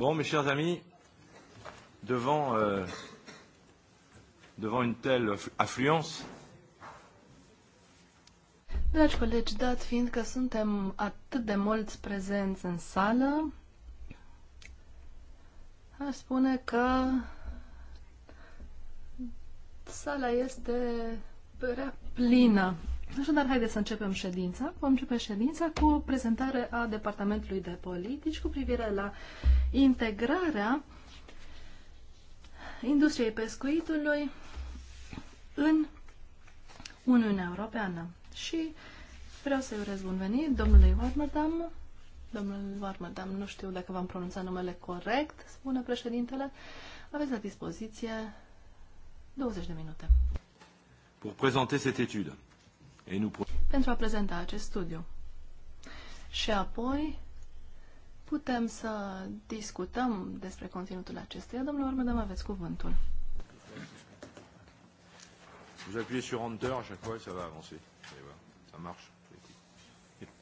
Bon, mes chers amis, devant, euh, devant une telle affluence, Dragi colegi, dat fiind că suntem atât de mulți prezenți în sală, aș spune că sala este prea plină. Așadar, haideți să începem ședința. Vom începe ședința cu prezentarea a Departamentului de Politici cu privire la integrarea industriei pescuitului în Uniunea Europeană. Și vreau să-i urez bun venit domnului Warmerdam. Domnul Warmerdam, nu știu dacă v-am pronunțat numele corect, spune președintele. Aveți la dispoziție 20 de minute. Pour présenter cette étude pentru a prezenta acest studiu. Și apoi putem să discutăm despre conținutul acestuia. Domnule Ormedam, aveți cuvântul. Vous appuyez sur Enter à chaque fois et ça va avancer. Ça marche.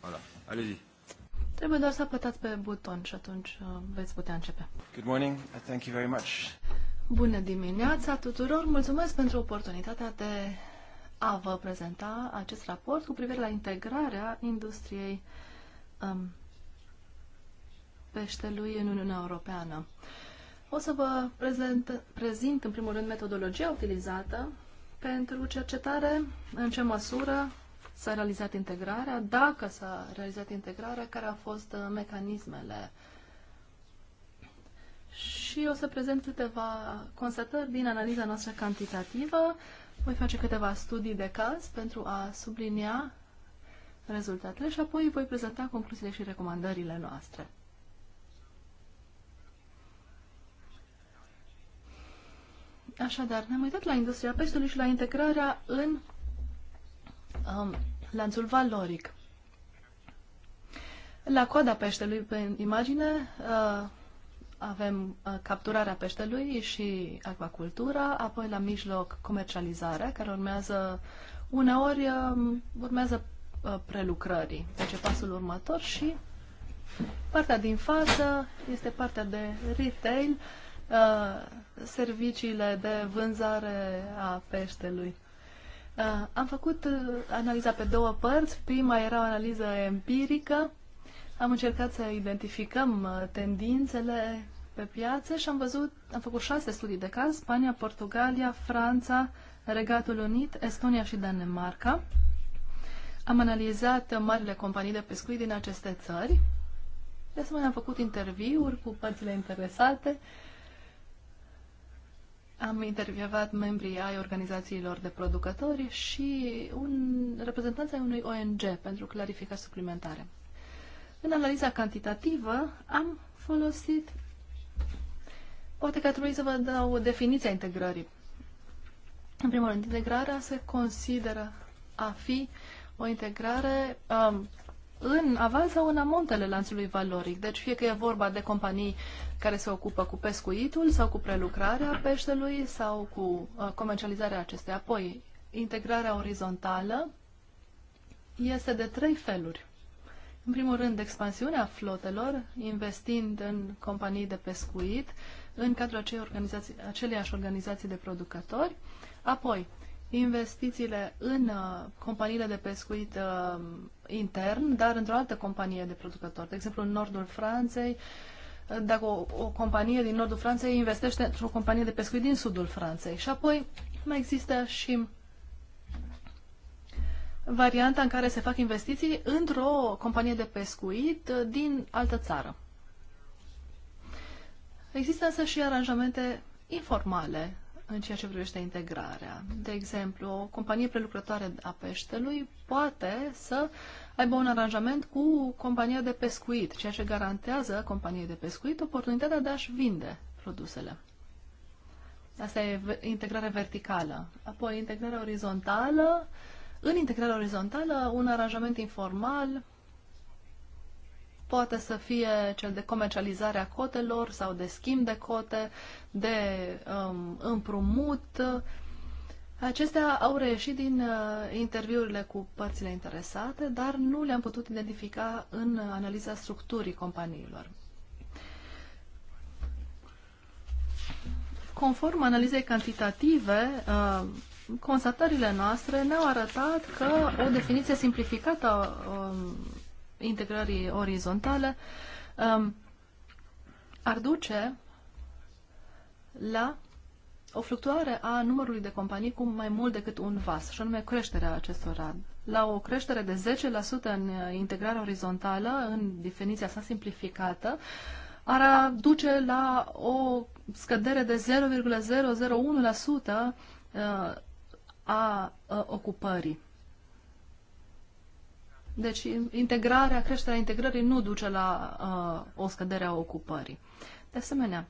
Voilà. Allez-y. Trebuie doar să apătați pe buton și atunci uh, veți putea începe. Good morning. Thank you very much. Bună dimineața tuturor. Mulțumesc pentru oportunitatea de a vă prezenta acest raport cu privire la integrarea industriei um, peștelui în Uniunea Europeană. O să vă prezent, prezint în primul rând metodologia utilizată pentru cercetare, în ce măsură s-a realizat integrarea, dacă s-a realizat integrarea, care au fost uh, mecanismele. Și o să prezint câteva constatări din analiza noastră cantitativă, voi face câteva studii de caz pentru a sublinia rezultatele și apoi voi prezenta concluziile și recomandările noastre. Așadar, ne-am uitat la industria peștelui și la integrarea în um, lanțul valoric. La coada peștelui, pe imagine, uh, avem uh, capturarea peștelui și acvacultura, apoi la mijloc comercializarea, care urmează uneori um, urmează uh, prelucrării. Deci pasul următor și partea din față este partea de retail, uh, serviciile de vânzare a peștelui. Am făcut analiza pe două părți. Prima era o analiză empirică, am încercat să identificăm uh, tendințele pe piață și am văzut, am făcut șase studii de caz, Spania, Portugalia, Franța, Regatul Unit, Estonia și Danemarca. Am analizat uh, marile companii de pescuit din aceste țări. De asemenea, am făcut interviuri cu părțile interesate. Am intervievat membrii ai organizațiilor de producători și un reprezentant unui ONG pentru clarificări suplimentare. În analiza cantitativă am folosit, poate că trebuie să vă dau definiția integrării. În primul rând, integrarea se consideră a fi o integrare um, în aval sau în amontele lanțului valoric. Deci fie că e vorba de companii care se ocupă cu pescuitul sau cu prelucrarea peștelui sau cu uh, comercializarea acesteia. Apoi, integrarea orizontală este de trei feluri. În primul rând, expansiunea flotelor, investind în companii de pescuit, în cadrul acei organizații, aceleiași organizații de producători. Apoi, investițiile în uh, companiile de pescuit uh, intern, dar într-o altă companie de producători. De exemplu, în nordul Franței, uh, dacă o, o companie din nordul Franței investește într-o companie de pescuit din sudul Franței. Și apoi mai există și varianta în care se fac investiții într-o companie de pescuit uh, din altă țară. Există însă și aranjamente informale în ceea ce privește integrarea. De exemplu, o companie prelucrătoare a peștelui poate să aibă un aranjament cu compania de pescuit, ceea ce garantează companiei de pescuit oportunitatea de a-și vinde produsele. Asta e integrarea verticală. Apoi, integrarea orizontală uh, în integrarea orizontală, un aranjament informal poate să fie cel de comercializare a cotelor sau de schimb de cote, de um, împrumut. Acestea au reieșit din uh, interviurile cu părțile interesate, dar nu le-am putut identifica în analiza structurii companiilor. Conform analizei cantitative, uh, constatările noastre ne-au arătat că o definiție simplificată a um, integrării orizontale um, ar duce la o fluctuare a numărului de companii cu mai mult decât un vas, și anume creșterea acestora. La o creștere de 10% în integrarea orizontală, în definiția sa simplificată, ar duce la o scădere de 0,001% a ocupării. Deci integrarea, creșterea integrării nu duce la uh, o scădere a ocupării. De asemenea,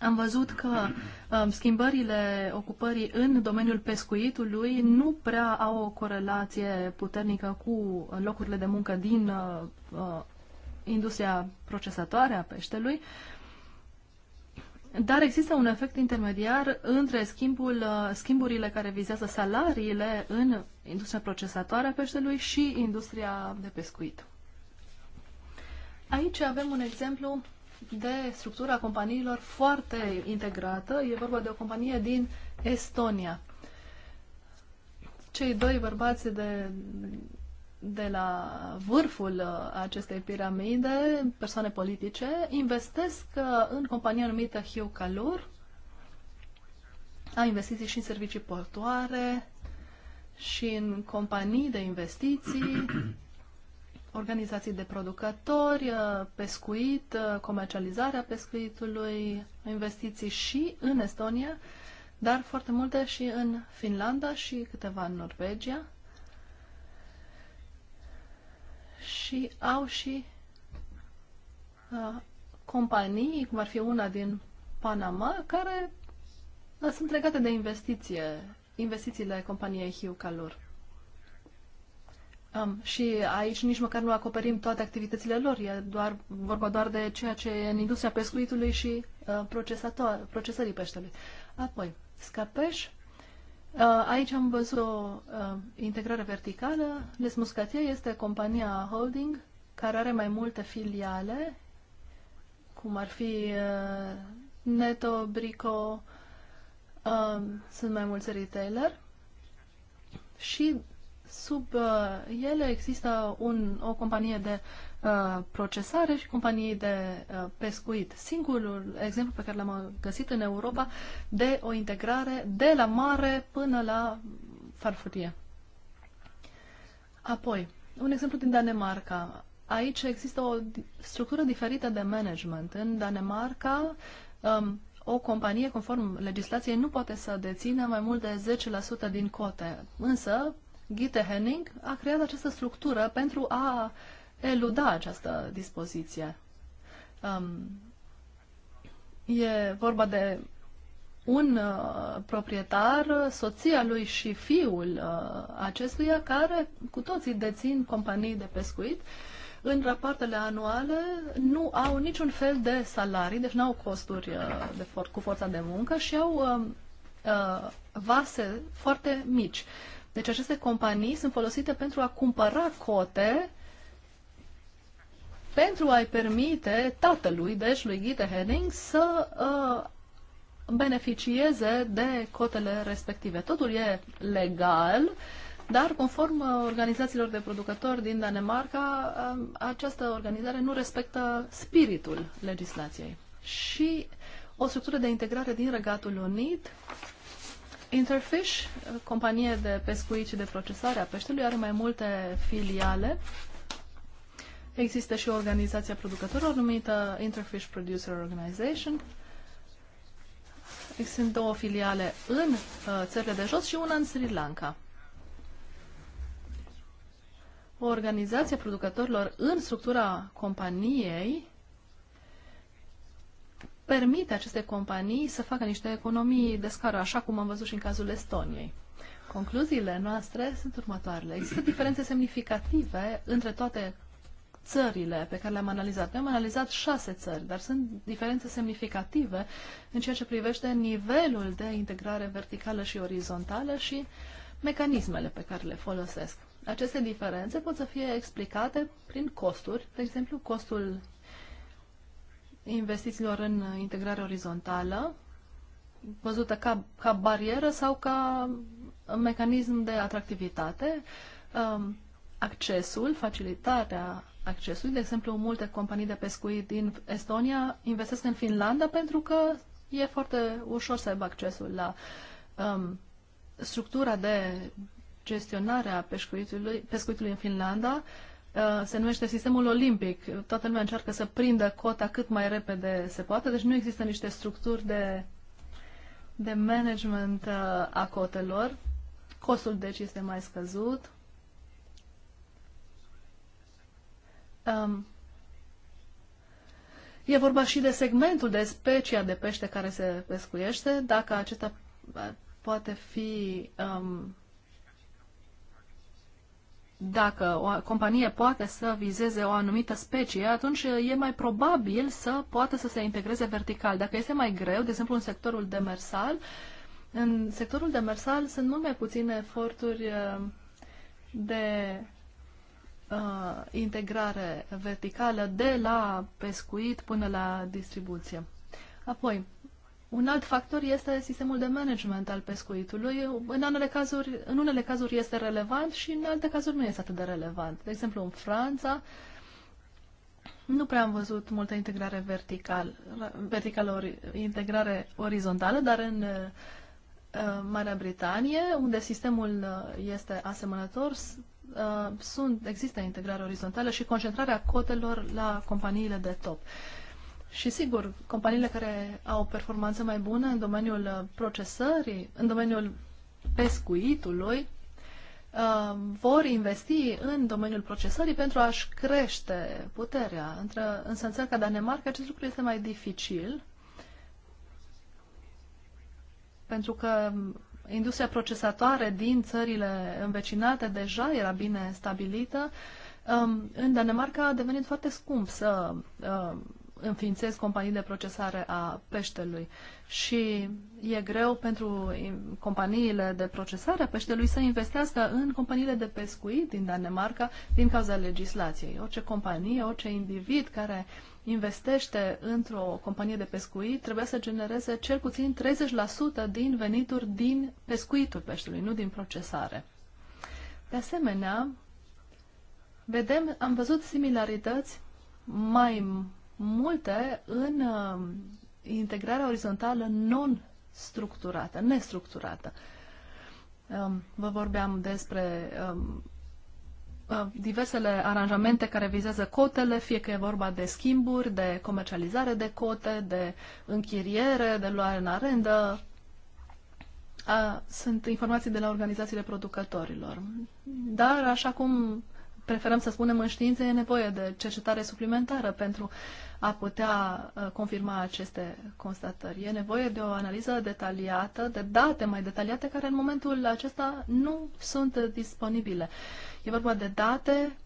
am văzut că uh, schimbările ocupării în domeniul pescuitului nu prea au o corelație puternică cu locurile de muncă din uh, industria procesatoare a peștelui, dar există un efect intermediar între schimbul, uh, schimburile care vizează salariile în industria procesatoare a peștelui și industria de pescuit. Aici avem un exemplu de structura companiilor foarte integrată. E vorba de o companie din Estonia. Cei doi bărbați de de la vârful uh, acestei piramide, persoane politice, investesc uh, în compania numită Hiu Calur, a investiții și în servicii portoare și în companii de investiții, organizații de producători, uh, pescuit, comercializarea pescuitului, investiții și în Estonia, dar foarte multe și în Finlanda și câteva în Norvegia și au și uh, companii, cum ar fi una din Panama, care uh, sunt legate de investiție, investițiile companiei Hiuca lor. Um, și aici nici măcar nu acoperim toate activitățile lor, e doar, vorba doar de ceea ce e în industria pescuitului și uh, procesatoare, procesării peștelui. Apoi, scapeș Uh, aici am văzut o uh, integrare verticală. Les Muscatier este compania holding care are mai multe filiale, cum ar fi uh, Neto, Brico, sunt mai mulți retailer și sub ele există un, o companie de Uh, procesare și companii de uh, pescuit. Singurul exemplu pe care l-am găsit în Europa de o integrare de la mare până la farfurie. Apoi, un exemplu din Danemarca. Aici există o structură diferită de management. În Danemarca, um, o companie, conform legislației, nu poate să dețină mai mult de 10% din cote. Însă, Gitte Henning a creat această structură pentru a uh, eluda această dispoziție. Um, e vorba de un uh, proprietar, soția lui și fiul uh, acestuia, care cu toții dețin companii de pescuit, în rapoartele anuale nu au niciun fel de salarii, deci nu au costuri uh, de for- cu forța de muncă și au uh, uh, vase foarte mici. Deci aceste companii sunt folosite pentru a cumpăra cote uh, pentru a-i permite tatălui, deci lui Gita Henning, să uh, beneficieze de cotele respective. Totul e legal, dar conform uh, organizațiilor de producători din Danemarca, uh, această organizare nu respectă spiritul legislației. Și o structură de integrare din Regatul Unit Interfish, companie de pescuit și de procesare a peștelui, are mai multe filiale Există și o organizație a producătorilor numită Interfish Producer Organization. Există două filiale în uh, țările de jos și una în Sri Lanka. O organizație a producătorilor în structura companiei permite aceste companii să facă niște economii de scară, așa cum am văzut și în cazul Estoniei. Concluziile noastre sunt următoarele. Există diferențe semnificative între toate țările pe care le-am analizat. Noi am analizat șase țări, dar sunt diferențe semnificative în ceea ce privește nivelul de integrare verticală și orizontală și mecanismele pe care le folosesc. Aceste diferențe pot să fie explicate prin costuri, de exemplu costul investițiilor în integrare orizontală, văzută ca, ca barieră sau ca mecanism de atractivitate, um, accesul, facilitatea accesului. De exemplu, multe companii de pescuit din Estonia investesc în Finlanda pentru că e foarte ușor să aibă accesul la um, structura de gestionare a pescuitului, pescuitului în Finlanda. Uh, se numește sistemul olimpic. Toată lumea încearcă să prindă cota cât mai repede se poate, deci nu există niște structuri de, de management uh, a cotelor. Costul, deci, este mai scăzut Um, e vorba și de segmentul de specia de pește care se pescuiește, dacă acesta poate fi um, dacă o companie poate să vizeze o anumită specie, atunci e mai probabil să poată să se integreze vertical. Dacă este mai greu, de exemplu în sectorul demersal, în sectorul demersal sunt mult mai puține eforturi uh, de uh, integrare verticală de la pescuit până la distribuție. Apoi, un alt factor este sistemul de management al pescuitului. În, anele cazuri, în unele cazuri este relevant și în alte cazuri nu este atât de relevant. De exemplu, în Franța nu prea am văzut multă integrare vertical, verticală, ori, integrare orizontală, dar în uh, Marea Britanie, unde sistemul uh, este asemănător, Uh, sunt, există integrare orizontală și concentrarea cotelor la companiile de top. Și sigur, companiile care au performanțe mai bună în domeniul uh, procesării, în domeniul pescuitului, uh, vor investi în domeniul procesării pentru a-și crește puterea. Între, însă în țări ca Danemarca acest lucru este mai dificil, pentru că industria procesatoare din țările învecinate deja era bine stabilită. Um, în Danemarca a devenit foarte scump să um, înființez companii de procesare a peștelui și e greu pentru companiile de procesare a peștelui să investească în companiile de pescuit din Danemarca din cauza legislației. Orice companie, orice individ care investește într-o companie de pescuit trebuie să genereze cel puțin 30% din venituri din pescuitul peștelui, nu din procesare. De asemenea, vedem, am văzut similarități mai multe în uh, integrarea orizontală non-structurată, nestructurată. Um, vă vorbeam despre um, uh, diversele aranjamente care vizează cotele, fie că e vorba de schimburi, de comercializare de cote, de închiriere, de luare în arendă. Sunt informații de la organizațiile producătorilor. Dar, așa cum preferăm să spunem în știință, e nevoie de cercetare suplimentară pentru a putea uh, confirma aceste constatări. E nevoie de o analiză detaliată, de date mai detaliate, care în momentul acesta nu sunt disponibile. E vorba de date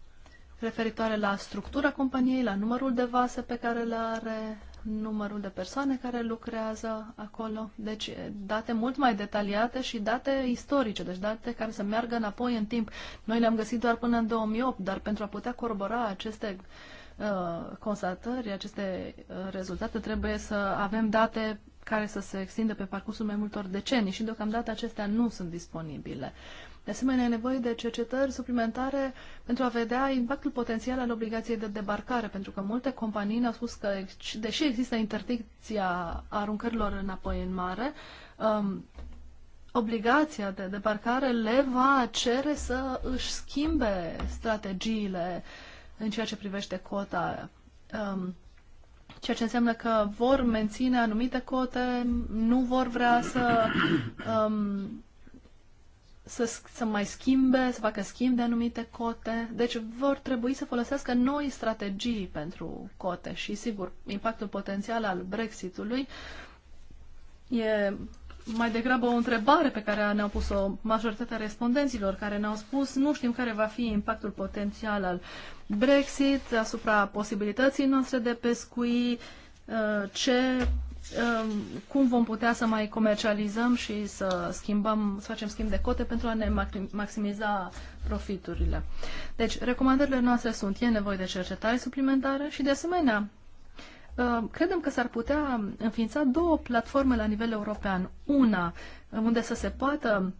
referitoare la structura companiei, la numărul de vase pe care le are, numărul de persoane care lucrează acolo. Deci date mult mai detaliate și date istorice, deci date care să meargă înapoi în timp. Noi le-am găsit doar până în 2008, dar pentru a putea corbora aceste uh, constatări, aceste uh, rezultate, trebuie să avem date care să se extindă pe parcursul mai multor decenii și deocamdată acestea nu sunt disponibile. De asemenea, e nevoie de cercetări suplimentare pentru a vedea impactul potențial al obligației de debarcare, pentru că multe companii ne-au spus că, deși există interdicția aruncărilor înapoi în mare, um, obligația de debarcare le va cere să își schimbe strategiile în ceea ce privește cota. Um, ceea ce înseamnă că vor menține anumite cote, nu vor vrea să um, să, să mai schimbe, să facă schimb de anumite cote. Deci vor trebui să folosească noi strategii pentru cote și, sigur, impactul potențial al Brexitului e mai degrabă o întrebare pe care ne-au pus-o majoritatea respondenților care ne-au spus nu știm care va fi impactul potențial al Brexit asupra posibilității noastre de pescui, uh, ce Ehm, cum vom putea să mai comercializăm și să schimbăm, să facem schimb de cote pentru a ne maximiza profiturile. Deci, recomandările noastre sunt, e nevoie de cercetare suplimentară și, de asemenea, ehm, credem că s-ar putea înființa două platforme la nivel european. Una unde să se poată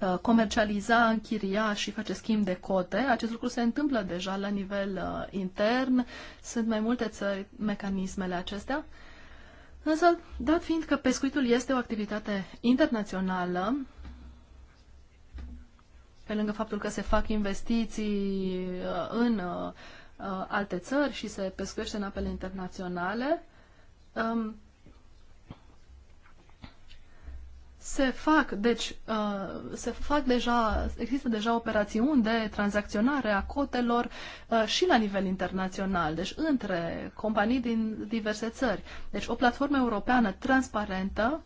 ehm, comercializa, închiria și face schimb de cote. Acest lucru se întâmplă deja la nivel intern. Sunt mai multe țări mecanismele acestea. Însă, dat fiind că pescuitul este o activitate internațională, pe lângă faptul că se fac investiții uh, în uh, uh, alte țări și se pescuiește în apele internaționale, um, Se fac, deci, uh, se fac deja, există deja operațiuni de tranzacționare a cotelor uh, și la nivel internațional, deci între companii din diverse țări. Deci o platformă europeană transparentă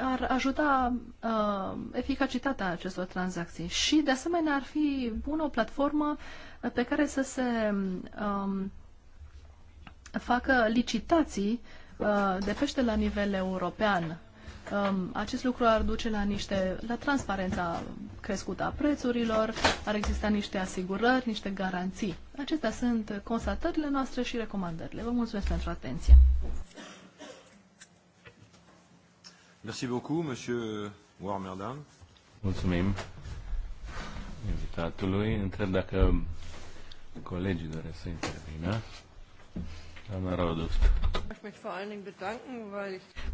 ar ajuta uh, eficacitatea acestor tranzacții și, de asemenea, ar fi bună o platformă pe care să se um, facă licitații uh, de pește la nivel european. Um, acest lucru ar duce la niște, la transparența crescută a prețurilor, ar exista niște asigurări, niște garanții. Acestea sunt constatările noastre și recomandările. Vă mulțumesc pentru atenție. Merci beaucoup, monsieur Warmerdam. Mulțumim invitatului. Întreb dacă colegii doresc să intervină.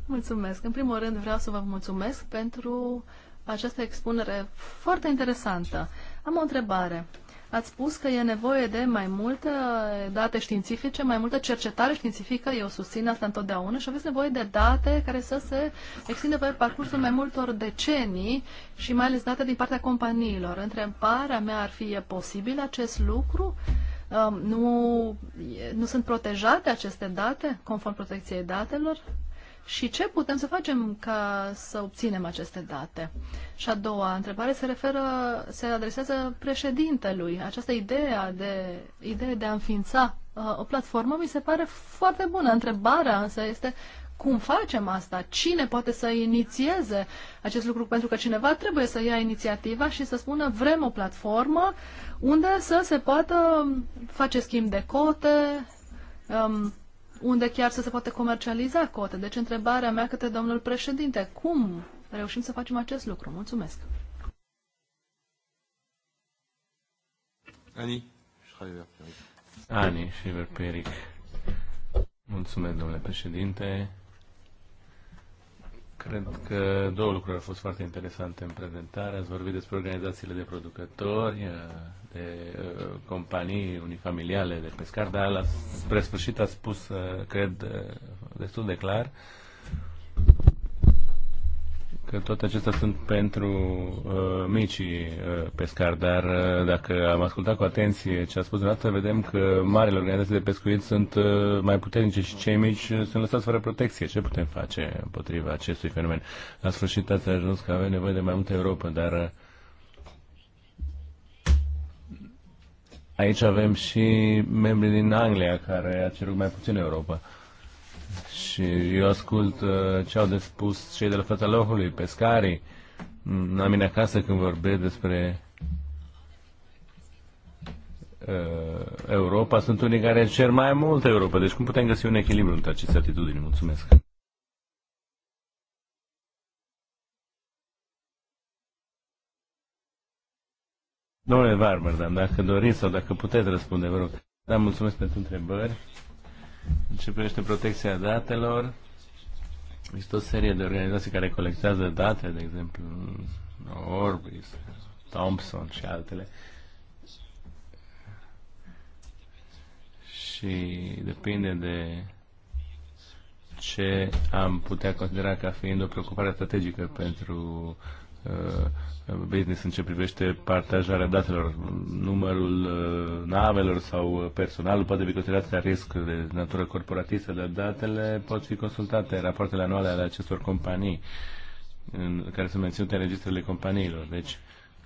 Mulțumesc. În primul rând vreau să vă mulțumesc pentru această expunere foarte interesantă. Am o întrebare. Ați spus că e nevoie de mai multe date științifice, mai multă cercetare științifică, eu susțin asta întotdeauna, și aveți nevoie de date care să se extindă pe parcursul mai multor decenii și mai ales date din partea companiilor. Întrebarea mea ar fi, e posibil acest lucru? Uh, Um, nu, nu sunt protejate aceste date conform protecției datelor? Și ce putem să facem ca să obținem aceste date? Și a doua întrebare se referă, se adresează președintelui. Această idee de, idee de a înființa uh, o platformă mi se pare foarte bună. Întrebarea însă este cum facem asta, cine poate să inițieze acest lucru, pentru că cineva trebuie să ia inițiativa și să spună vrem o platformă unde să se poată face schimb de cote, um, unde chiar să se poate comercializa cote. Deci întrebarea mea către domnul președinte, cum reușim să facem acest lucru? Mulțumesc! Ani, Ani și Verperic. Mulțumesc, domnule președinte. Cred că două lucruri au fost foarte interesante în prezentare. Ați vorbit despre organizațiile de producători, eh, de eh, companii unifamiliale de pescar, dar la, spre sfârșit a spus, eh, cred, destul de clar că toate acestea sunt pentru uh, micii uh, pescari, dar uh, dacă am ascultat cu atenție ce a spus dumneavoastră, vedem că marile organizații de pescuit sunt uh, mai puternice și cei mici uh, sunt lăsați fără protecție. Ce putem face împotriva acestui fenomen? La sfârșit ați ajuns că avem nevoie de mai multă Europa, dar uh, aici avem și membrii din Anglia care a cerut mai puțin Europa. Uh, și eu ascult uh, ce au de spus cei de la fața locului, pescarii, la mm, mine acasă când vorbesc despre uh, Europa, sunt unii care cer mai mult Europa. Deci cum putem găsi un echilibru între aceste atitudini? Mulțumesc! Domnule Varmer, da, dacă doriți sau dacă puteți răspunde, vă rog. Da, mulțumesc pentru întrebări. În ce privește protecția datelor, există o serie de organizații care colectează date, de exemplu Orbis, Thompson și altele. Și depinde de ce am putea considera ca fiind o preocupare strategică pentru Uh, business în ce privește partajarea datelor, numărul uh, navelor sau personalul poate fi considerat la risc de natură corporatistă, dar datele pot fi consultate, rapoartele anuale ale acestor companii în care sunt menținute în registrele companiilor. Deci,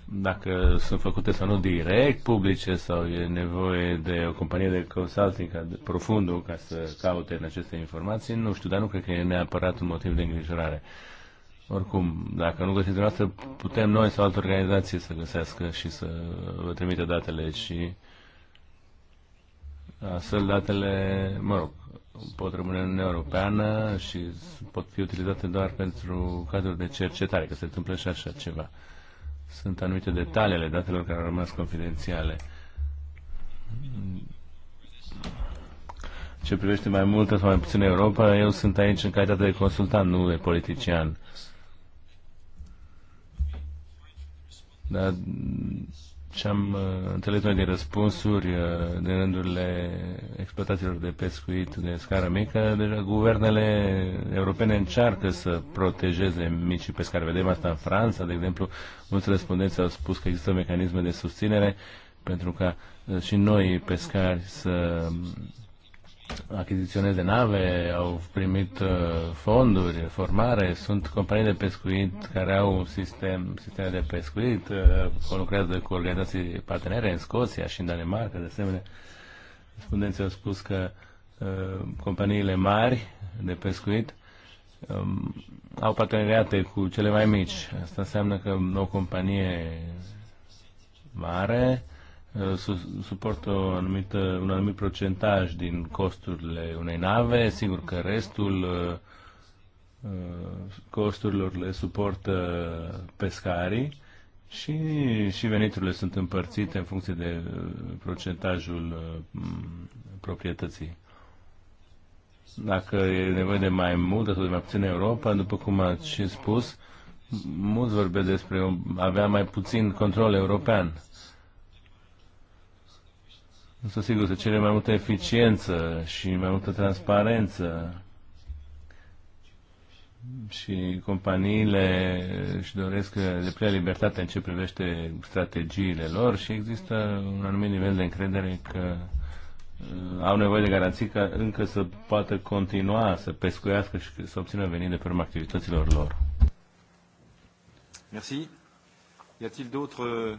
dacă sunt făcute sau nu direct publice sau e nevoie de o companie de consulting ca de profundul ca să caute în aceste informații, nu știu, dar nu cred că e neapărat un motiv de îngrijorare. Uh, oricum, dacă nu găsiți dumneavoastră, putem noi sau alte organizații să găsească și să vă trimite datele și astfel datele, mă rog, pot rămâne în Europeană și pot fi utilizate doar pentru cazuri de cercetare, că se întâmplă și așa ceva. Sunt anumite detalii ale datelor care au rămas confidențiale. Ce privește mai multă sau mai puțin Europa, eu sunt aici în calitate de consultant, nu de politician. da ce am uh, înțeles noi din răspunsuri uh, din rândurile exploatațiilor de pescuit de scară mică, deja guvernele europene încearcă să protejeze micii pescari. Vedem asta în Franța, de exemplu, mulți răspundenți au spus că există mecanisme de susținere pentru ca uh, și noi pescari să de nave, au primit uh, fonduri, formare, sunt companii de pescuit care au sistem, sisteme de pescuit, uh, lucrează cu organizații partenere în Scoția și în Danemarca, de asemenea. Respondenții au spus că uh, companiile mari de pescuit um, au parteneriate cu cele mai mici. Asta înseamnă că o companie mare Uh, suportă o anumită, un anumit procentaj din costurile unei nave, sigur că restul uh, uh, costurilor le suportă pescarii și, și veniturile sunt împărțite în funcție de procentajul proprietății. Dacă e nevoie de mai mult sau de mai puțin Europa, după cum ați și spus, mulți vorbesc despre avea mai puțin control european Însă, sigur, se cere mai multă eficiență și mai multă transparență. Și companiile își doresc de prea libertate în ce privește strategiile lor și există un anumit nivel de încredere că uh, au nevoie de garanții ca încă să poată continua să pescuiască și să obțină venit de pe urma activităților lor. Merci. Y a-t-il d'autres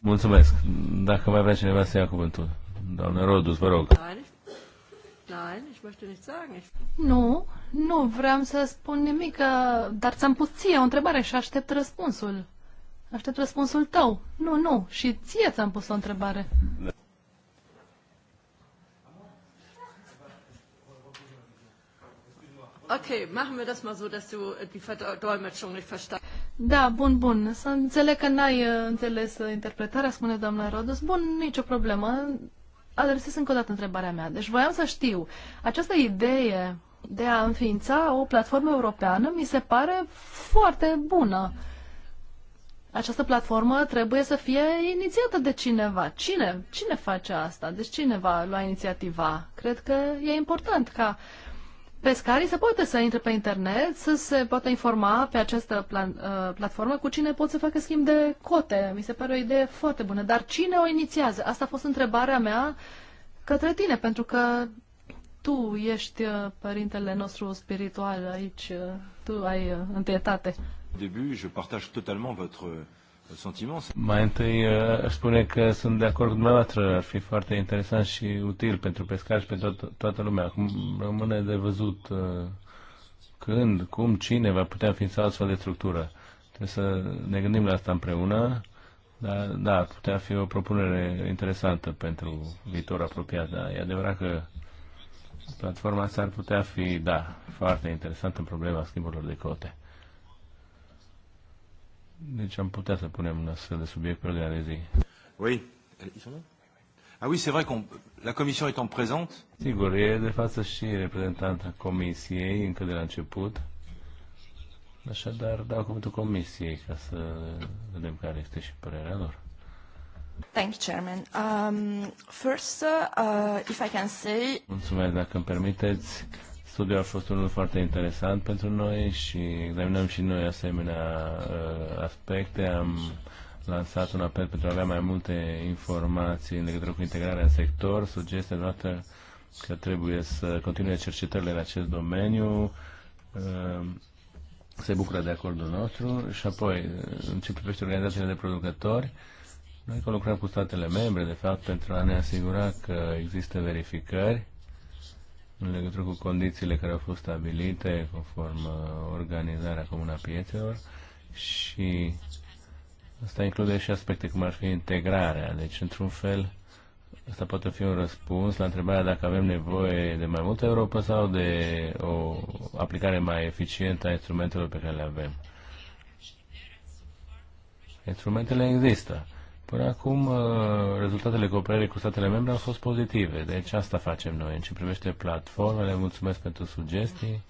Mulțumesc. Dacă mai vrea cineva să ia cuvântul. Doamne Rodus, vă rog. Nu, nu vreau să spun nimic, dar ți-am pus ție o întrebare și aștept răspunsul. Aștept răspunsul tău. Nu, nu, și ție ți-am pus o întrebare. Da. Okay, machen wir das mal so, dass du äh, die Verdolmetschung nicht verstanden Da, bun, bun. Să înțeleg că n-ai uh, înțeles uh, interpretarea, spune doamna Rodos. Bun, nicio problemă. Adresez încă o dată întrebarea mea. Deci voiam să știu, această idee de a înființa o platformă europeană mi se pare foarte bună. Această platformă trebuie să fie inițiată de cineva. Cine? Cine face asta? Deci cine va lua inițiativa? Cred că e important ca uh, pescarii să poată să intre pe internet, să se poată informa pe această plan, uh, platformă cu cine pot să facă schimb de cote. Mi se pare o idee foarte bună. Dar cine o inițiază? Asta a fost întrebarea mea către tine, pentru că tu ești uh, părintele nostru spiritual aici, uh, tu ai uh, întâietate. Début, je partage totalement votre mai întâi uh, aș spune că sunt de acord cu dumneavoastră, ar fi foarte interesant și util pentru pescari și pentru to- toată lumea. Acum rămâne de văzut uh, când, cum, cine va putea înființa astfel de structură. Trebuie să ne gândim la asta împreună, dar da, ar putea fi o propunere interesantă pentru viitor apropiat. Da, e adevărat că platforma asta ar putea fi, da, foarte interesantă în problema schimburilor de cote. Deci am putea să punem un astfel de subiect pe ordinea de zi. Oui. Ah oui, c'est vrai qu'on la commission étant présente. Sigur, e de față și reprezentanta comisiei încă de la început. Așadar, dau cuvântul comisiei ca să vedem care este și părerea lor. Thank you, Chairman. Um, first, uh, uh if I can say... Mulțumesc, dacă îmi permiteți studiul a fost unul foarte interesant pentru noi și examinăm și noi asemenea uh, aspecte. Am lansat un apel pentru a avea mai multe informații în legătură cu integrarea în sector. Sugestia noastră că trebuie să continue cercetările în acest domeniu uh, se bucură de acordul nostru și apoi, în ce privește organizațiile de producători, noi lucrăm cu statele membre, de fapt, pentru a ne asigura că există verificări în legătură cu condițiile care au fost stabilite conform uh, organizarea Comuna piețelor și asta include și aspecte cum ar fi integrarea. Deci, într-un fel, asta poate fi un răspuns la întrebarea dacă avem nevoie de mai multă Europa sau de o aplicare mai eficientă a instrumentelor pe care le avem. Instrumentele există. Până acum, uh, rezultatele cooperării cu statele membre au fost pozitive, deci asta facem noi. În ce privește platformele, mulțumesc pentru sugestii.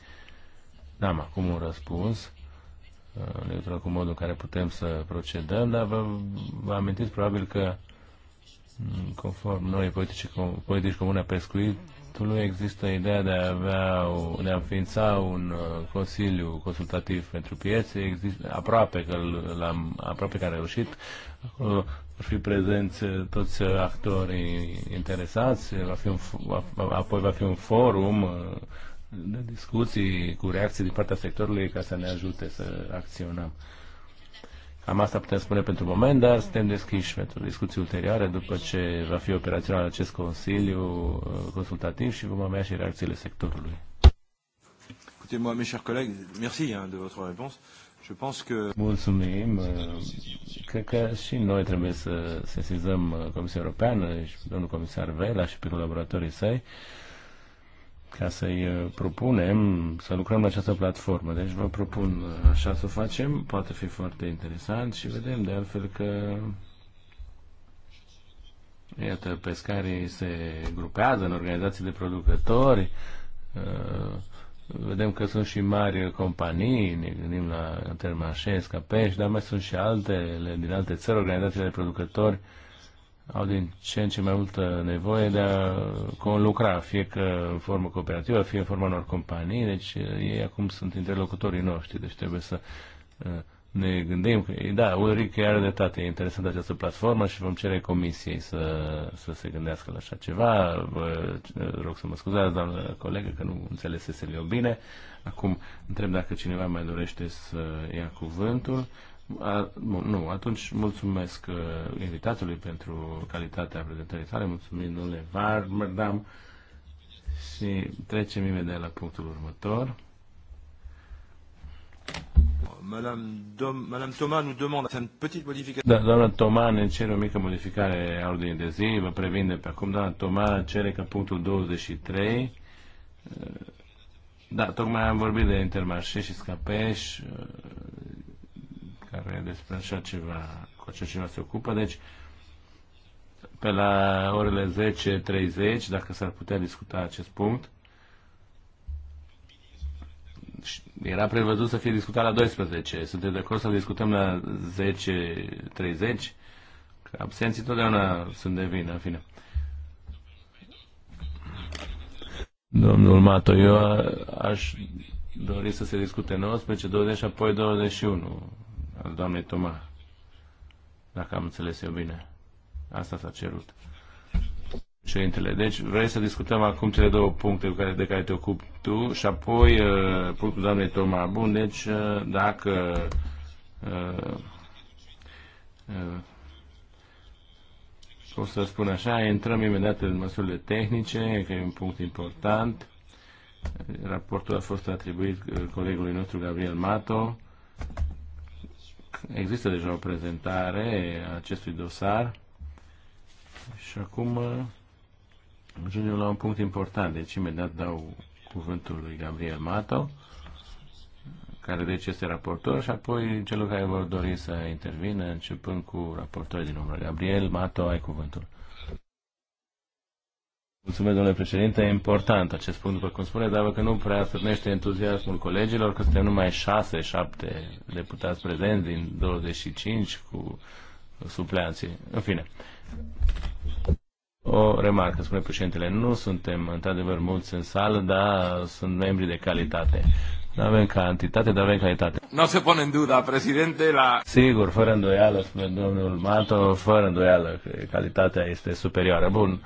N-am acum un răspuns uh, în legătură cu modul în care putem să procedăm, dar vă, vă amintiți probabil că mm, conform noi politici, politici comune a pescuitului există ideea de a avea o, de a înființa un uh, consiliu consultativ pentru piețe, există, aproape că l-am aproape că a reușit Acolo vor fi prezenți uh, toți uh, actorii interesați, va fi un, va, apoi va fi un forum uh, de discuții cu reacții din partea sectorului ca să ne ajute să acționăm. Cam asta putem spune pentru moment, dar suntem deschiși pentru discuții ulterioare după ce va fi operațional acest Consiliu consultativ și vom avea și reacțiile sectorului. Écoutez-moi, mes chers collègues, merci hein, de votre réponse. Mulțumim. Cred că și noi trebuie să sesizăm uh, Comisia Europeană și domnul comisar Vela și pe colaboratorii săi ca să-i uh, propunem să lucrăm la această platformă. Deci vă propun uh, așa să o facem, poate fi foarte interesant și vedem de altfel că iată, pescarii se grupează în organizații de producători, uh, Vedem că sunt și mari companii, ne gândim la Intermarché, Scapeș, dar mai sunt și altele din alte țări, organizațiile de producători au din ce în ce mai multă nevoie de a lucra, fie că în formă cooperativă, fie în formă unor companii, deci ei acum sunt interlocutorii noștri, deci trebuie să uh, ne gândim că, da, ori chiar are dreptate, e interesantă această platformă și vom cere comisiei să, să se gândească la așa ceva. Vă ă, rog să mă scuzați, doamnă colegă, că nu înțelesese eu bine. Acum întreb dacă cineva mai dorește să ia cuvântul. A, bun, nu, atunci mulțumesc ă, invitatului pentru calitatea prezentării sale, mulțumim domnule Varmerdam și trecem imediat la punctul următor. Madame, Thomas nous demande une petite modification. Da, doamna ne cere o mică modificare a ordinii de zi, vă previn pe acum. Doamna Thomas cere ca punctul 23. Eh, da, tocmai am vorbit de Intermarché și Scapeș, eh, care despre așa ceva, cu așa ceva se ocupă. Deci, pe la orele 10.30, dacă s-ar putea discuta acest punct, era prevăzut să fie discutat la 12. Sunteți de acord să discutăm la 10.30? Că absenții totdeauna sunt de vină, în fine. Domnul Mato, eu aș dori să se discute 19, 20 și apoi 21 al doamnei Toma. Dacă am înțeles eu bine. Asta s-a cerut. Președintele, deci vrei să discutăm acum cele două puncte de care te ocupi tu și apoi uh, punctul doamnei Toma. Bun, deci uh, dacă uh, o să spun așa, intrăm imediat în măsurile tehnice, că e un punct important. Raportul a fost atribuit colegului nostru Gabriel Mato. Există deja o prezentare a acestui dosar și acum Ajungem la un punct important, deci imediat dau cuvântul lui Gabriel Mato, care deci este raportor, și apoi celor care vor dori să intervină, începând cu raportorii din umbră. Gabriel Mato, ai cuvântul. Mulțumesc, domnule președinte. E important acest punct, după cum spune, dar că nu prea stârnește entuziasmul colegilor, că suntem numai 6-7 deputați prezenți din 25 cu supleanții. În fine. O remarcă, spune președintele, nu suntem într-adevăr mulți în sală, dar sunt membri de calitate. Nu avem cantitate, dar avem calitate. Nu se pune în duda, președinte, la... Sigur, fără îndoială, spune domnul Mato, fără îndoială, calitatea este superioară. Bun,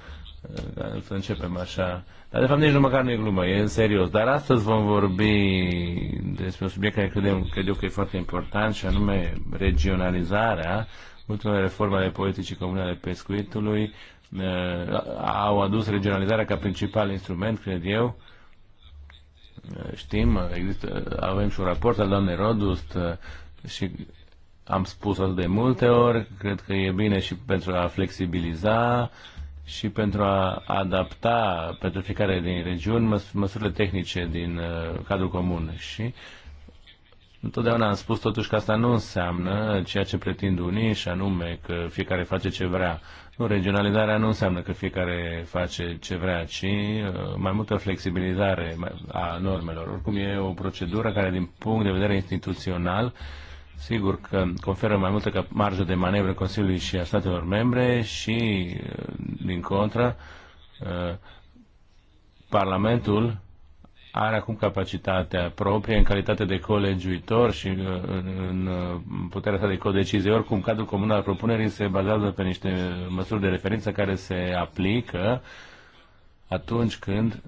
să începem așa. Dar de fapt nici nu măcar nu e glumă, e în serios. Dar astăzi vom vorbi despre un subiect care credem, cred eu că e foarte important și anume regionalizarea, ultimele reforme ale politicii comune ale pescuitului, Eh, au adus regionalizarea ca principal instrument, cred eu. Eh, știm, există, avem și un raport al doamnei Rodust eh, și am spus asta de multe ori, cred că e bine și pentru a flexibiliza și pentru a adapta pentru fiecare din regiuni măs- măsurile tehnice din uh, cadrul comun. Și întotdeauna am spus totuși că asta nu înseamnă ceea ce pretind unii și anume că fiecare face ce vrea. Nu, regionalizarea nu înseamnă că fiecare face ce vrea, ci uh, mai multă flexibilizare a normelor. Oricum e o procedură care, din punct de vedere instituțional, sigur că conferă mai multă marjă de manevră Consiliului și a statelor membre și, uh, din contră, uh, Parlamentul are acum capacitatea proprie în calitate de colegiuitor și uh, în uh, puterea sa de codecizie. Oricum, cadrul comun al propunerii se bazează pe niște măsuri de referință care se aplică atunci când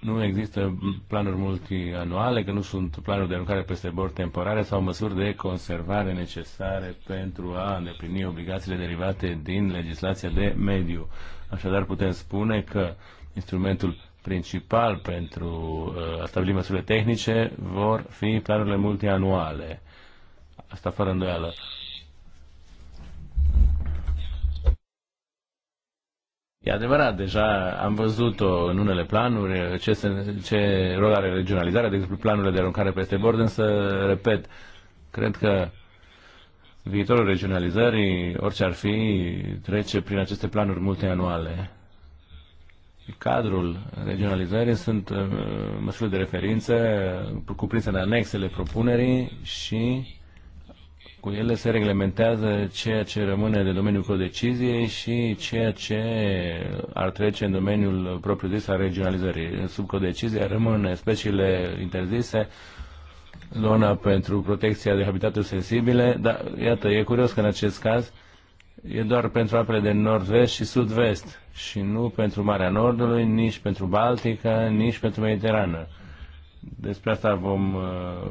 nu există planuri multianuale, că nu sunt planuri de aruncare peste bord temporare sau măsuri de conservare necesare pentru a îndeplini obligațiile derivate din legislația de mediu. Așadar, putem spune că instrumentul principal pentru uh, a stabili măsurile tehnice vor fi planurile multianuale. Asta fără îndoială. E adevărat, deja am văzut-o în unele planuri, ce, se, ce rol are regionalizarea, de exemplu planurile de aruncare peste bord, însă, repet, cred că viitorul regionalizării, orice ar fi, trece prin aceste planuri multianuale cadrul regionalizării sunt uh, măsurile de referință uh, cuprinse în anexele propunerii și cu ele se reglementează ceea ce rămâne de domeniul codeciziei și ceea ce ar trece în domeniul propriu-zis al regionalizării. Sub codecizie rămâne speciile interzise, zona pentru protecția de habitaturi sensibile, dar iată, e curios că în acest caz uh, e doar pentru apele de nord-vest și sud-vest și nu pentru Marea Nordului, nici pentru Baltica, nici pentru Mediterană. Despre asta vom uh,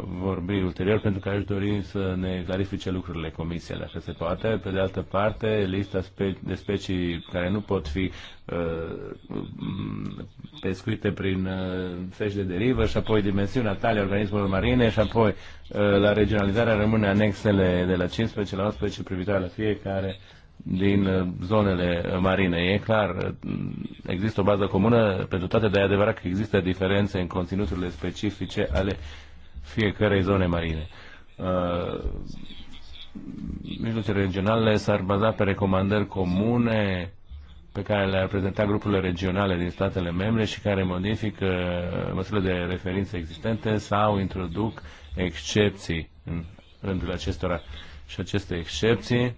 vorbi ulterior, pentru că aș dori să ne clarifice lucrurile Comisia, dacă se poate. Pe de altă parte, lista de specii care nu pot fi uh, pescuite prin uh, fești de derivă și apoi dimensiunea talia organismelor marine și apoi la regionalizarea rămâne anexele de la 15 la 18 privitoare la fiecare din uh, zonele marine. E clar, uh, există o bază comună pentru toate, dar e adevărat că există diferențe în conținuturile specifice ale fiecarei zone marine. Uh, mijloacele regionale s-ar baza pe recomandări comune pe care le-ar prezenta grupurile regionale din statele membre și care modifică uh, măsurile de referință existente sau introduc excepții în rândul acestora. Și aceste excepții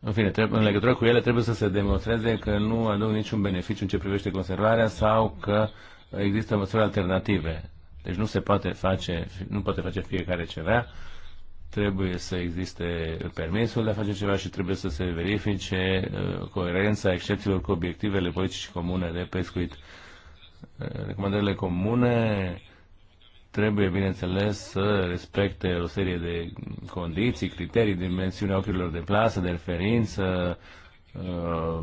în fine, trebuie, în legătură cu ele trebuie să se demonstreze că nu aduc niciun beneficiu în ce privește conservarea sau că există măsuri alternative. Deci nu se poate face, nu poate face fiecare ce vrea, trebuie să existe permisul de a face ceva și trebuie să se verifice uh, coerența excepțiilor cu obiectivele politicii comune de pescuit. Uh, recomandările comune trebuie, bineînțeles, să respecte o serie de condiții, criterii, dimensiunea ochiurilor de plasă, de referință, uh,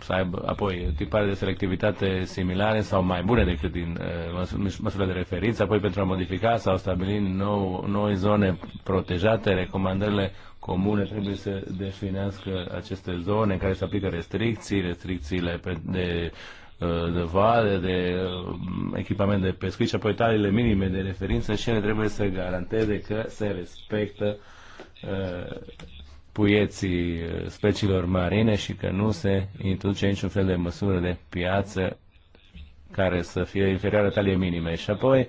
să aibă apoi tipare de selectivitate similare sau mai bune decât din uh, măsurile de referință, apoi pentru a modifica sau stabili nou, noi zone protejate, recomandările comune trebuie să definească aceste zone în care se aplică restricții, restricțiile de de Uh, de vale, de uh, echipament de pescuit și apoi talile minime de referință și ele trebuie să garanteze că se respectă uh, puieții speciilor marine și că nu se introduce niciun fel de măsură de piață care să fie inferioară talie minime. Și apoi,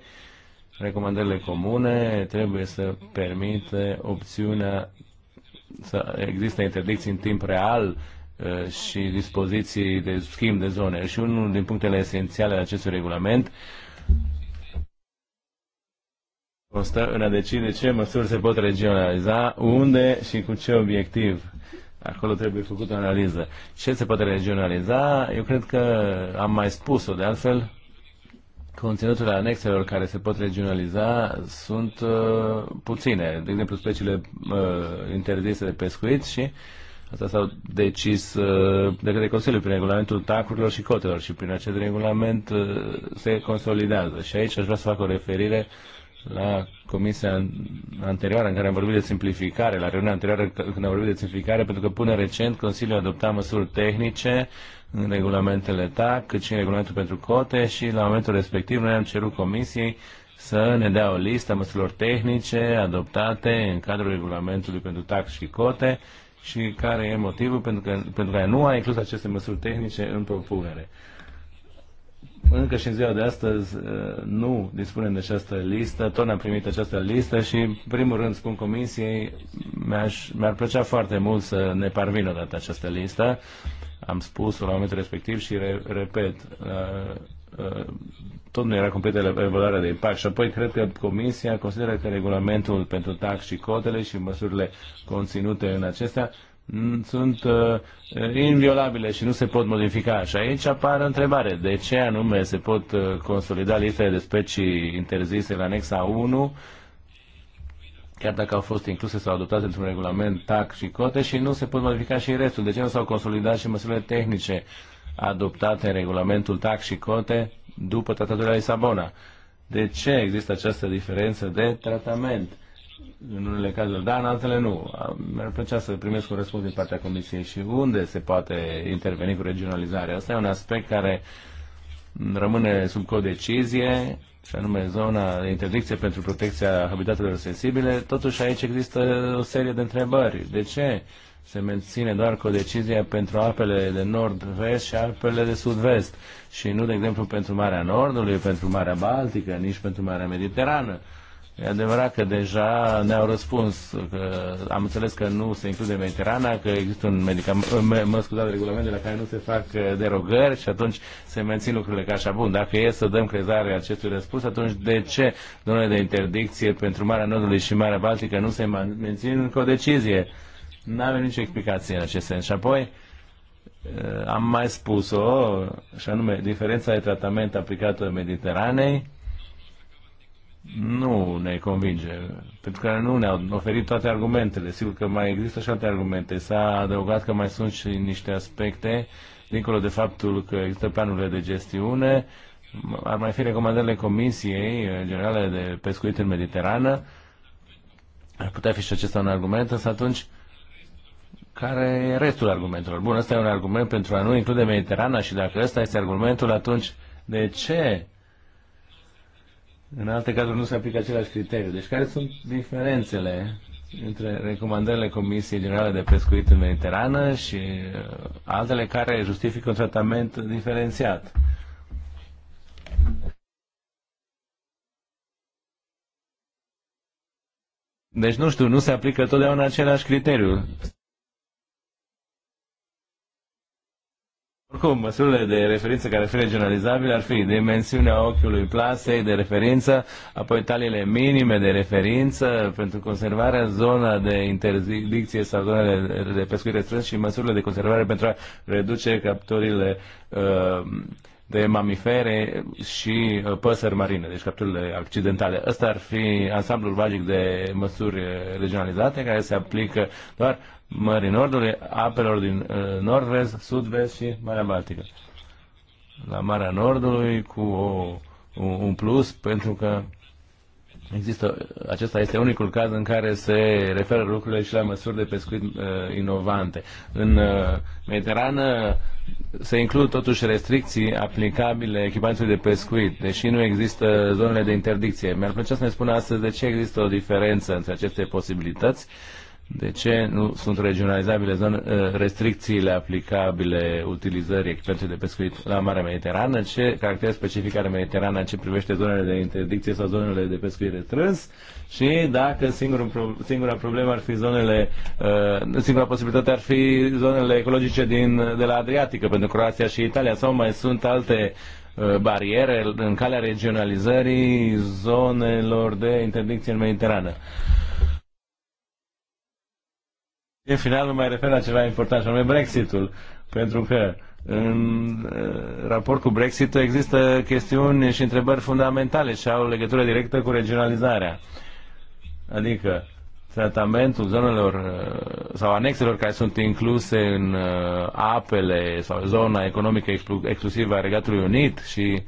recomandările comune trebuie să permită opțiunea să existe interdicții în timp real Uh, și dispoziții de schimb de zone. Și unul din punctele esențiale ale acestui regulament constă în a decide ce măsuri se pot regionaliza, unde și cu ce obiectiv. Acolo trebuie făcută o analiză. Ce se poate regionaliza? Eu cred că am mai spus-o, de altfel, conținutul anexelor care se pot regionaliza sunt uh, puține. De exemplu, speciile uh, interzise de pescuit și uh, Asta s-au decis uh, de către Consiliu prin regulamentul tacurilor și cotelor și prin acest regulament uh, se consolidează. Și aici aș vrea să fac o referire la comisia anterioară în care am vorbit de simplificare, la reuniunea anterioară când am vorbit de simplificare, pentru că până recent Consiliul adopta măsuri tehnice în regulamentele TAC, cât și în regulamentul pentru cote și la momentul respectiv noi am cerut comisiei să ne dea o listă a măsurilor tehnice adoptate în cadrul regulamentului pentru tax și cote și care e motivul pentru, că, pentru care nu a inclus aceste măsuri tehnice în propunere. Încă și în ziua de astăzi uh, nu dispunem de această listă, tot n-am primit această listă și, în primul rând, spun comisiei, mi-aș, mi-ar plăcea foarte mult să ne parvină dată această listă. Am spus la momentul respectiv și re, repet, uh, Uh, tot nu era completă evaluarea de impact și apoi cred că Comisia consideră că regulamentul pentru tax și cotele și măsurile conținute în acestea mm, sunt uh, inviolabile și nu se pot modifica. Și aici apare întrebare, de ce anume se pot uh, consolida listele de specii interzise la anexa 1, chiar dacă au fost incluse sau adoptate într-un regulament TAC și cote și nu se pot modifica și restul. De ce nu s-au consolidat și măsurile tehnice adoptate în regulamentul tax și cote după tratatul de la Lisabona. De ce există această diferență de tratament? În unele cazuri da, în altele nu. Mi-ar plăcea să primesc un răspuns din partea Comisiei și unde se poate interveni cu regionalizarea. Asta e un aspect care rămâne sub codecizie și anume zona de interdicție pentru protecția habitatelor sensibile, totuși aici există o serie de întrebări. De ce se menține doar cu decizia pentru apele de nord-vest și apele de sud-vest și nu, de exemplu, pentru Marea Nordului, pentru Marea Baltică, nici pentru Marea Mediterană. E adevărat că deja ne-au răspuns, că am înțeles că nu se include Mediterana, că există un medicament, mă scuzați, regulament de la care nu se fac uh, derogări și atunci se mențin lucrurile ca așa. Bun, dacă e să dăm crezare acestui răspuns, atunci de ce domnule, de interdicție pentru Marea Nordului și Marea Baltică nu se mențin încă o decizie? Nu avem nicio explicație în acest sens. Și apoi eh, am mai spus-o, și anume, diferența de tratament aplicată Mediteranei nu ne convinge, pentru că nu ne-au oferit toate argumentele. Sigur că mai există și alte argumente. S-a adăugat că mai sunt și niște aspecte, dincolo de faptul că există planurile de gestiune, ar mai fi recomandările Comisiei Generale de Pescuit în Mediterană, ar putea fi și acesta un argument, însă atunci care e restul argumentelor. Bun, ăsta e un argument pentru a nu include Mediterana și dacă ăsta este argumentul, atunci de ce în alte cazuri nu se aplică același criteriu? Deci care sunt diferențele între recomandările Comisiei Generale de Pescuit în Mediterană și uh, altele care justifică un tratament diferențiat? Deci nu știu, nu se aplică totdeauna același criteriu. Oricum, măsurile de referință care fie fi regionalizabile ar fi dimensiunea ochiului plasei de referință, apoi taliile minime de referință pentru conservarea zona de interdicție sau zonele de pescuit strâns și măsurile de conservare pentru a reduce capturile uh, de mamifere și uh, păsări marine, deci capturile accidentale. Ăsta ar fi ansamblul logic de măsuri uh, regionalizate care se aplică doar Mării Nordului, apelor din uh, nord-vest, sud-vest și Marea Baltică. La Marea Nordului cu o, un plus pentru că Există, acesta este unicul caz în care se referă lucrurile și la măsuri de pescuit uh, inovante. În uh, Mediterană se includ totuși restricții aplicabile echipamentului de pescuit, deși nu există zonele de interdicție. Mi-ar plăcea să ne spună astăzi de ce există o diferență între aceste posibilități de ce nu sunt regionalizabile zone, ă, restricțiile aplicabile utilizării echipamentului de pescuit la Marea Mediterană? Ce caracter specific are Mediterana în ce privește zonele de interdicție sau zonele de pescuit retrâns? Și dacă singura problemă ar fi zonele, ă, singura posibilitate ar fi zonele ecologice din, de la Adriatică pentru Croația și Italia sau mai sunt alte ă, bariere în calea regionalizării zonelor de interdicție în Mediterană? În final, nu mai refer la ceva important, și anume Brexitul. Pentru că în eh, raport cu Brexit există chestiuni și întrebări fundamentale și au legătură directă cu regionalizarea. Adică tratamentul zonelor eh, sau anexelor care sunt incluse în eh, apele sau zona economică exclusivă a Regatului Unit și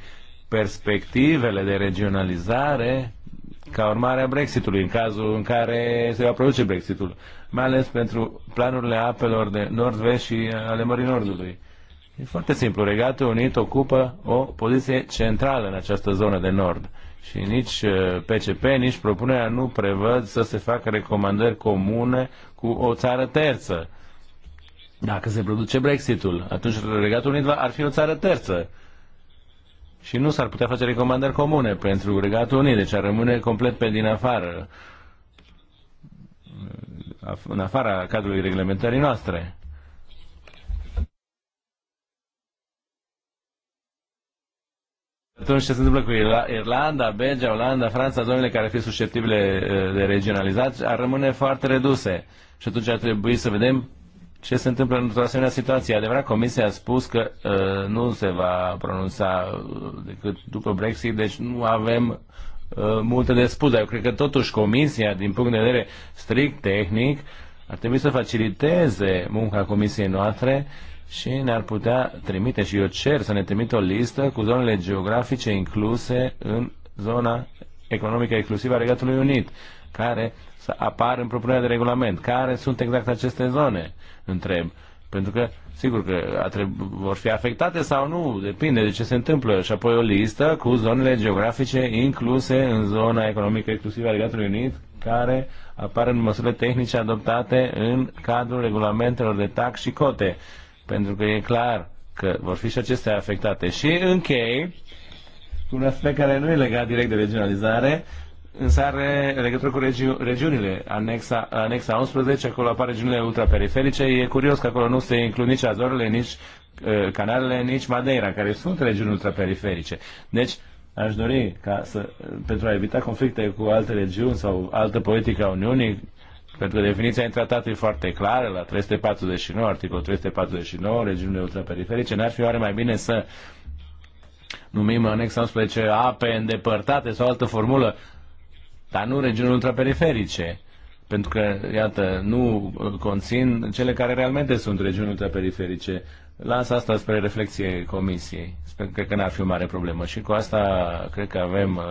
perspectivele de regionalizare ca urmare a Brexitului, în cazul în care se va produce Brexitul mai ales pentru planurile apelor de nord-vest și ale Mării Nordului. E foarte simplu. Regatul Unit ocupă o poziție centrală în această zonă de nord. Și nici PCP, uh, nici propunerea nu prevăd să se facă recomandări comune cu o țară terță. Dacă se produce Brexitul, atunci Regatul Unit ar fi o țară terță. Și nu s-ar putea face recomandări comune pentru Regatul Unit, deci ar rămâne complet pe din afară în afara cadrului reglementării noastre. Atunci ce se întâmplă cu Irlanda, Belgia, Olanda, Franța, zonele care ar fi susceptibile de regionalizat, ar rămâne foarte reduse. Și atunci ar trebui să vedem ce se întâmplă într-o asemenea situație. Adevărat, Comisia a spus că uh, nu se va pronunța uh, decât după Brexit, deci nu avem Uh, multe de spus, dar eu cred că totuși comisia, din punct de vedere strict tehnic, ar trebui să faciliteze munca comisiei noastre și ne-ar putea trimite, și eu cer să ne trimite o listă cu zonele geografice incluse în zona economică exclusivă a Regatului Unit, care să apar în propunerea de regulament. Care sunt exact aceste zone? Întreb. Pentru că, sigur că vor fi afectate sau nu, depinde de ce se întâmplă. Și apoi o listă cu zonele geografice incluse în zona economică exclusivă a Regatului Unit, care apar în măsurile tehnice adoptate în cadrul regulamentelor de tax și cote. Pentru că e clar că vor fi și acestea afectate. Și închei cu un aspect care nu e legat direct de regionalizare, însă are legătură cu regi- regiunile. Anexa, anexa 11, acolo apare regiunile ultraperiferice. E curios că acolo nu se includ nici Azorele, nici uh, Canarele, nici Madeira, care sunt regiuni ultraperiferice. Deci, aș dori ca să, pentru a evita conflicte cu alte regiuni sau altă politică a Uniunii, pentru că definiția în tratat e foarte clară, la 349, articolul 349, regiunile ultraperiferice, n-ar fi oare mai bine să numim anexa 11 ape îndepărtate sau altă formulă dar nu regiuni ultraperiferice. Pentru că, iată, nu uh, conțin cele care realmente sunt regiuni ultraperiferice. Las asta spre reflexie Comisiei. Sper că, că n-ar fi o mare problemă. Și cu asta cred că avem uh,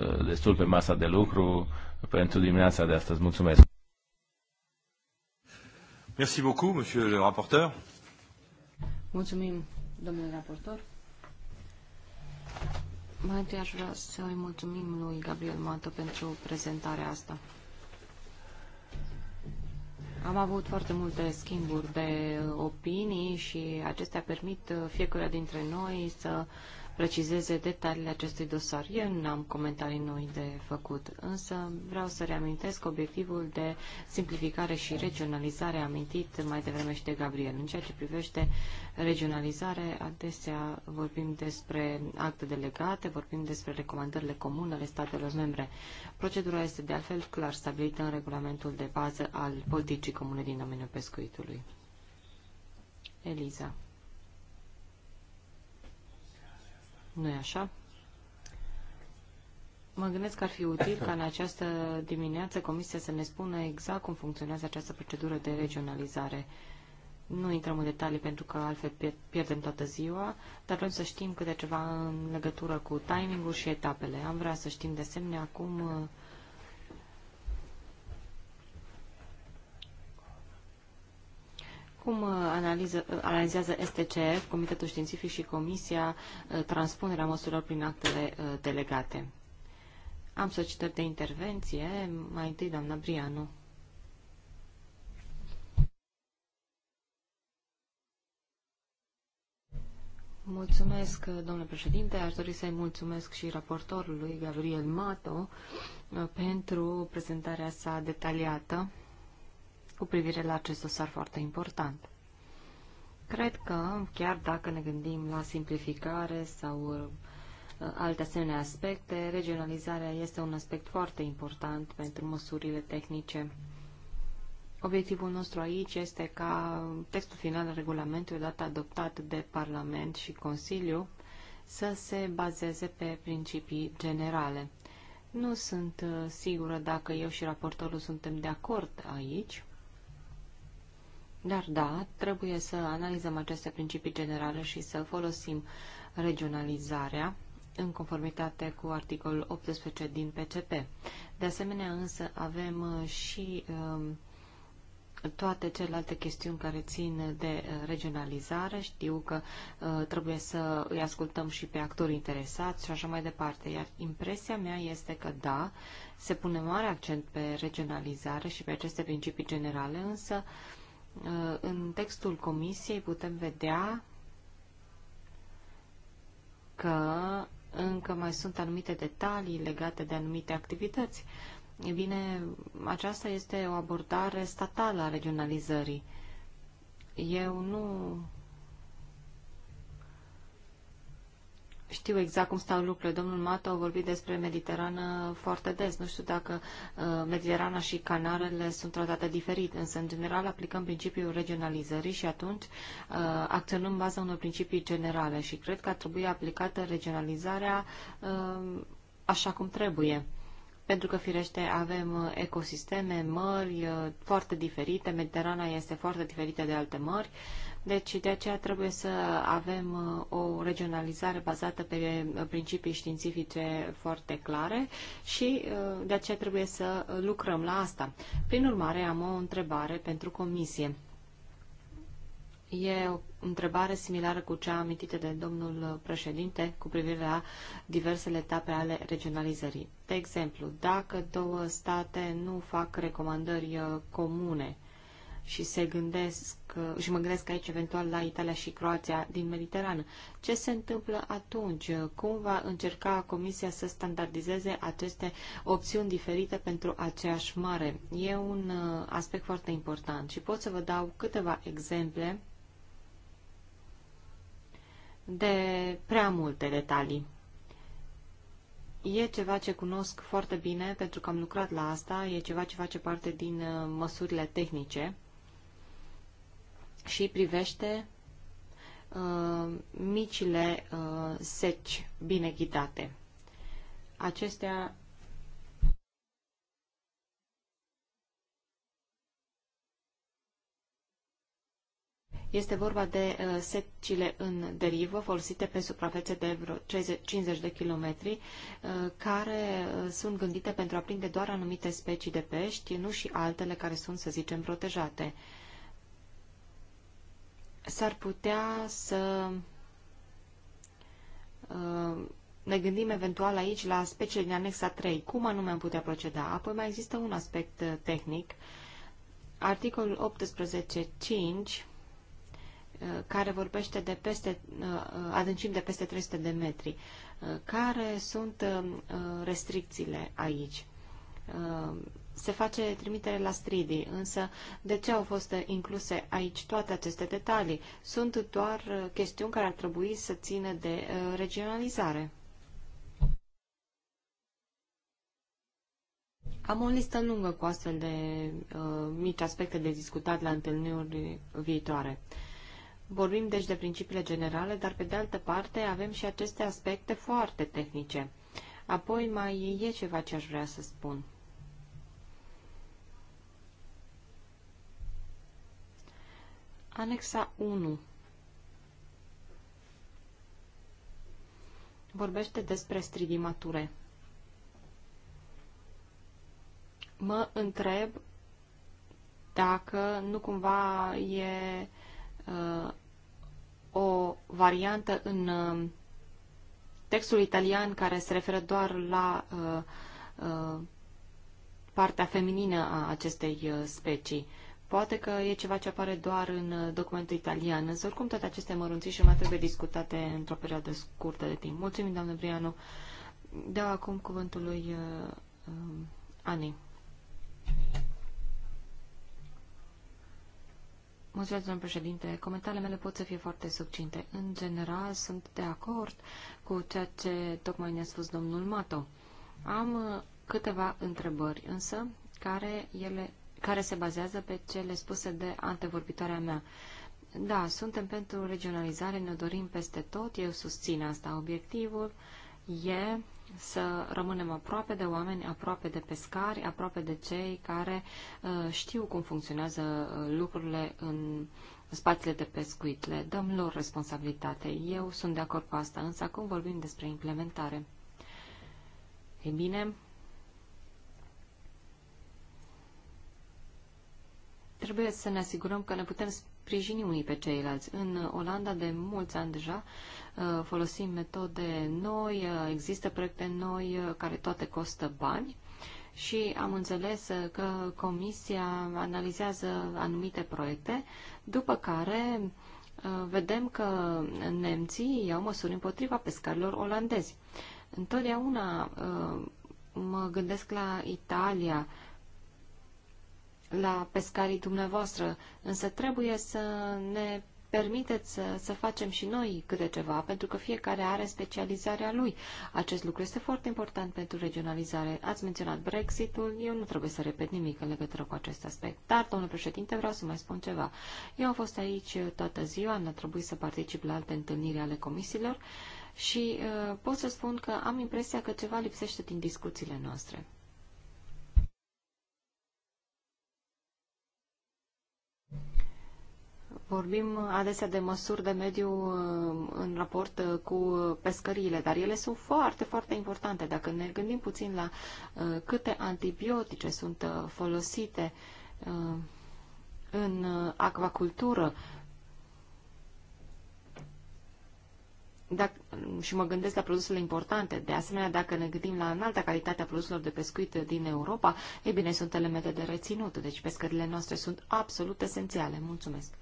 uh, destul pe masa de lucru pentru dimineața de astăzi. Mulțumesc! Merci beaucoup, monsieur le rapporteur. Mulțumim, domnule raportor. Mai întâi aș vrea să îi mulțumim lui Gabriel Mată pentru prezentarea asta. Am avut foarte multe schimburi de opinii și acestea permit fiecare dintre noi să uh, precizeze detaliile acestui dosar. Eu nu am comentarii noi de făcut, însă vreau să reamintesc obiectivul de simplificare și regionalizare amintit mai devreme și de Gabriel. În ceea ce privește regionalizare, adesea vorbim despre acte delegate, vorbim despre recomandările comune ale statelor membre. Procedura este de altfel clar stabilită în regulamentul de bază al politicii comune din domeniul pescuitului. Eliza. nu e așa? Mă gândesc că ar fi util ca în această dimineață Comisia să ne spună exact cum funcționează această procedură de regionalizare. Nu intrăm în detalii pentru că altfel pierdem toată ziua, dar vrem să știm câte ceva în legătură cu timingul și etapele. Am vrea să știm de asemenea cum Cum uh, analiză, uh, analizează STCF, Comitetul Științific și Comisia uh, transpunerea măsurilor prin actele delegate? Am solicitări de intervenție. Mai întâi, doamna Brianu. Mulțumesc, domnule președinte. Aș dori să-i mulțumesc și raportorului Gabriel Mato pentru prezentarea sa detaliată cu privire la acest dosar foarte important. Cred că, chiar dacă ne gândim la simplificare sau uh, alte asemenea aspecte, regionalizarea este un aspect foarte important pentru măsurile tehnice. Obiectivul nostru aici este ca textul final al regulamentului, dat adoptat de Parlament și Consiliu, să se bazeze pe principii generale. Nu sunt uh, sigură dacă eu și raportorul suntem de acord aici, dar da, trebuie să analizăm aceste principii generale și să folosim regionalizarea în conformitate cu articolul 18 din PCP. De asemenea, însă, avem uh, și um, toate celelalte chestiuni care țin de uh, regionalizare. Știu că uh, trebuie să îi ascultăm și pe actorii interesați și așa mai departe. Iar impresia mea este că, da, se pune mare accent pe regionalizare și pe aceste principii generale, însă Uh, în textul comisiei putem vedea că încă mai sunt anumite detalii legate de anumite activități. E bine, aceasta este o abordare statală a regionalizării. Eu nu știu exact cum stau lucrurile. Domnul Mato a vorbit despre Mediterană foarte des. Nu știu dacă uh, Mediterana și Canarele sunt tratate diferit, însă, în general, aplicăm principiul regionalizării și atunci uh, acționăm în baza unor principii generale și cred că ar trebui aplicată regionalizarea uh, așa cum trebuie pentru că, firește, avem ecosisteme, mări foarte diferite, Mediterana este foarte diferită de alte mări deci, de aceea trebuie să avem uh, o regionalizare bazată pe uh, principii științifice foarte clare și uh, de aceea trebuie să lucrăm la asta. Prin urmare, am o întrebare pentru Comisie. E o întrebare similară cu cea amintită de domnul președinte cu privire la diversele etape ale regionalizării. De exemplu, dacă două state nu fac recomandări comune și se gândesc și mă gândesc aici eventual la Italia și Croația din Mediterană. Ce se întâmplă atunci? Cum va încerca Comisia să standardizeze aceste opțiuni diferite pentru aceeași mare? E un uh, aspect foarte important și pot să vă dau câteva exemple de prea multe detalii. E ceva ce cunosc foarte bine pentru că am lucrat la asta, e ceva ce face parte din uh, măsurile tehnice și privește uh, micile uh, seci bine ghidate. Acestea Este vorba de uh, secile în derivă folosite pe suprafețe de vreo 50 de kilometri, uh, care uh, sunt gândite pentru a prinde doar anumite specii de pești, nu și altele care sunt, să zicem, protejate. Uh, s-ar putea să uh, ne gândim eventual aici la speciile din anexa 3. Cum anume am putea proceda? Apoi mai există un aspect uh, tehnic. Articolul 18.5 uh, care vorbește de peste, adâncim de peste 300 de metri. Care sunt restricțiile aici? se face trimitere la stridii, însă de ce au fost incluse aici toate aceste detalii? Sunt doar uh, chestiuni care ar trebui să țină de uh, regionalizare. Am o listă lungă cu astfel de uh, mici aspecte de discutat la întâlniri viitoare. Vorbim deci de principiile generale, dar pe de altă parte avem și aceste aspecte foarte tehnice. Apoi mai e ceva ce aș vrea să spun. Anexa 1 vorbește despre stridimature. Mă întreb dacă nu cumva e uh, o variantă în uh, textul italian care se referă doar la uh, uh, partea feminină a acestei uh, specii. Uh, Poate că e ceva ce apare doar în uh, documentul italian, însă oricum toate aceste mărunțișuri mai trebuie discutate într-o perioadă scurtă de timp. Mulțumim, doamnă Brianu. Dau acum cuvântul lui uh, um, Ani. Mulțumesc, domnul președinte. Comentariile mele pot să fie foarte subcinte. În general, sunt de acord cu ceea ce tocmai ne-a spus domnul Mato. Am uh, câteva întrebări, însă, care ele care se bazează pe cele spuse de antevorbitoarea mea. Da, suntem pentru regionalizare, ne dorim peste tot, eu susțin asta. Obiectivul e să rămânem aproape de oameni, aproape de pescari, aproape de cei care uh, știu cum funcționează uh, lucrurile în spațiile de pescuit. Le dăm lor responsabilitate. Eu sunt de acord cu asta, însă acum vorbim despre implementare. E bine, Trebuie să ne asigurăm că ne putem sprijini unii pe ceilalți. În Olanda, de mulți ani deja, uh, folosim metode noi, uh, există proiecte noi uh, care toate costă bani și am înțeles că Comisia analizează anumite proiecte, după care vedem că nemții iau măsuri împotriva pescarilor olandezi. Întotdeauna mă gândesc la Italia, la pescarii dumneavoastră, însă trebuie să ne permiteți să, să facem și noi câte ceva, pentru că fiecare are specializarea lui. Acest lucru este foarte important pentru regionalizare. Ați menționat Brexitul, eu nu trebuie să repet nimic în legătură cu acest aspect. Dar, domnule președinte, vreau să mai spun ceva. Eu am fost aici uh, toată ziua, n-a trebuit să particip la alte întâlniri ale comisiilor și uh, pot să spun că am impresia că ceva lipsește din discuțiile noastre. Vorbim adesea de măsuri de mediu uh, în raport uh, cu pescăriile, dar ele sunt foarte, foarte importante. Dacă ne gândim puțin la uh, câte antibiotice sunt folosite în acvacultură, dacă, și mă gândesc la produsele importante. De asemenea, dacă ne gândim la înalta calitate a produselor de pescuit din Europa, e bine, sunt elemente de reținut. Deci pescările noastre sunt absolut esențiale. Mulțumesc!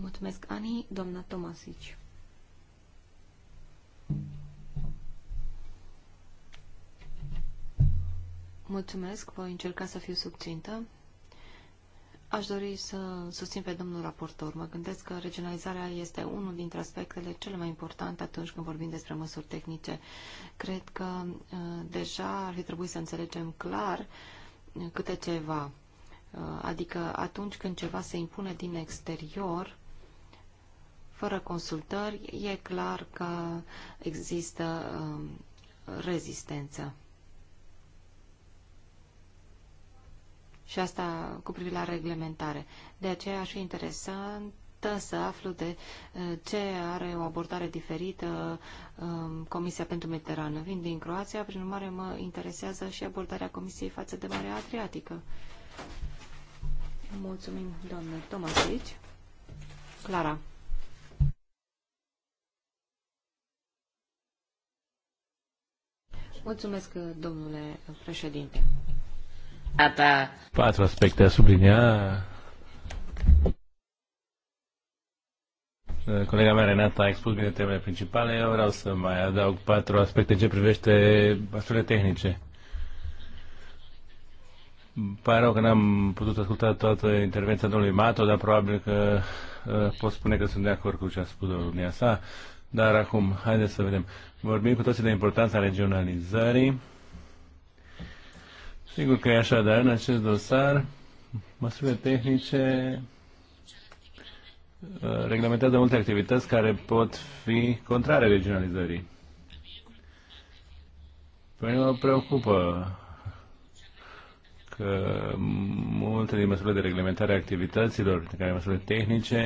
Mulțumesc, Ani. Doamna Tomasici. Mulțumesc, voi încerca să fiu subțintă. Aș dori să susțin pe domnul raportor. Mă gândesc că regionalizarea este unul dintre aspectele cele mai importante atunci când vorbim despre măsuri tehnice. Cred că uh, deja ar fi trebuit să înțelegem clar uh, câte ceva. Uh, adică atunci când ceva se impune din exterior, fără consultări, e clar că există um, rezistență. Și asta cu privire la reglementare. De aceea aș fi interesant să aflu de uh, ce are o abordare diferită um, Comisia pentru Mediterană. Vin din Croația, prin urmare mă interesează și abordarea Comisiei față de Marea Adriatică. Mulțumim, doamne Tomasici. Clara. Mulțumesc, domnule președinte. Ata. Patru aspecte a sublinia. Colega mea, Renata, a expus bine temele principale. Eu vreau să mai adaug patru aspecte ce privește măsurile tehnice. Pare rău că n-am putut asculta toată intervenția domnului Mato, dar probabil că uh, pot spune că sunt de acord cu ce a spus domnia sa. Dar acum, haideți să vedem. Vorbim cu toții de importanța regionalizării. Sigur că e așa, dar în acest dosar, măsurile tehnice uh, reglementează multe activități care pot fi contrare regionalizării. Păi mine mă preocupă că multe din măsurile de reglementare a activităților, care măsurile tehnice,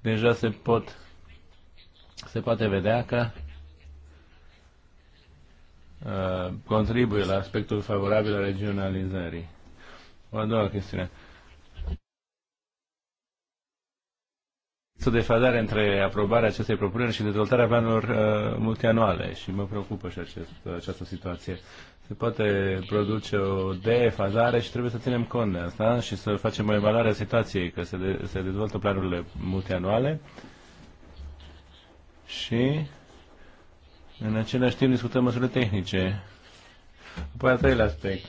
deja se pot se poate vedea că uh, contribuie la aspectul favorabil al regionalizării. O a doua chestiune. defadare între aprobarea acestei propuneri și dezvoltarea planurilor uh, multianuale și mă preocupă și acest, uh, această situație. Se poate produce o defazare și trebuie să ținem cont de asta și să facem o evaluare a situației, că se, de, se dezvoltă planurile multianuale uh, și în același timp discutăm măsurile tehnice. Apoi al treilea aspect.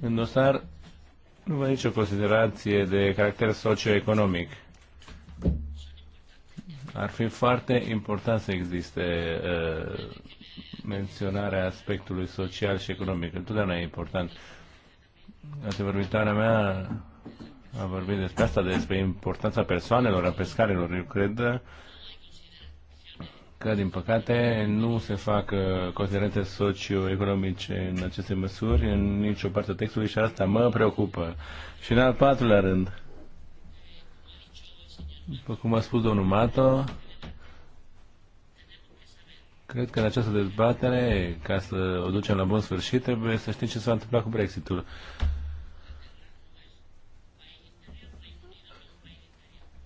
În dosar nu văd nicio considerație de caracter socioeconomic. Ar fi foarte important să existe uh, menționarea aspectului social și economic. Întotdeauna e important. vorbit mea a vorbit despre asta, despre importanța persoanelor, a pescarilor. Eu cred că, din păcate, nu se fac uh, considerente socioeconomice în aceste măsuri, în nicio parte a textului și asta mă preocupă. Și în al patrulea rând, după cum a spus domnul Mato, Cred că în această dezbatere, ca să o ducem la bun sfârșit, trebuie să știm ce s-a întâmplat cu Brexitul.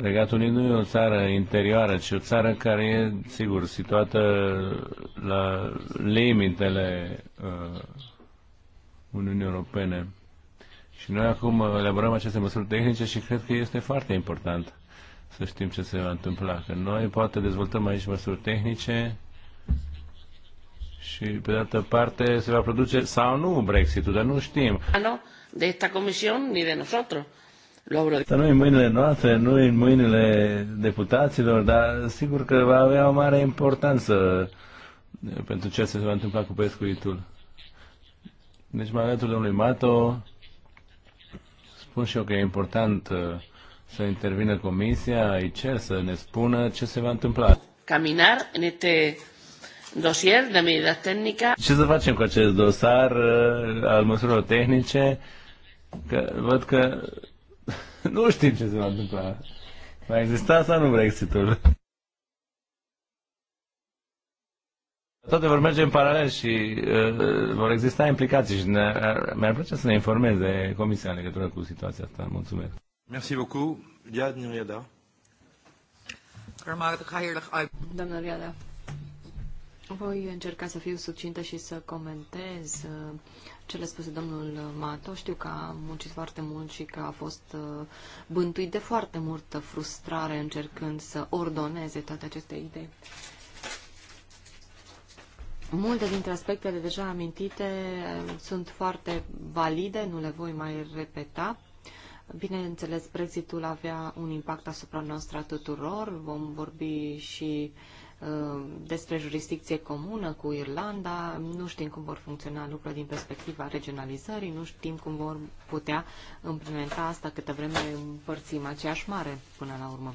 Regatul Unit nu e o țară interioară, ci o țară care e, sigur, situată la limitele uh, Uniunii Europene. Și noi acum elaborăm aceste măsuri tehnice și cred că este foarte important să știm ce se va întâmpla. Că noi poate dezvoltăm aici măsuri tehnice și, pe de altă parte, se va produce sau nu Brexitul, dar nu știm. Ano ah, de esta comisión ni de nosotros. Să nu în mâinile noastre, nu în mâinile deputaților, dar sigur că va avea o mare importanță eh, pentru ce se va întâmpla cu pescuitul. Deci, mai alături domnului Mato, spun și eu că e important eh, să intervină comisia, îi cer să ne spună ce se va întâmpla. Caminar în este dosier de medida tehnică. Ce să facem cu acest dosar eh, al măsurilor tehnice? Că văd că nu știm ce se va întâmpla. Va exista sau nu Brexitul? Toate vor merge în paralel și uh, vor exista implicații și uh, mi-ar plăcea să ne informeze Comisia în legătură cu situația asta. Mulțumesc. Merci beaucoup. Iad Niriada. Doamna Riada, voi încerca să fiu subcintă și să comentez uh, cele spuse domnul Mato. Știu că a muncit foarte mult și că a fost uh, bântuit de foarte multă frustrare încercând să ordoneze toate aceste idei. Multe dintre aspectele deja amintite uh, sunt foarte valide, nu le voi mai repeta. Bineînțeles, Brexitul avea un impact asupra noastră a tuturor. Vom vorbi și uh, Uh, despre jurisdicție comună cu Irlanda, nu știm cum vor funcționa lucrurile din perspectiva regionalizării, nu știm cum vor putea implementa asta câtă vreme împărțim aceeași mare până la urmă.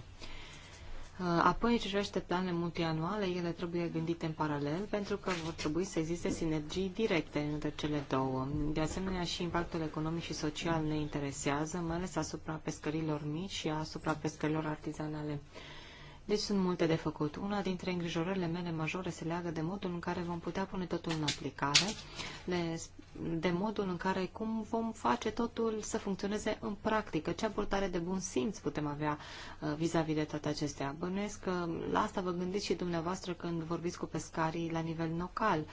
Uh, apoi, ce privește planele multianuale, ele trebuie gândite în paralel pentru că vor trebui să existe sinergii directe între cele două. De asemenea, și impactul economic și social ne interesează, mai ales asupra pescărilor mici și asupra pescărilor artizanale. Deci sunt multe de făcut. Una dintre îngrijorările mele majore se leagă de modul în care vom putea pune totul în aplicare, de, de modul în care cum vom face totul să funcționeze în practică, ce abordare de bun simț putem avea uh, vis-a-vis -vis de toate acestea. Bănuiesc că la asta vă gândiți și dumneavoastră când vorbiți cu pescarii la nivel local. Uh,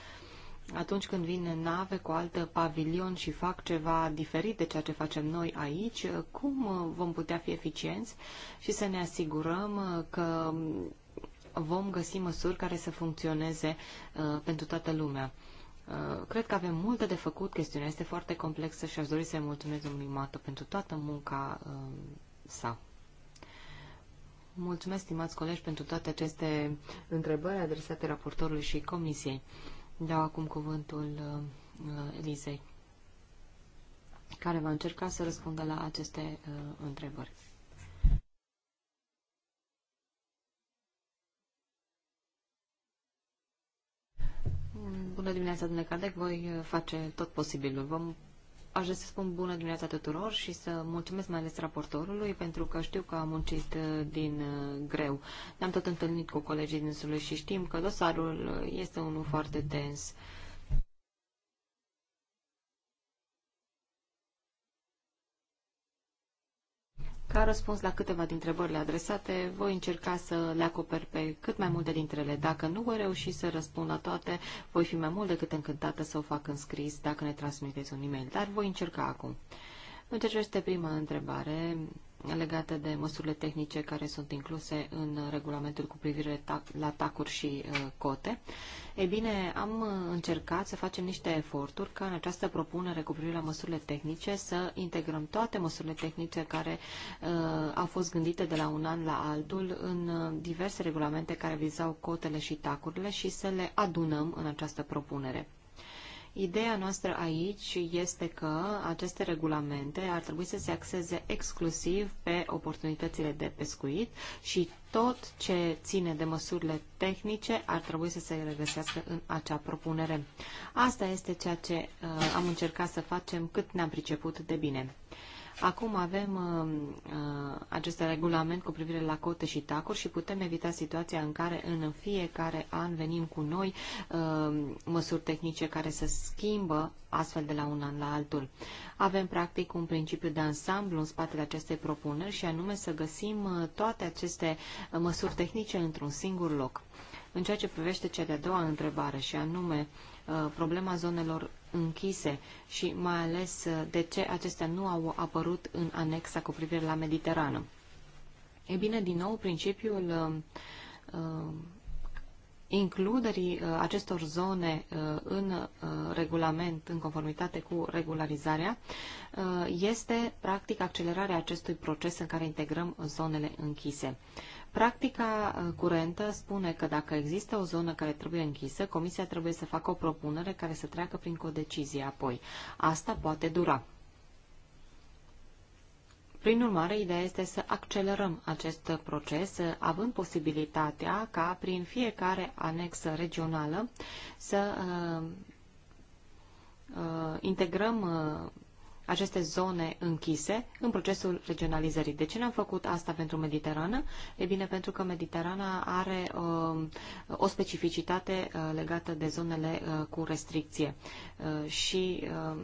atunci când vin nave cu alt pavilion și fac ceva diferit de ceea ce facem noi aici, cum vom putea fi eficienți și să ne asigurăm că vom găsi măsuri care să funcționeze uh, pentru toată lumea. Uh, cred că avem multe de făcut, chestiunea este foarte complexă și aș dori să-i mulțumesc domnului Mato pentru toată munca uh, sa. Mulțumesc, stimați colegi, pentru toate aceste întrebări adresate raportorului și comisiei. Dau acum cuvântul uh, Elisei, care va încerca să răspundă la aceste uh, întrebări. Bună dimineața, domnule Cadec. Voi uh, face tot posibilul. Vom Aș vrea să spun bună dimineața tuturor și să mulțumesc mai ales raportorului pentru că știu că a muncit uh, din uh, greu. Ne-am tot întâlnit cu colegii din Sului și știm că dosarul uh, este unul foarte dens. Ca răspuns la câteva dintre întrebările adresate, voi încerca să le acoper pe cât mai multe dintre ele. Dacă nu voi reuși să răspund la toate, voi fi mai mult decât încântată să o fac în scris dacă ne transmiteți un e-mail, dar voi încerca acum. În prima întrebare, legate de măsurile tehnice care sunt incluse în regulamentul cu privire la tacuri și uh, cote. Ei bine, am încercat să facem niște eforturi ca în această propunere cu privire la măsurile tehnice să integrăm toate măsurile tehnice care uh, au fost gândite de la un an la altul în uh, diverse regulamente care vizau cotele și tacurile și să le adunăm în această propunere. Ideea noastră aici este că aceste regulamente ar trebui să se axeze exclusiv pe oportunitățile de pescuit și tot ce ține de măsurile tehnice ar trebui să se regăsească în acea propunere. Asta este ceea ce uh, am încercat să facem cât ne-am priceput de bine. Acum avem uh, uh, acest regulament cu privire la cote și tacuri și putem evita situația în care în fiecare an venim cu noi uh, măsuri tehnice care să schimbă astfel de la un an la altul. Avem practic un principiu de ansamblu în spatele acestei propuneri și anume să găsim uh, toate aceste uh, măsuri tehnice într-un singur loc. În ceea ce privește cea de-a doua întrebare și anume problema zonelor închise și mai ales uh, de ce acestea nu au apărut în anexa cu privire la Mediterană. E bine, din nou, principiul uh, uh, includerii uh, acestor zone uh, în uh, regulament, în conformitate cu regularizarea, uh, este practic accelerarea acestui proces în care integrăm zonele închise. Uh, Practica uh, curentă spune că dacă există o zonă care trebuie închisă, comisia trebuie să facă o propunere care să treacă prin codecizie apoi. Asta poate dura. Prin urmare, ideea este să accelerăm acest proces, uh, având posibilitatea ca prin fiecare anexă regională să uh, uh, integrăm uh, aceste zone închise în procesul regionalizării. De ce ne am făcut asta pentru Mediterană? E bine, pentru că Mediterana are uh, o specificitate uh, legată de zonele uh, cu restricție. Uh, și uh,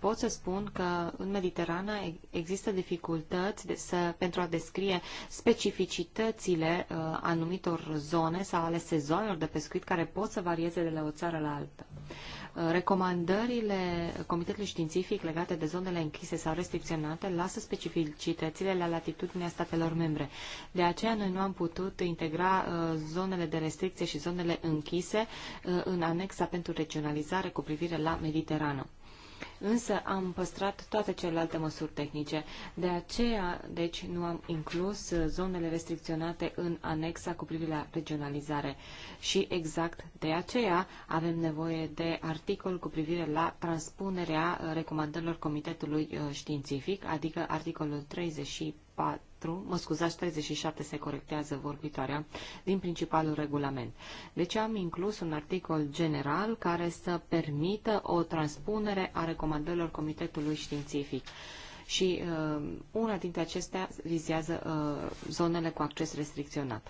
pot să spun că în Mediterana există dificultăți de să, pentru a descrie specificitățile uh, anumitor zone sau ale sezoanelor de pescuit care pot să varieze de la o țară la alta. Uh, recomandările Comitetului Științific legate de zonele închise sau restricționate lasă specificitățile la latitudinea statelor membre. De aceea noi nu am putut integra uh, zonele de restricție și zonele închise uh, în anexa pentru regionalizare cu privire la Mediterană însă am păstrat toate celelalte măsuri tehnice. De aceea, deci, nu am inclus uh, zonele restricționate în anexa cu privire la regionalizare. Și exact de aceea avem nevoie de articol cu privire la transpunerea uh, recomandărilor Comitetului uh, Științific, adică articolul 34 4, mă scuzați, 37 se corectează vorbitoarea din principalul regulament. Deci am inclus un articol general care să permită o transpunere a recomandărilor Comitetului Științific și uh, una dintre acestea vizează uh, zonele cu acces restricționat.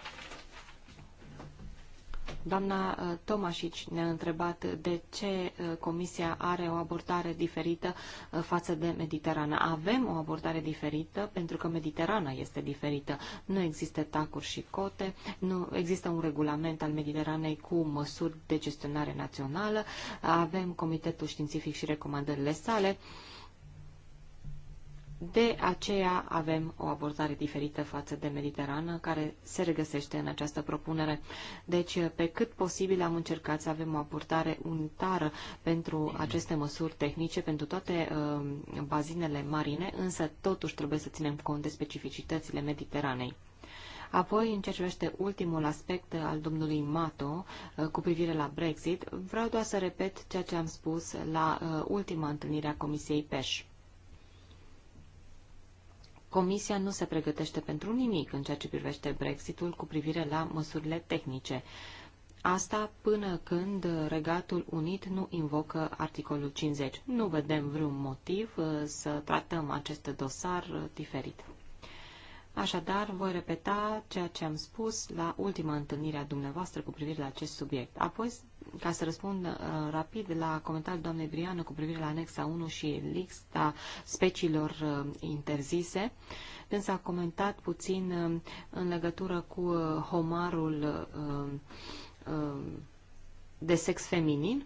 Doamna uh, Tomașic ne-a întrebat de ce uh, Comisia are o abordare diferită uh, față de Mediterana. Avem o abordare diferită pentru că Mediterana este diferită. Nu există tacuri și cote, nu există un regulament al Mediteranei cu măsuri de gestionare națională, avem Comitetul Științific și recomandările sale, de aceea avem o abordare diferită față de Mediterană, care se regăsește în această propunere. Deci, pe cât posibil am încercat să avem o abordare unitară pentru aceste măsuri tehnice, pentru toate uh, bazinele marine, însă totuși trebuie să ținem cont de specificitățile Mediteranei. Apoi, în ce privește ultimul aspect al domnului Mato uh, cu privire la Brexit, vreau doar să repet ceea ce am spus la uh, ultima întâlnire a Comisiei PESH. Comisia nu se pregătește pentru nimic în ceea ce privește Brexitul cu privire la măsurile tehnice. Asta până când Regatul Unit nu invocă articolul 50. Nu vedem vreun motiv uh, să tratăm acest dosar uh, diferit. Așadar, voi repeta ceea ce am spus la ultima întâlnire a dumneavoastră cu privire la acest subiect. Apoi ca să răspund uh, rapid la comentariul doamnei Briană cu privire la anexa 1 și lista speciilor uh, interzise, însă a comentat puțin uh, în legătură cu uh, homarul uh, uh, de sex feminin.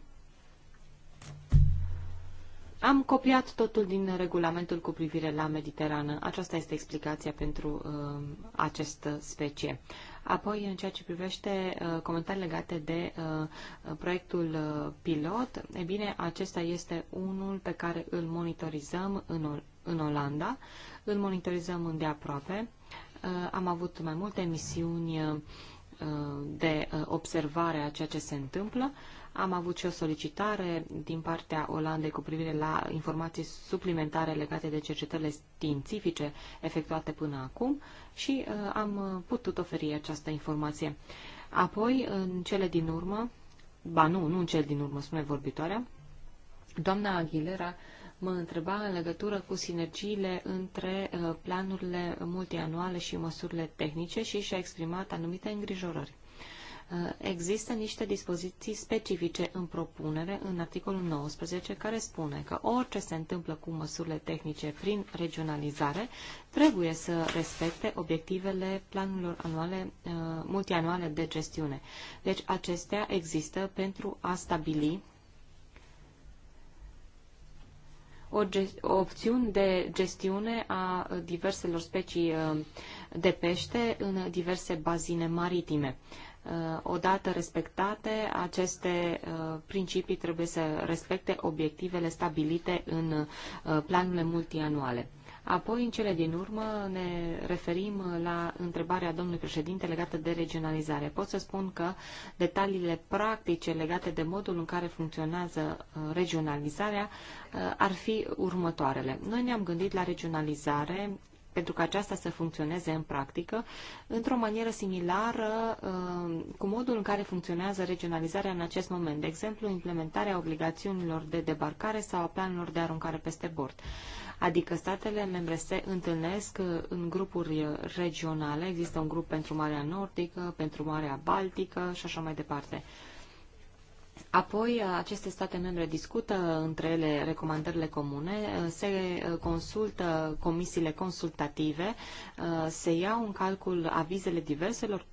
Am copiat totul din regulamentul cu privire la Mediterană. Aceasta este explicația pentru uh, această specie. Apoi, în ceea ce privește uh, comentarii legate de uh, uh, proiectul pilot, e bine, acesta este unul pe care îl monitorizăm în, în Olanda, îl monitorizăm îndeaproape. Am avut mai multe misiuni de observare a ceea ce se întâmplă am avut și o solicitare din partea Olandei cu privire la informații suplimentare legate de cercetările științifice efectuate până acum și uh, am putut oferi această informație. Apoi, în cele din urmă, ba nu, nu în cele din urmă, spune vorbitoarea, doamna Aguilera mă întreba în legătură cu sinergiile între uh, planurile multianuale și măsurile tehnice și și-a exprimat anumite îngrijorări. Uh, există niște dispoziții specifice în propunere, în articolul 19, care spune că orice se întâmplă cu măsurile tehnice prin regionalizare trebuie să respecte obiectivele planurilor anuale, uh, multianuale de gestiune. Deci acestea există pentru a stabili o opțiune de gestiune a diverselor specii uh, de pește în diverse bazine maritime. Uh, odată respectate, aceste uh, principii trebuie să respecte obiectivele stabilite în uh, planurile multianuale. Apoi, în cele din urmă, ne referim la întrebarea domnului președinte legată de regionalizare. Pot să spun că detaliile practice legate de modul în care funcționează regionalizarea ar fi următoarele. Noi ne-am gândit la regionalizare pentru ca aceasta să funcționeze în practică, într-o manieră similară uh, cu modul în care funcționează regionalizarea în acest moment, de exemplu, implementarea obligațiunilor de debarcare sau a planurilor de aruncare peste bord. Adică statele membre se întâlnesc uh, în grupuri regionale, există un grup pentru Marea Nordică, pentru Marea Baltică și așa mai departe. Apoi, uh, aceste state membre discută între ele recomandările comune, uh, se uh, consultă comisiile consultative, se iau în calcul avizele diverselor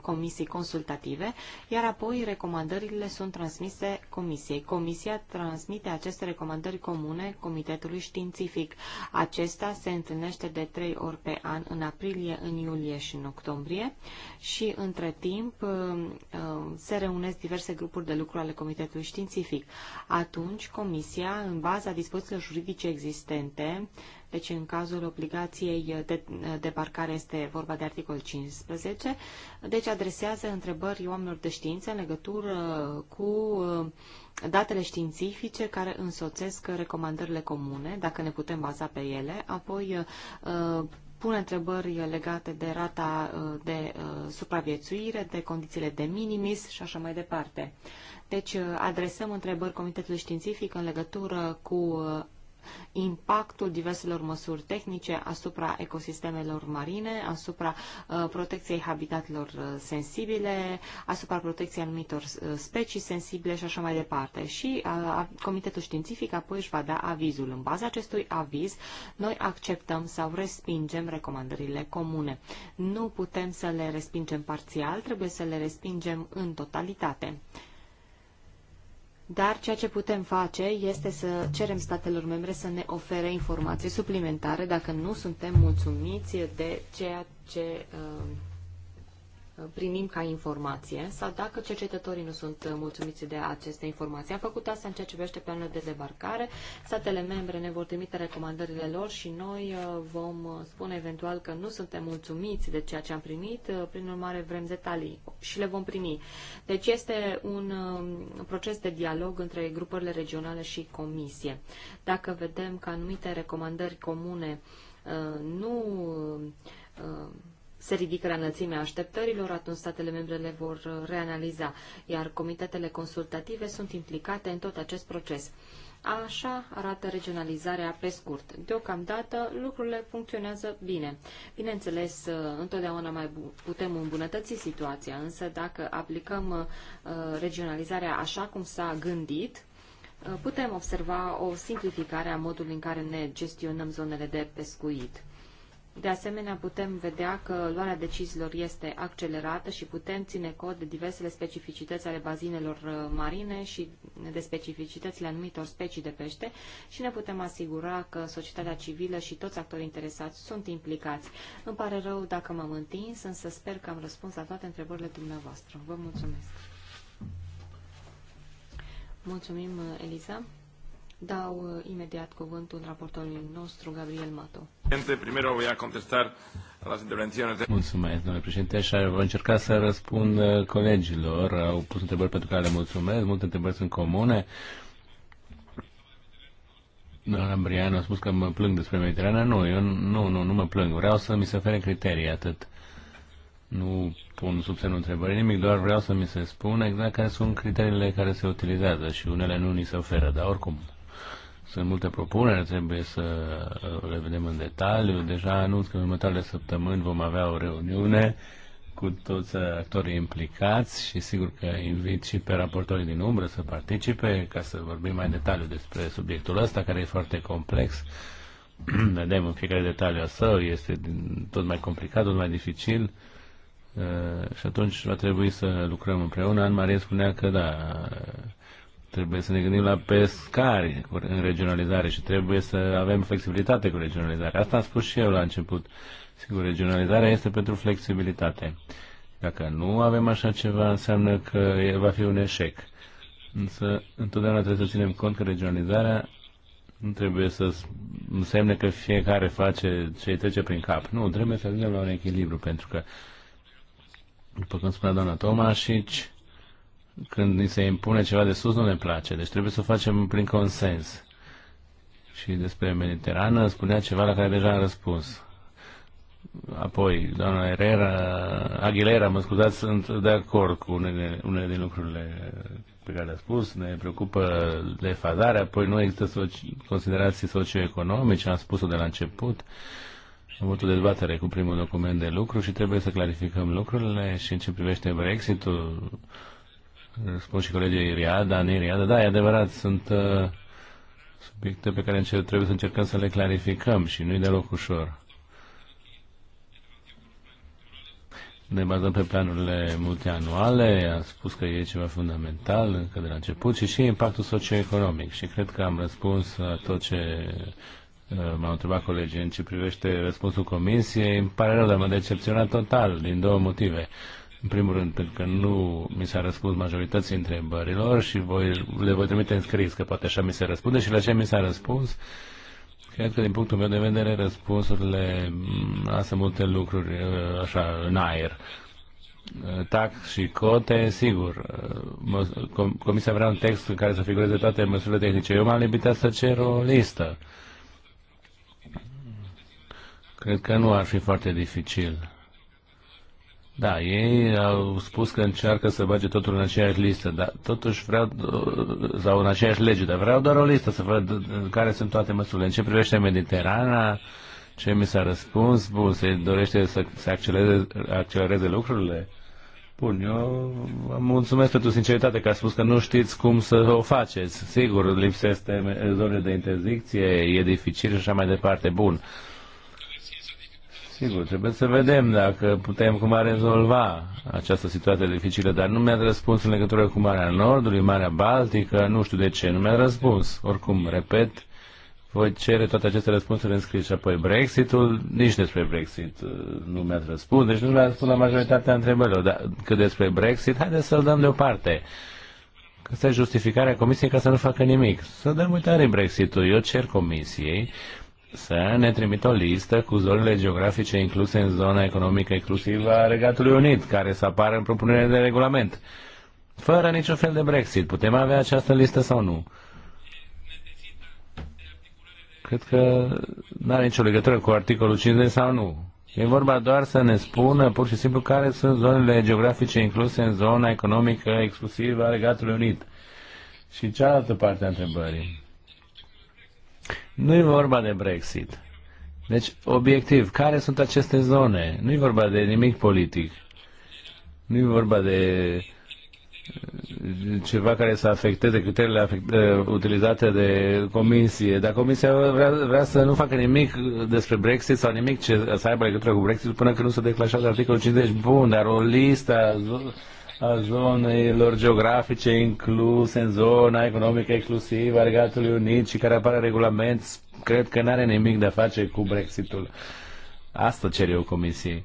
comisii consultative, iar apoi recomandările sunt transmise comisiei. Comisia transmite aceste recomandări comune Comitetului Științific. Acesta se întâlnește de trei ori pe an, în aprilie, în iulie și în octombrie și, între timp, se reunesc diverse grupuri de lucru lucru ale Comitetului Științific. Atunci, Comisia, în baza dispozițiilor juridice existente, deci în cazul obligației de parcare este vorba de articol 15, deci adresează întrebări oamenilor de știință în legătură cu uh, datele științifice care însoțesc recomandările comune, dacă ne putem baza pe ele, apoi uh, pune întrebări legate de rata uh, de supraviețuire, de condițiile de minimis și așa mai departe. Deci uh, adresăm întrebări Comitetului Științific în legătură cu uh, impactul diverselor măsuri tehnice asupra ecosistemelor marine, asupra uh, protecției habitatelor uh, sensibile, asupra protecției anumitor uh, specii sensibile și așa mai departe. Și uh, Comitetul Științific apoi își va da avizul. În baza acestui aviz, noi acceptăm sau respingem recomandările comune. Nu putem să le respingem parțial, trebuie să le respingem în totalitate. Dar ceea ce putem face este să cerem statelor membre să ne ofere informații suplimentare dacă nu suntem mulțumiți de ceea ce uh, primim ca informație sau dacă cercetătorii nu sunt mulțumiți de aceste informații. Am făcut asta în ceea ce privește planul de debarcare. Statele membre ne vor trimite recomandările lor și noi uh, vom spune eventual că nu suntem mulțumiți de ceea ce am primit, uh, prin urmare vrem detalii și le vom primi. Deci este un um, proces de dialog între grupările regionale și comisie. Dacă vedem că anumite recomandări comune uh, nu se ridică la înălțimea așteptărilor, atunci statele membre le vor uh, reanaliza, iar comitetele consultative sunt implicate în tot acest proces. Așa arată regionalizarea pe scurt. Deocamdată lucrurile funcționează bine. Bineînțeles, uh, întotdeauna mai putem îmbunătăți situația, însă dacă aplicăm uh, regionalizarea așa cum s-a gândit, putem observa o simplificare a modului în care ne gestionăm zonele de pescuit. De asemenea, putem vedea că luarea deciziilor este accelerată și putem ține cont de diversele specificități ale bazinelor uh, marine și de specificitățile anumitor specii de pește și ne putem asigura că societatea civilă și toți actorii interesați sunt implicați. Îmi pare rău dacă m-am întins, însă sper că am răspuns la toate întrebările dumneavoastră. Vă mulțumesc! Mulțumim, uh, Eliza! Dau uh, imediat cuvântul raportorului nostru, Gabriel Mato. Primero voy a contestar las intervenciones de... Mulțumesc, domnule președinte, și voi încerca să răspund uh, colegilor. Au pus întrebări pentru care le mulțumesc, multe întrebări sunt comune. Doamna Brian a spus că mă plâng despre Mediterana. Nu, eu nu, nu, nu mă plâng. Vreau să mi se ofere criterii, atât. Nu pun sub semnul întrebării nimic, doar vreau să mi se spună exact care sunt criteriile care se utilizează și unele nu ni se oferă, dar oricum sunt multe propuneri, trebuie să uh, le vedem în detaliu. Deja anunț că în următoarele săptămâni vom avea o reuniune cu toți actorii implicați și sigur că invit și pe raportorii din umbră să participe ca să vorbim mai în detaliu despre subiectul ăsta care e foarte complex. Vedem în fiecare detaliu a său, este tot mai complicat, tot mai dificil uh, și atunci va trebui să lucrăm împreună. Anne Marie spunea că da, Trebuie să ne gândim la pescari în regionalizare și trebuie să avem flexibilitate cu regionalizarea. Asta am spus și eu la început. Sigur, regionalizarea este pentru flexibilitate. Dacă nu avem așa ceva, înseamnă că va fi un eșec. Însă, întotdeauna trebuie să ținem cont că regionalizarea nu trebuie să însemne că fiecare face ce îi trece prin cap. Nu, trebuie să ajungem la un echilibru, pentru că, după cum spunea doamna Tomașici, când ni se impune ceva de sus, nu ne place. Deci trebuie să o facem prin consens. Și despre Mediterană spunea ceva la care deja am răspuns. Apoi, doamna Herrera, Aguilera, mă scuzați, sunt de acord cu unele, unele din lucrurile pe care le-a spus, ne preocupă defazarea, apoi nu există soci, considerații socioeconomice, am spus-o de la început, am avut o dezbatere cu primul document de lucru și trebuie să clarificăm lucrurile și în ce privește Brexit-ul, spun și colegii Riada, Neriada, da, e adevărat, sunt uh, subiecte pe care trebuie să încercăm să le clarificăm și nu-i deloc ușor. Ne bazăm pe planurile multianuale, am spus că e ceva fundamental încă de la început și și impactul socioeconomic și cred că am răspuns la tot ce uh, m-au întrebat colegii în ce privește răspunsul comisiei. Îmi pare rău, dar m-a decepționat total din două motive. În primul rând, pentru că nu mi s-a răspuns majorității întrebărilor și voi, le voi trimite în scris, că poate așa mi se răspunde și la ce mi s-a răspuns, cred că din punctul meu de vedere răspunsurile mm, lasă multe lucruri uh, așa în aer uh, tax și cote, sigur, uh, Comisia vrea un text în care să figureze toate măsurile tehnice. Eu m-am limitat să cer o listă. Cred că nu ar fi foarte dificil. Da, ei au spus că încearcă să bage totul în aceeași listă, dar totuși vreau, sau în aceeași lege, dar vreau doar o listă să văd care sunt toate măsurile. În ce privește Mediterana, ce mi s-a răspuns, bun, se dorește să se accelereze, accelereze lucrurile. Bun, eu vă mulțumesc pentru sinceritate că a spus că nu știți cum să o faceți. Sigur, lipsesc zone de interzicție, e dificil și așa mai departe. Bun. Sigur, trebuie să vedem dacă putem cum a rezolva această situație dificilă, dar nu mi-a răspuns în legătură cu Marea Nordului, Marea Baltică, nu știu de ce, nu mi-a răspuns. Oricum, repet, voi cere toate aceste răspunsuri în scris și apoi Brexitul, nici despre Brexit uh, nu mi a răspuns, deci nu mi a răspuns la majoritatea întrebărilor, dar cât despre Brexit, haideți să-l dăm deoparte. Că asta e justificarea Comisiei ca să nu facă nimic. Să dăm uitare Brexitul. Eu cer Comisiei să ne trimită o listă cu zonele geografice incluse în zona economică exclusivă a Regatului Unit, care să apară în propunerea de regulament. Fără niciun fel de Brexit. Putem avea această listă sau nu? Cred că nu are nicio legătură cu articolul 50 sau nu. E vorba doar să ne spună pur și simplu care sunt zonele geografice incluse în zona economică exclusivă a Regatului Unit. Și cealaltă parte a întrebării. Nu e vorba de Brexit. Deci, obiectiv, care sunt aceste zone? Nu e vorba de nimic politic. Nu e vorba de ceva care să afecteze criteriile afecte, utilizate de comisie. Dar comisia vrea, vrea să nu facă nimic despre Brexit sau nimic ce să aibă legătură cu Brexit până când nu se declanșează articolul 50. Bun, dar o listă a zonelor geografice incluse în zona economică exclusivă a Regatului Unit și care apare regulament, cred că nu are nimic de a face cu Brexitul. Asta cer eu Comisiei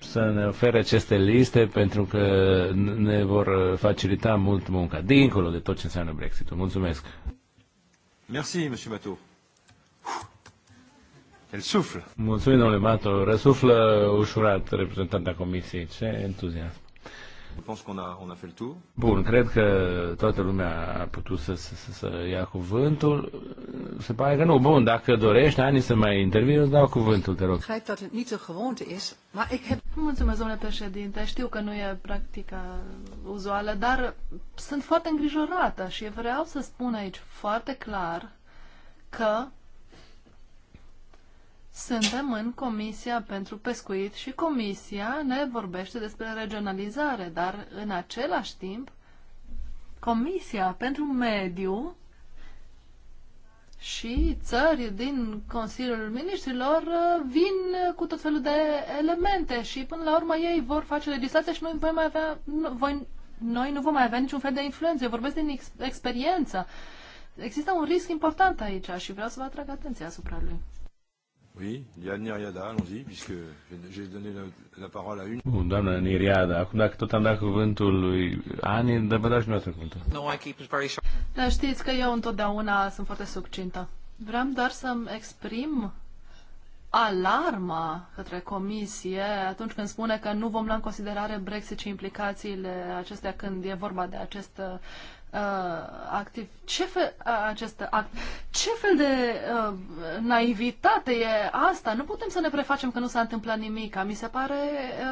să ne ofere aceste liste pentru că ne vor facilita mult munca, dincolo de tot ce înseamnă Brexitul. Mulțumesc! Merci, M. Matou. El suflă. Mulțumim, domnule Mato. Răsuflă ușurat reprezentanta comisiei. Ce entuziasm. Bun, cred că toată lumea a putut să, să, să ia cuvântul. Se pare că nu. Bun, dacă dorești, Ani, să mai intervii, îți dau cuvântul, te rog. Mulțumesc, domnule președinte. Știu că nu e practica uzuală, dar sunt foarte îngrijorată și vreau să spun aici foarte clar că suntem în Comisia pentru Pescuit și Comisia ne vorbește despre regionalizare, dar în același timp Comisia pentru Mediu și țări din Consiliul Ministrilor uh, vin cu tot felul de elemente și până la urmă ei vor face legislație și noi vom mai avea, voi, noi nu vom mai avea niciun fel de influență. Eu vorbesc din ex- experiență. Există un risc important aici și vreau să vă atrag atenția asupra lui. Oui, Liane Niriada, allons-y, puisque j'ai donné la, la parole à une. Bun, doamna Niriada, acum dacă tot am dat cuvântul lui Ani, dă vă dați dumneavoastră cuvântul. No, I keep it very short. Da, știți că eu întotdeauna sunt foarte succintă. Vreau doar să-mi exprim alarma către comisie atunci când spune că nu vom lua în considerare Brexit și implicațiile acestea când e vorba de acest uh, activ. Ce fel, uh, acest act, ce fel de uh, naivitate e asta? Nu putem să ne prefacem că nu s-a întâmplat nimic. Mi se pare,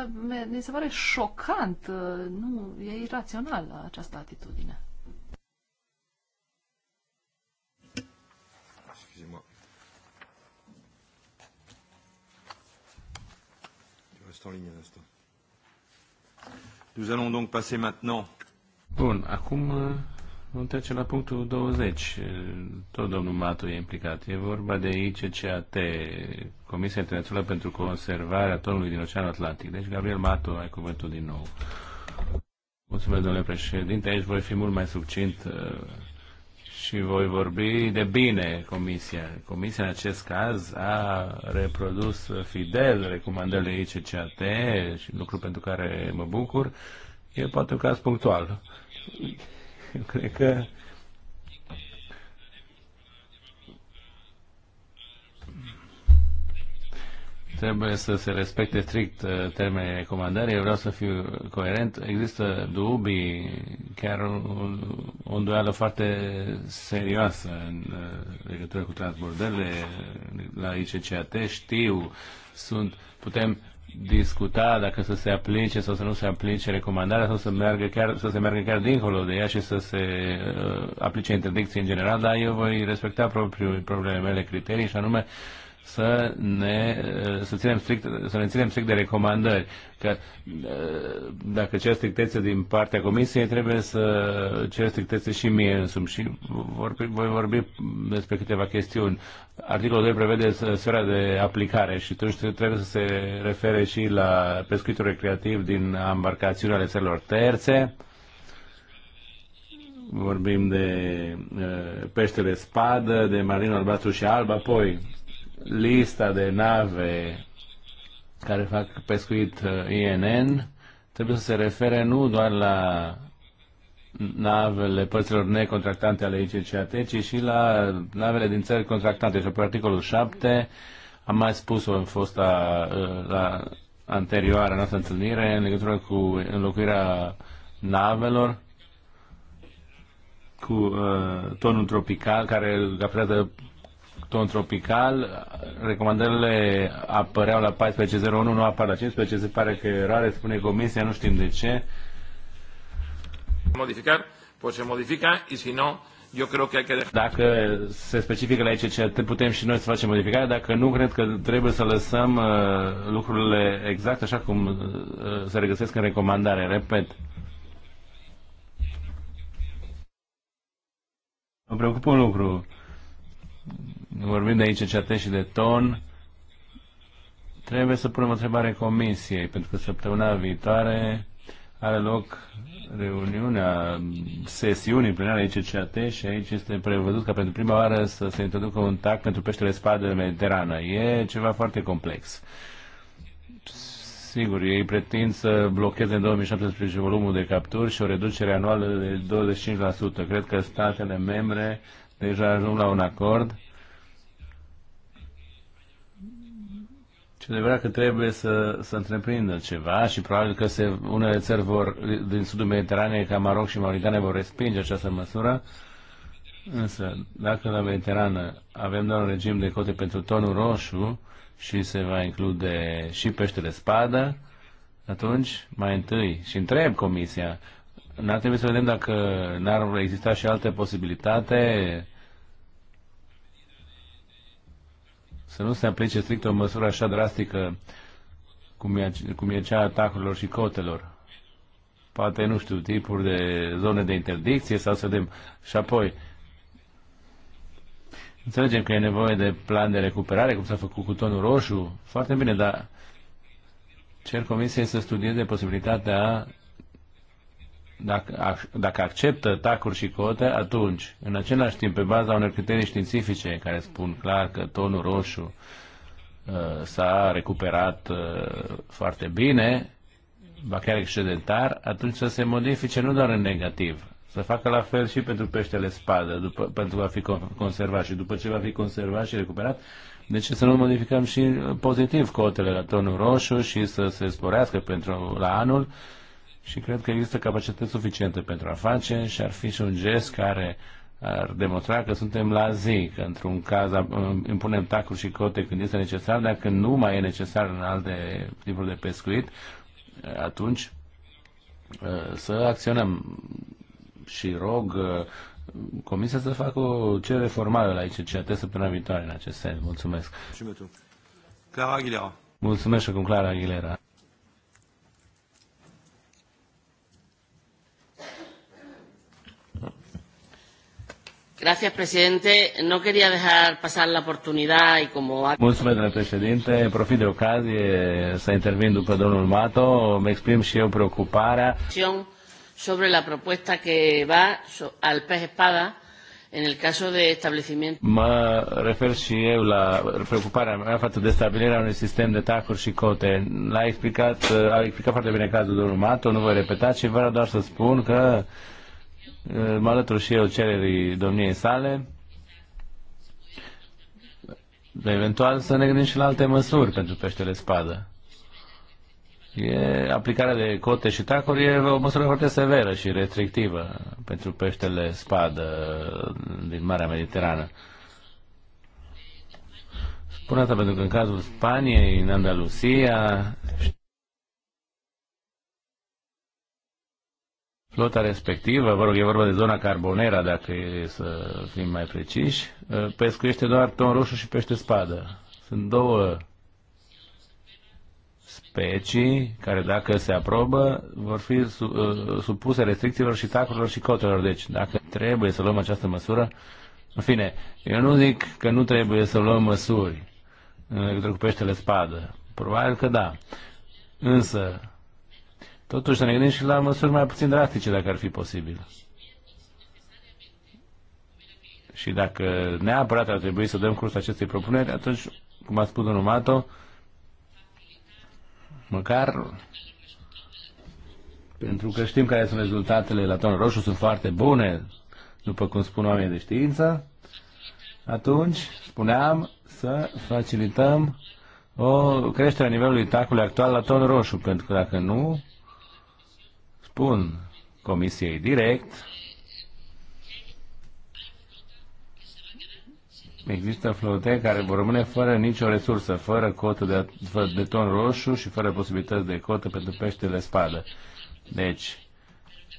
uh, mi se pare șocant. Uh, nu, e irațional această atitudine. Nous allons donc passer maintenant Bun, acum uh, vom trece la punctul 20. Tot domnul Matu e implicat. E vorba de ICCAT, Comisia Internațională pentru Conservarea Tonului din Oceanul Atlantic. Deci, Gabriel Matu, ai cuvântul din nou. Mulțumesc, domnule președinte. Aici voi fi mult mai succint uh, și voi vorbi de bine Comisia. Comisia, în acest caz, a reprodus fidel recomandările ICCAT și lucru pentru care mă bucur. E poate un caz punctual eu cred că trebuie să se respecte strict uh, termenii recomandării. Eu vreau să fiu coerent. Există dubii, chiar o îndoială foarte serioasă în uh, legătură cu transbordările la ICCAT. Știu, sunt, putem discuta dacă să se aplice sau să nu se aplice recomandarea sau să, meargă chiar, să se meargă chiar dincolo de ea și să se uh, aplice interdicții în general, dar eu voi respecta propriul, propriile mele criterii și anume să ne să ținem strict, să ne ținem strict de recomandări. Că dacă cer strictețe din partea comisiei, trebuie să cer strictețe și mie însumi. Și vor, voi vorbi despre câteva chestiuni. Articolul 2 prevede sfera de aplicare și totuși trebuie să se refere și la pescuitul recreativ din embarcațiunea ale țărilor terțe vorbim de uh, peștele spadă, de marin albastru și alb, apoi lista de nave care fac pescuit uh, INN trebuie să se refere nu doar la navele părților necontractante ale ICCAT, ci și la navele din țări contractante. Și pe articolul 7 am mai spus-o în fosta uh, la anterioară noastră întâlnire în legătură cu înlocuirea navelor cu uh, tonul tropical care captează ton tropical, recomandările apăreau la 14.01, nu apar la 15, se pare că rare, spune comisia, nu știm de ce. Modificar, pues se modifica și, si no, eu cred că hay que Dacă se specifică la ICC, putem și noi să facem modificare, dacă nu, cred că trebuie să lăsăm uh, lucrurile exact așa cum uh, se regăsesc în recomandare. Repet, Mă preocupă un lucru vorbim de ICCT și de ton, trebuie să punem o întrebare comisiei, pentru că săptămâna viitoare are loc reuniunea sesiunii plenare ICCAT și aici este prevăzut ca pentru prima oară să se introducă un tac pentru peștele spadă mediterană. E ceva foarte complex. Sigur, ei pretind să blocheze în 2017 volumul de capturi și o reducere anuală de 25%. Cred că statele membre deja ajung la un acord Și adevărat că trebuie să, să întreprindă ceva și probabil că se, unele țări vor, din sudul Mediteranei, ca Maroc și Mauritania, vor respinge această măsură. Însă, dacă la Mediterană avem doar un regim de cote pentru tonul roșu și se va include și peștele spadă, atunci, mai întâi, și întreb Comisia, n-ar trebui să vedem dacă n-ar exista și alte posibilitate să nu se aplice strict o măsură așa drastică cum e, cum e cea a atacurilor și cotelor. Poate, nu știu, tipuri de zone de interdicție sau să vedem. Și apoi, înțelegem că e nevoie de plan de recuperare, cum s-a făcut cu tonul roșu, foarte bine, dar cer comisiei să studieze posibilitatea dacă, dacă acceptă tacuri și cote, atunci, în același timp, pe baza unor criterii științifice care spun clar că tonul roșu uh, s-a recuperat uh, foarte bine, va chiar excedentar, atunci să se modifice nu doar în negativ, să facă la fel și pentru peștele spadă, după, pentru a fi conservat și după ce va fi conservat și recuperat, de ce să nu modificăm și uh, pozitiv cotele la tonul roșu și să se sporească pentru la anul, uh, și cred că există capacități suficiente pentru a face și ar fi și un gest care ar demonstra că suntem la zi, că într-un caz impunem tacuri și cote când este necesar, dar când nu mai e necesar în alte tipuri de pescuit, atunci ă, să acționăm și rog ă, Comisia să facă o cerere formală la ICCAT săptămâna viitoare în acest sens. Mulțumesc. Clara Aguilera. Mulțumesc și acum Clara Aguilera. Gracias, presidente. No quería dejar pasar la oportunidad y como... Mulțumesc, domnule președinte. Profit de ocazie să intervin după domnul Mato. Mă exprim și eu preocuparea. Sobre la propuesta que va al pez espada în el caso de establecimiento. Mă refer și eu la preocuparea mea față de stabilirea unui sistem de tacuri și cote. L-a explicat, a explicat foarte bine cazul domnul Mato, nu voi repeta, ci vreau doar să spun că Mă alătur și eu cererii domniei sale. De eventual să ne gândim și la alte măsuri pentru peștele spadă. E, aplicarea de cote și tacuri e o măsură foarte severă și restrictivă pentru peștele spadă din Marea Mediterană. Spune asta pentru că în cazul Spaniei, în Andalusia, flota respectivă, vă rog, e vorba de zona Carbonera, dacă e să fim mai preciși, ă, pescuiește doar ton roșu și pește spadă. Sunt două specii care, dacă se aprobă, vor fi ă, supuse restricțiilor și tacurilor și cotelor. Deci, dacă trebuie să luăm această măsură, în fine, eu nu zic că nu trebuie să luăm măsuri în legătură cu peștele spadă. Probabil că da. Însă, Totuși să ne gândim și la măsuri mai puțin drastice, dacă ar fi posibil. Și dacă neapărat ar trebui să dăm curs acestei propuneri, atunci, cum a spus domnul Mato, măcar pentru că știm care sunt rezultatele la ton roșu, sunt foarte bune, după cum spun oamenii de știință, atunci spuneam să facilităm o creștere a nivelului tacului actual la ton roșu, pentru că dacă nu, spun Comisiei direct, există flote care vor rămâne fără nicio resursă, fără cotă de, de ton roșu și fără posibilități de cotă pentru peștele spadă. Deci,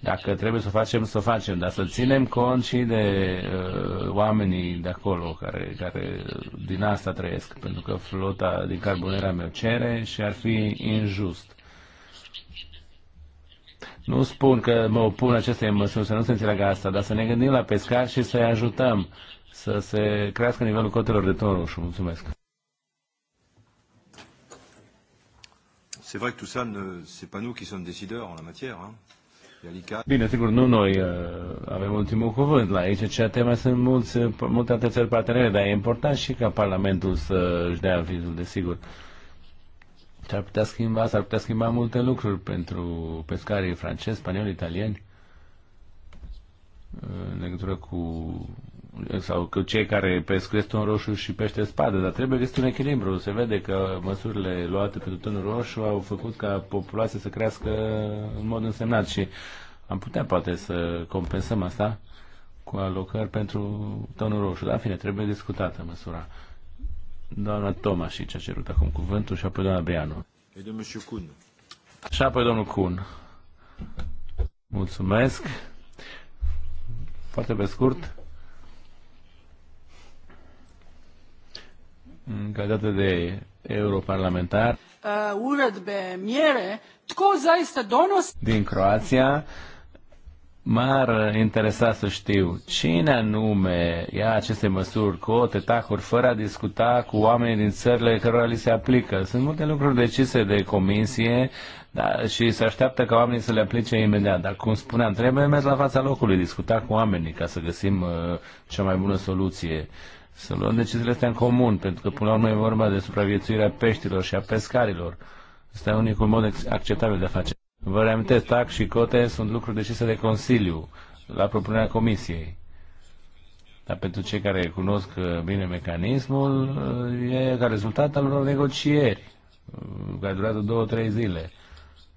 dacă trebuie să o facem, să o facem, dar să ținem cont și de uh, oamenii de acolo care, care din asta trăiesc, pentru că flota din carbonera mea cere și ar fi injust nu spun că mă opun acestei măsuri, să nu se înțeleagă asta, dar să ne gândim la pescar și să-i ajutăm să se crească nivelul cotelor de ton roșu. Mulțumesc. C'est vrai que tout ça, ce n'est pas nous qui sommes décideurs en la matière. Bine, sigur, nu noi uh, avem ultimul cuvânt la aici, ceea tema sunt mulți, uh, multe alte țări partenere, dar e important și ca Parlamentul să-și dea avizul, desigur. S-ar putea schimba, s-ar putea schimba multe lucruri pentru pescarii francezi, spanioli, italieni în legătură cu sau că cei care pesc ton roșu și pește spadă, dar trebuie găsit un echilibru. Se vede că măsurile luate pentru tonul roșu au făcut ca populația să crească în mod însemnat și am putea poate să compensăm asta cu alocări pentru tonul roșu. Dar, în fine, trebuie discutată măsura. Doamna ce a cerut acum cuvântul și apoi doamna Beanu. Și apoi domnul Cun. Mulțumesc. Foarte pe scurt. În calitate de europarlamentar. Uh, uredbe, miere, tko zaista donos? Din Croația M-ar interesa să știu cine anume ia aceste măsuri, cote, tetahuri fără a discuta cu oamenii din țările cărora li se aplică. Sunt multe lucruri decise de comisie da, și se așteaptă ca oamenii să le aplice imediat. Dar, cum spuneam, trebuie mers la fața locului, discuta cu oamenii ca să găsim uh, cea mai bună soluție. Să luăm deciziile astea în comun, pentru că, până la urmă, e vorba de supraviețuirea peștilor și a pescarilor. Este unicul mod acceptabil de a face. Vă reamintesc, TAC și cote sunt lucruri decise de Consiliu la propunerea Comisiei. Dar pentru cei care cunosc uh, bine mecanismul, uh, e ca rezultat al unor negocieri uh, care durează două, trei zile.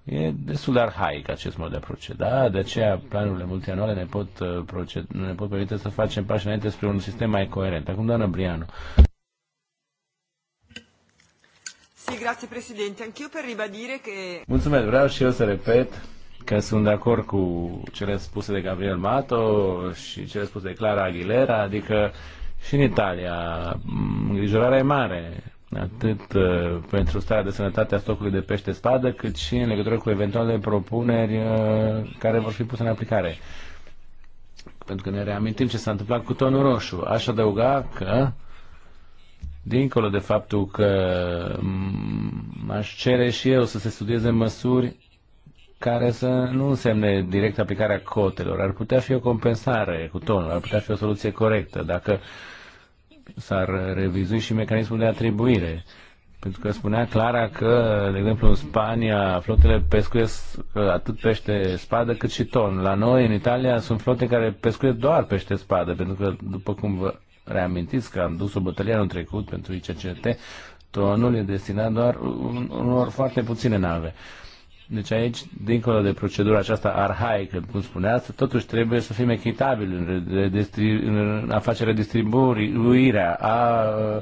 E destul de arhaic acest mod de a proceda, de aceea planurile multianuale ne pot, proced- ne pot permite să facem pași înainte spre un sistem mai coerent. Acum, doamnă Brianu. Sì, grazie Presidente. Anch'io per ribadire che... Mulțumesc, vreau și eu să repet că sunt de acord cu cele spuse de Gabriel Mato și cele spuse de Clara Aguilera, adică și în Italia îngrijorarea e mare, atât uh, pentru starea de sănătate a stocului de pește spadă, cât și în legătură cu eventuale propuneri uh, care vor fi puse în aplicare. Pentru că ne reamintim ce s-a întâmplat cu tonul roșu. Aș adăuga că dincolo de faptul că aș cere și eu să se studieze măsuri care să nu însemne direct aplicarea cotelor. Ar putea fi o compensare cu tonul, ar putea fi o soluție corectă dacă s-ar revizui și mecanismul de atribuire. Pentru că spunea Clara că, de exemplu, în Spania flotele pescuiesc uh, atât pește spadă cât și ton. La noi, în Italia, sunt flote care pescuiesc doar pește spadă, pentru că, după cum vă reamintiți că am dus o bătălie anul trecut pentru ICCT, tonul e destinat doar unor foarte puține nave. Deci aici, dincolo de procedura aceasta arhaică, cum spuneați, totuși trebuie să fim echitabili în, în a face redistribuirea, a, a, a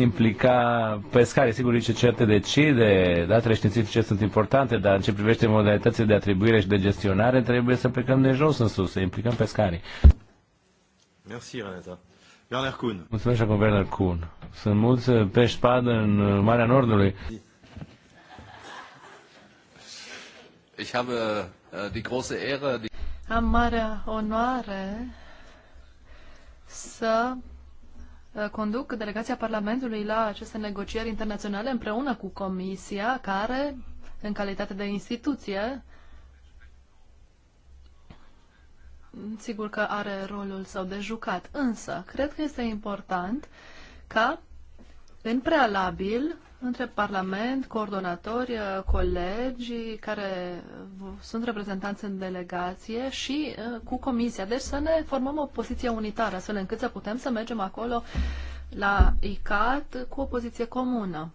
implica pescare. Sigur, ce certe decide, datele științifice sunt importante, dar în ce privește modalitățile de atribuire și de gestionare, trebuie să plecăm de jos în sus, să implicăm pescarii. Merci, Renata. Kuhn. Mulțumesc acum, Werner Kuhn. Sunt mulți eh, pești padă în eh, Marea Nordului. Ich habe eh, die große Ehre, die Am marea onoare să conduc delegația Parlamentului la aceste negocieri internaționale împreună cu Comisia, care, în calitate de instituție, sigur că are rolul său de jucat, însă cred că este important ca în prealabil între Parlament, coordonatori, uh, colegii care sunt reprezentanți în delegație și uh, cu comisia. Deci să ne formăm o poziție unitară, astfel încât să putem să mergem acolo la ICAT cu o poziție comună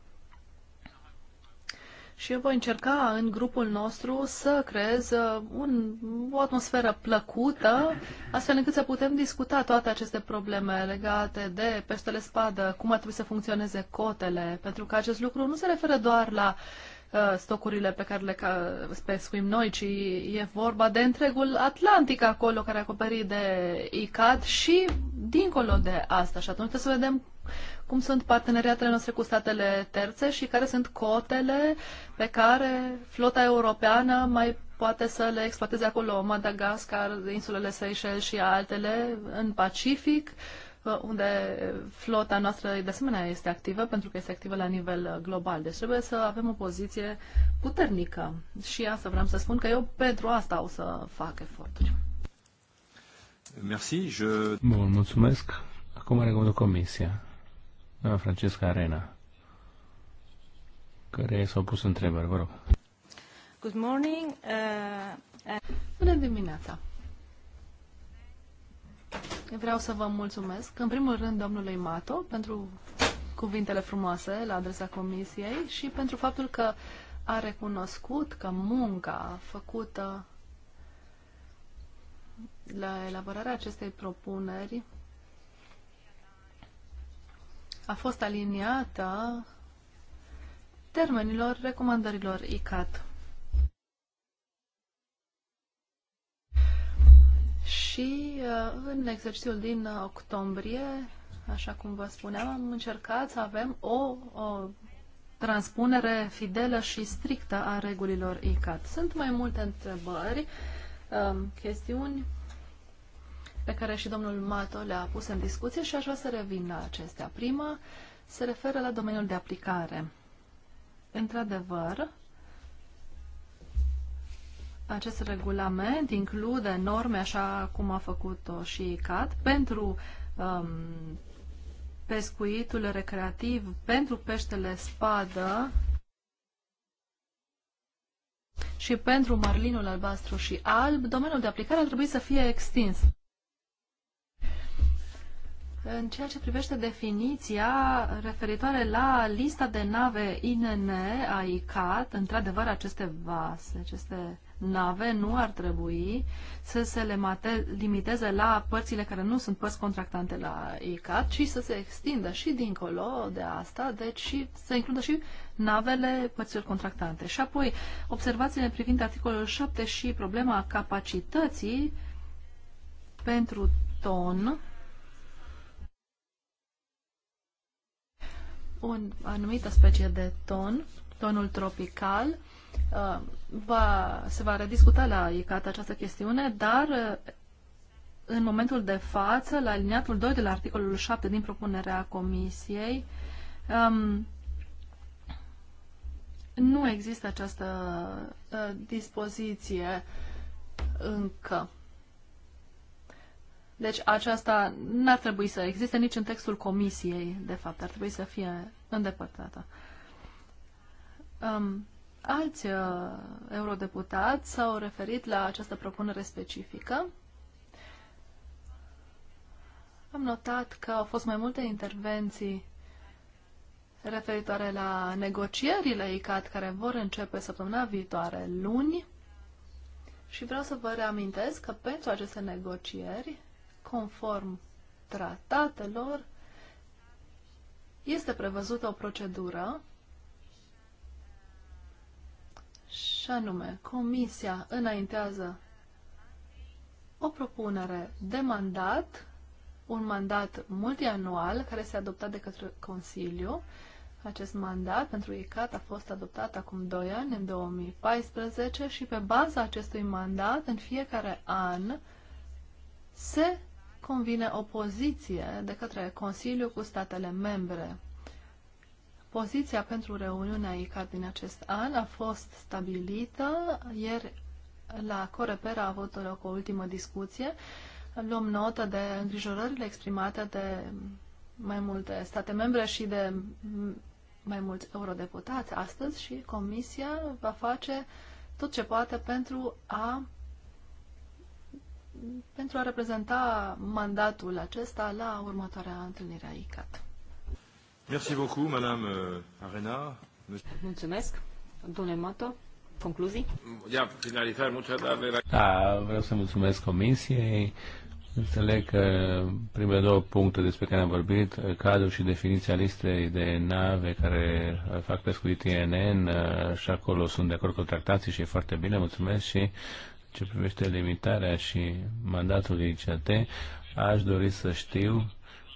și eu voi încerca în grupul nostru să creez uh, un, o atmosferă plăcută, astfel încât să putem discuta toate aceste probleme legate de peștele spadă, cum ar trebui să funcționeze cotele, pentru că acest lucru nu se referă doar la uh, Uh, stocurile pe care le pescuim noi, ci e vorba de întregul Atlantic acolo care acoperit de ICAT și dincolo de asta. Și atunci să vedem cum sunt parteneriatele noastre cu statele terțe și care sunt cotele pe care flota europeană mai poate să le exploateze acolo, Madagascar, insulele Seychelles și altele, în Pacific. Uh, Uh, unde flota noastră de asemenea este activă, pentru că este activă la nivel uh, global. Deci trebuie să avem o poziție puternică. Și asta vreau să spun că eu pentru asta o să fac eforturi. Merci, je... Bun, mulțumesc. Acum are cuvântul Comisia. Doamna Francesca Arena, care s-au pus întrebări, vă rog. Good morning. Uh, uh... Bună dimineața. Vreau să vă mulțumesc, în primul rând, domnului Mato, pentru cuvintele frumoase la adresa comisiei și pentru faptul că a recunoscut că munca făcută la elaborarea acestei propuneri a fost aliniată termenilor recomandărilor ICAT. Și uh, în exercițiul din octombrie, așa cum vă spuneam, am încercat să avem o, o transpunere fidelă și strictă a regulilor ICAT. Sunt mai multe întrebări, um, chestiuni pe care și domnul Mato le-a pus în discuție și aș vrea să revin la acestea. Prima se referă la domeniul de aplicare. Într-adevăr, acest regulament include norme, așa cum a făcut-o și ICAT, pentru um, pescuitul recreativ, pentru peștele spadă și pentru marlinul albastru și alb, domeniul de aplicare ar trebui să fie extins. În ceea ce privește definiția referitoare la lista de nave INN a ICAT, într-adevăr aceste vase, aceste nave nu ar trebui să se le mate, limiteze la părțile care nu sunt părți contractante la ICAT, ci să se extindă și dincolo de asta, deci și, să includă și navele părților contractante. Și apoi, observațiile privind articolul 7 și problema capacității pentru ton, o anumită specie de ton, tonul tropical, uh, va, se va rediscuta la ICAT această chestiune, dar uh, în momentul de față, la aliniatul 2 de la articolul 7 din propunerea Comisiei, um, nu există această uh, dispoziție încă. Deci aceasta n-ar trebui să existe nici în textul comisiei, de fapt, ar trebui să fie îndepărtată. Um, Alți uh, eurodeputați s-au referit la această propunere specifică. Am notat că au fost mai multe intervenții referitoare la negocierile ICAT care vor începe săptămâna viitoare, luni. Și vreau să vă reamintesc că pentru aceste negocieri, conform tratatelor, este prevăzută o procedură și anume, Comisia înaintează o propunere de mandat, un mandat multianual care se adoptat de către Consiliu. Acest mandat pentru ICAT a fost adoptat acum 2 ani, în 2014, și pe baza acestui mandat, în fiecare an, se convine o poziție de către Consiliu cu statele membre. Poziția pentru reuniunea ICAR din acest an a fost stabilită. Ieri la Corepera a avut loc o ultimă discuție. Luăm notă de îngrijorările exprimate de mai multe state membre și de mai mulți eurodeputați astăzi și Comisia va face tot ce poate pentru a pentru a reprezenta mandatul acesta la următoarea întâlnire a ICAT. Merci beaucoup, Madame euh, Arena. Mulțumesc. Domnule Mato, concluzii? Ia, finalizar, mulțumesc. Da, vreau să mulțumesc Comisiei. Înțeleg că primele două puncte despre care am vorbit, uh, cadrul și definiția listei de nave care uh, fac pescuit INN uh, și acolo sunt de acord cu tractații și e foarte bine, mulțumesc și ce privește limitarea și mandatul ICT, aș dori să știu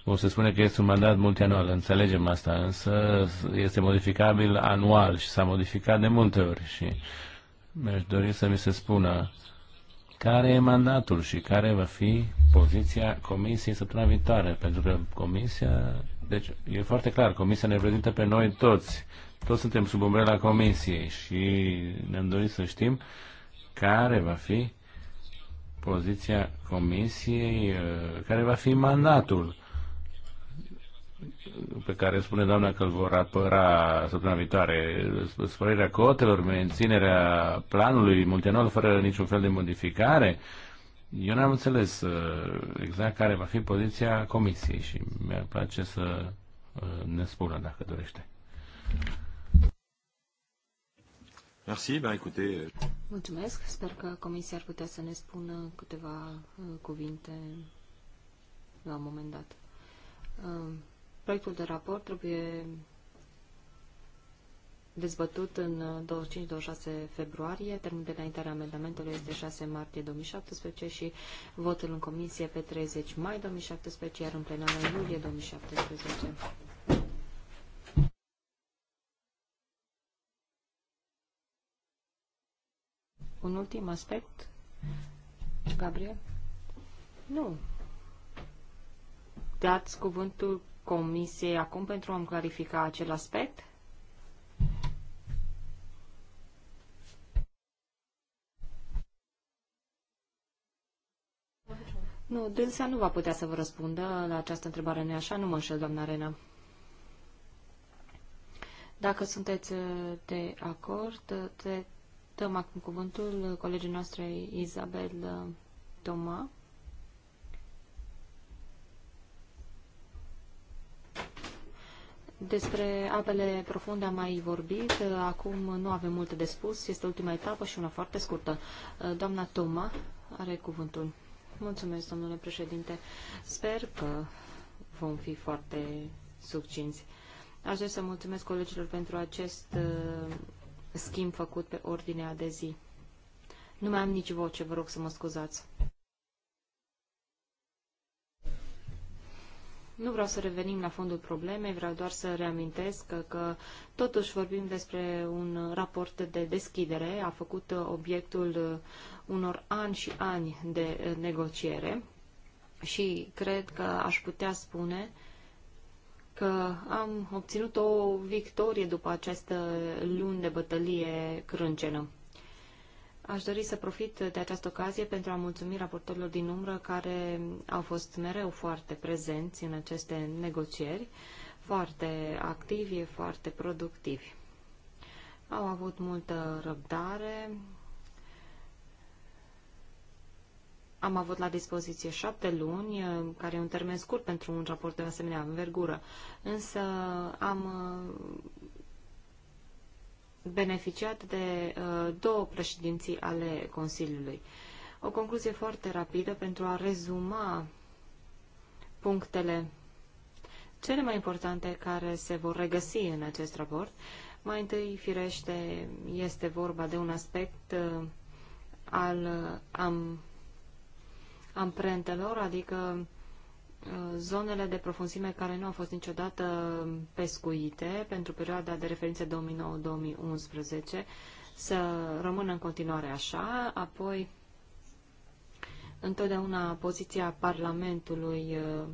Bun, se spune că este un mandat multianual, înțelegem asta, însă este modificabil anual și s-a modificat de multe ori și mi-aș dori să mi se spună care e mandatul și care va fi poziția Comisiei săptămâna viitoare, pentru că Comisia, deci e foarte clar, Comisia ne reprezintă pe noi toți, toți suntem sub umbrela Comisiei și ne-am dorit să știm care va fi poziția Comisiei, care va fi mandatul pe care spune doamna că îl vor apăra săptămâna viitoare, sporirea cotelor, menținerea planului multianual fără niciun fel de modificare, eu n-am înțeles uh, exact care va fi poziția comisiei și mi-ar place să uh, ne spună dacă dorește. Merci, ben écoutez... Euh, Mulțumesc, sper că comisia ar putea să ne spună câteva uh, cuvinte la un moment dat. Proiectul de raport trebuie dezbătut în 25-26 uh, februarie. Termenul de înaintare a amendamentelor este 6 martie 2017 și votul în comisie pe 30 mai 2017, iar în plenară în iulie 2017. Un ultim aspect, Gabriel? Nu. Dați cuvântul Comisiei acum pentru a-mi clarifica acel aspect? Nu, dânsa nu va putea să vă răspundă la această întrebare, nu așa? Nu mă înșel, doamna Arena. Dacă sunteți uh, de acord, uh, te dăm acum cuvântul uh, colegii noastre Isabel Toma. Despre apele profunde am mai vorbit, acum nu avem multe de spus, este ultima etapă și una foarte scurtă. Doamna Toma are cuvântul. Mulțumesc, domnule președinte. Sper că vom fi foarte succinți. Aș vrea să mulțumesc colegilor pentru acest uh, schimb făcut pe ordinea de zi. Nu mai am nici voce, vă rog să mă scuzați. Nu vreau să revenim la fondul problemei, vreau doar să reamintesc că, că totuși vorbim despre un raport de deschidere, a făcut uh, obiectul uh, unor ani și ani de uh, negociere și cred că aș putea spune că am obținut o victorie după această luni de bătălie crâncenă. Aș dori să profit de această ocazie pentru a mulțumi raportorilor din umbră care au fost mereu foarte prezenți în aceste negocieri, foarte activi, foarte productivi. Au avut multă răbdare. Am avut la dispoziție șapte luni, care e un termen scurt pentru un raport de asemenea învergură, însă am beneficiat de uh, două președinții ale Consiliului. O concluzie foarte rapidă pentru a rezuma punctele cele mai importante care se vor regăsi în acest raport. Mai întâi, firește, este vorba de un aspect uh, al uh, am, amprentelor, adică zonele de profunzime care nu au fost niciodată pescuite pentru perioada de referință 2009-2011 să rămână în continuare așa, apoi întotdeauna poziția Parlamentului uh,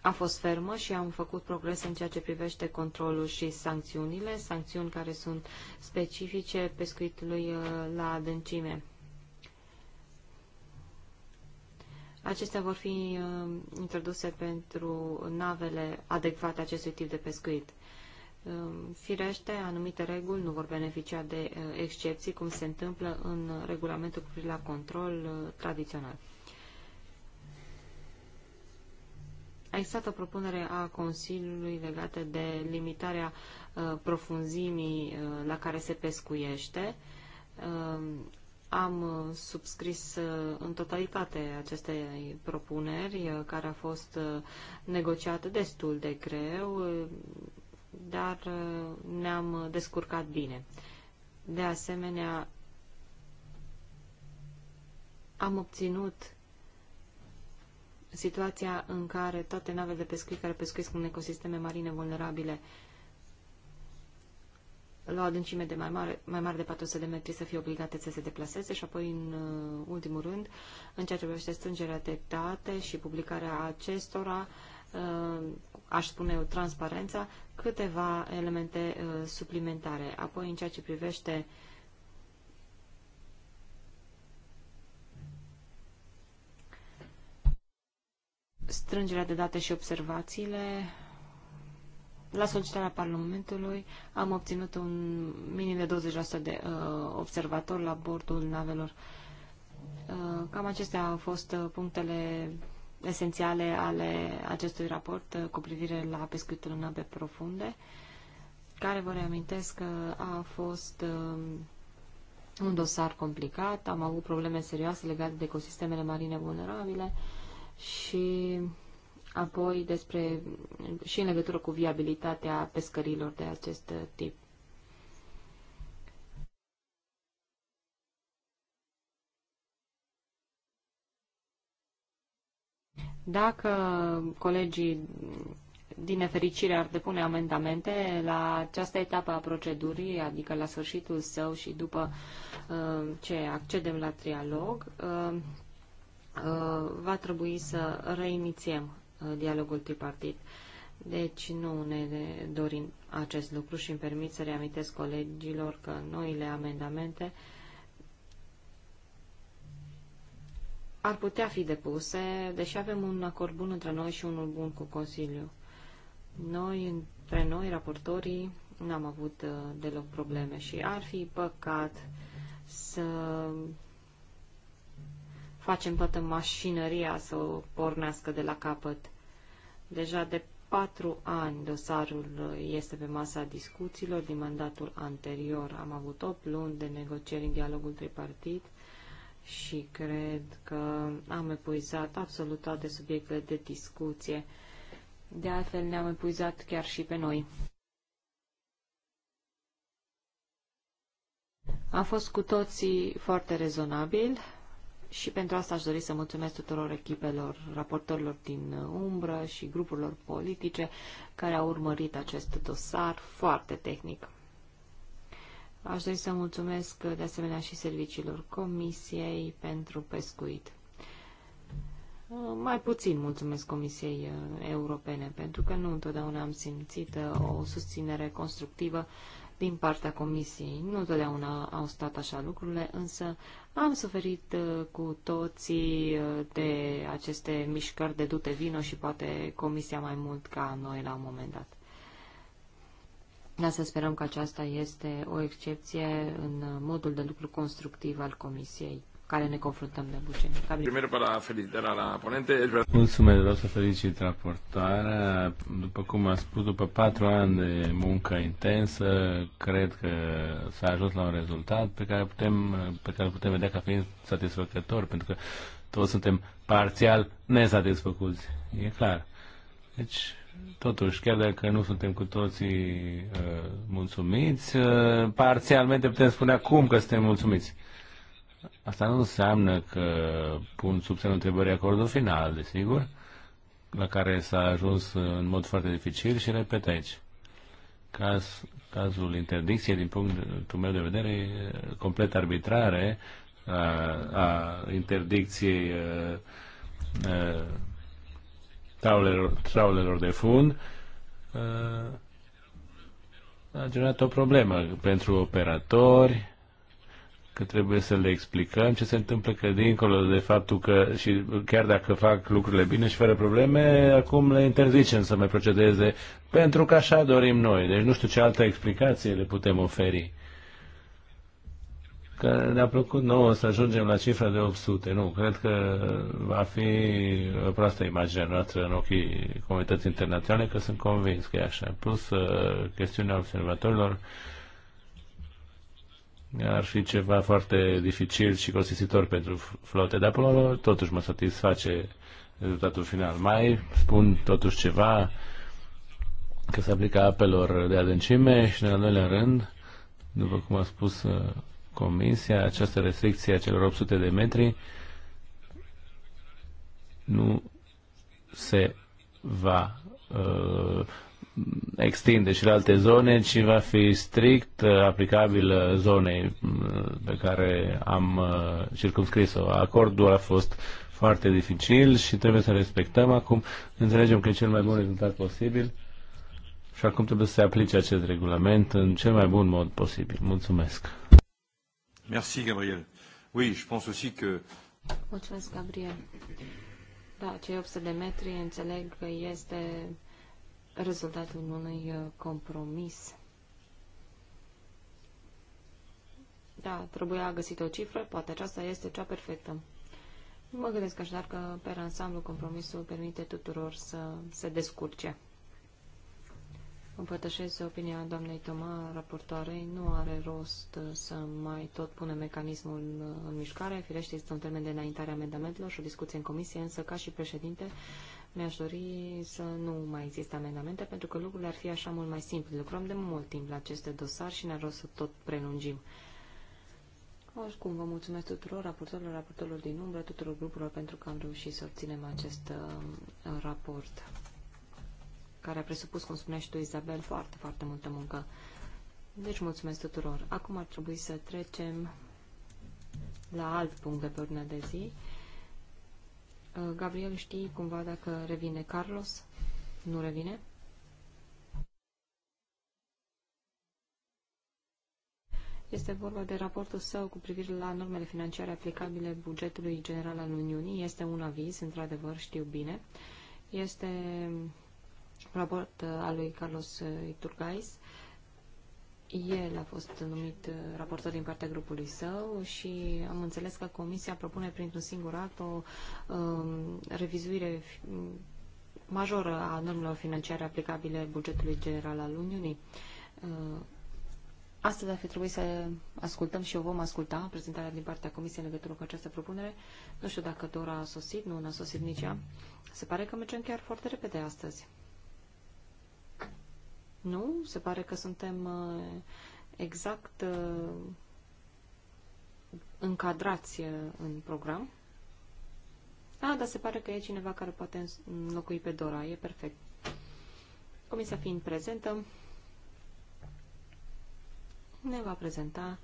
a fost fermă și am făcut progrese în ceea ce privește controlul și sancțiunile, sancțiuni care sunt specifice pescuitului uh, la adâncime. Acestea vor fi uh, introduse pentru navele adecvate acestui tip de pescuit. Uh, firește, anumite reguli nu vor beneficia de uh, excepții, cum se întâmplă în regulamentul cu privire la control tradițional. A existat o propunere a Consiliului legată de limitarea profunzimii la care se pescuiește am uh, subscris uh, în totalitate aceste propuneri uh, care a fost negociată destul de greu, dar ne-am descurcat bine. De asemenea, am obținut situația în care toate navele de pescuit care pescuiesc în ecosisteme marine vulnerabile uh, la o adâncime de mai mare, mai mare de 400 de metri să fie obligate să se deplaseze și apoi, în uh, ultimul rând, în ceea ce privește strângerea de date și publicarea acestora, uh, aș spune eu, transparența, câteva elemente uh, suplimentare. Apoi, în ceea ce privește strângerea de date și observațiile, la solicitarea Parlamentului am obținut un minim de 20% de uh, observatori la bordul navelor. Uh, cam acestea au fost uh, punctele esențiale ale acestui raport uh, cu privire la pescuitul în ape profunde, care, vă reamintesc, că uh, a fost uh, un dosar complicat, am avut probleme serioase legate de ecosistemele marine vulnerabile și apoi despre și în legătură cu viabilitatea pescărilor de acest tip. Dacă colegii din nefericire ar depune amendamente la această etapă a procedurii, adică la sfârșitul său și după uh, ce accedem la trialog, uh, uh, va trebui să reinițiem Uh, dialogul tripartit. Deci nu ne dorim acest lucru și îmi permit să reamintesc colegilor că noile amendamente ar putea fi depuse, deși avem un acord bun între noi și unul bun cu Consiliu. Noi, între noi, raportorii, n-am avut uh, deloc probleme și ar fi păcat să facem toată mașinăria să o pornească de la capăt. Deja de patru ani dosarul este pe masa discuțiilor din mandatul anterior. Am avut 8 luni de negocieri în dialogul tripartit și cred că am epuizat absolut toate subiectele de discuție. De altfel ne-am epuizat chiar și pe noi. Am fost cu toții foarte rezonabil. Și pentru asta aș dori să mulțumesc tuturor echipelor, raportorilor din umbră și grupurilor politice care au urmărit acest dosar foarte tehnic. Aș dori să mulțumesc de asemenea și serviciilor Comisiei pentru pescuit. Mai puțin mulțumesc Comisiei Europene, pentru că nu întotdeauna am simțit uh, o susținere constructivă uh, din partea comisiei. Nu întotdeauna au stat așa lucrurile, însă am suferit uh, cu toții uh, de aceste mișcări de dute vino și poate comisia mai mult ca noi la un moment dat. Dar să sperăm că aceasta este o excepție în uh, modul de lucru constructiv al comisiei care ne confruntăm de buceni. Primero para felicitar a la ponente. Mulțumesc, vreau să felicit raportarea. După cum a spus, după patru ani de muncă intensă, cred că s-a ajuns la un rezultat pe care putem, pe care putem vedea ca fiind satisfăcător, pentru că toți suntem parțial nesatisfăcuți. E clar. Deci, totuși, chiar dacă nu suntem cu toții uh, mulțumiți, uh, parțialmente putem spune acum că suntem mulțumiți. Asta nu înseamnă că pun sub semnul întrebării acordul final, desigur, la care s-a ajuns în mod foarte dificil și repet aici. Caz, cazul interdicției, din punctul meu de vedere, complet arbitrare a, a interdicției a, a, taulelor, taulelor de fund a, a generat o problemă pentru operatori, că trebuie să le explicăm ce se întâmplă, că dincolo de faptul că și chiar dacă fac lucrurile bine și fără probleme, acum le interzicem să mai procedeze, pentru că așa dorim noi. Deci nu știu ce altă explicație le putem oferi. Că ne-a plăcut nouă să ajungem la cifra de 800. Nu, cred că va fi proastă imaginea noastră în ochii comunității internaționale, că sunt convins că e așa. Plus uh, chestiunea observatorilor, ar fi ceva foarte dificil și costisitor pentru flote, dar până la totuși mă satisface rezultatul final. Mai spun totuși ceva că se aplică apelor de adâncime și, în al doilea rând, după cum a spus uh, Comisia, această restricție a celor 800 de metri nu se va uh, extinde și la alte zone, ci va fi strict uh, aplicabil uh, zonei uh, pe care am circumscris-o. Acordul a fost foarte dificil și trebuie să respectăm acum. Înțelegem că e cel mai bun rezultat posibil și acum trebuie să se aplice acest regulament în cel mai bun mod posibil. Mulțumesc! Merci, Gabriel. Oui, je pense aussi que... Mulțumesc, Gabriel. Da, cei 800 de metri, înțeleg că este rezultatul unui uh, compromis. Da, trebuia găsit o cifră, poate aceasta este cea perfectă. Mă gândesc așadar că, pe ansamblu, compromisul permite tuturor să se descurce. Împărtășesc opinia doamnei Toma, raportoarei, nu are rost uh, să mai tot pune mecanismul uh, în mișcare. Firește, este un termen de înaintare a amendamentelor și o discuție în comisie, însă, ca și președinte, mi-aș dori să nu mai există amendamente, pentru că lucrurile ar fi așa mult mai simple. Lucrăm de mult timp la aceste dosar și ne-ar rost să tot prelungim. Oricum, vă mulțumesc tuturor raportorilor, raportorilor din umbră, tuturor grupurilor pentru că am reușit să obținem acest uh, raport, care a presupus, cum spunea și tu, Isabel, foarte, foarte multă muncă. Deci, mulțumesc tuturor. Acum ar trebui să trecem la alt punct de pe ordinea de zi. Uh, Gabriel, știi cumva dacă revine Carlos? Nu revine? Este vorba de raportul său cu privire la normele financiare aplicabile bugetului general al Uniunii. Este un aviz, într-adevăr, știu bine. Este raport uh, al lui Carlos Iturgais. Uh, el a fost numit uh, raportor din partea grupului său și am înțeles că Comisia propune printr-un singur act o um, revizuire majoră a normelor financiare aplicabile bugetului general al Uniunii. Uh, Astăzi ar fi trebuit să ascultăm și o vom asculta prezentarea din partea Comisiei în legătură cu această propunere. Nu știu dacă Dora a sosit, nu a sosit nici ea. Se pare că mergem chiar foarte repede astăzi. Nu, se pare că suntem uh, exact uh, încadrați uh, în program. Ah, dar se pare că e cineva care poate înlocui pe Dora. E perfect. Comisia fiind prezentă, ne va prezenta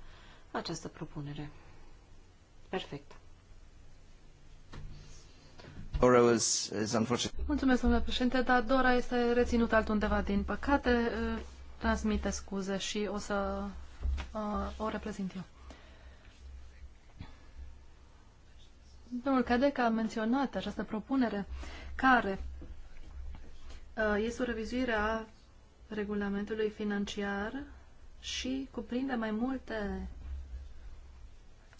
această propunere. Perfect. Mulțumesc, domnule președinte, dar Dora este reținută altundeva, din păcate. Eh, transmite scuze și o să eh, o reprezint eu. Domnul Cadec a menționat această propunere care eh, este o revizuire a regulamentului financiar și cuprinde mai multe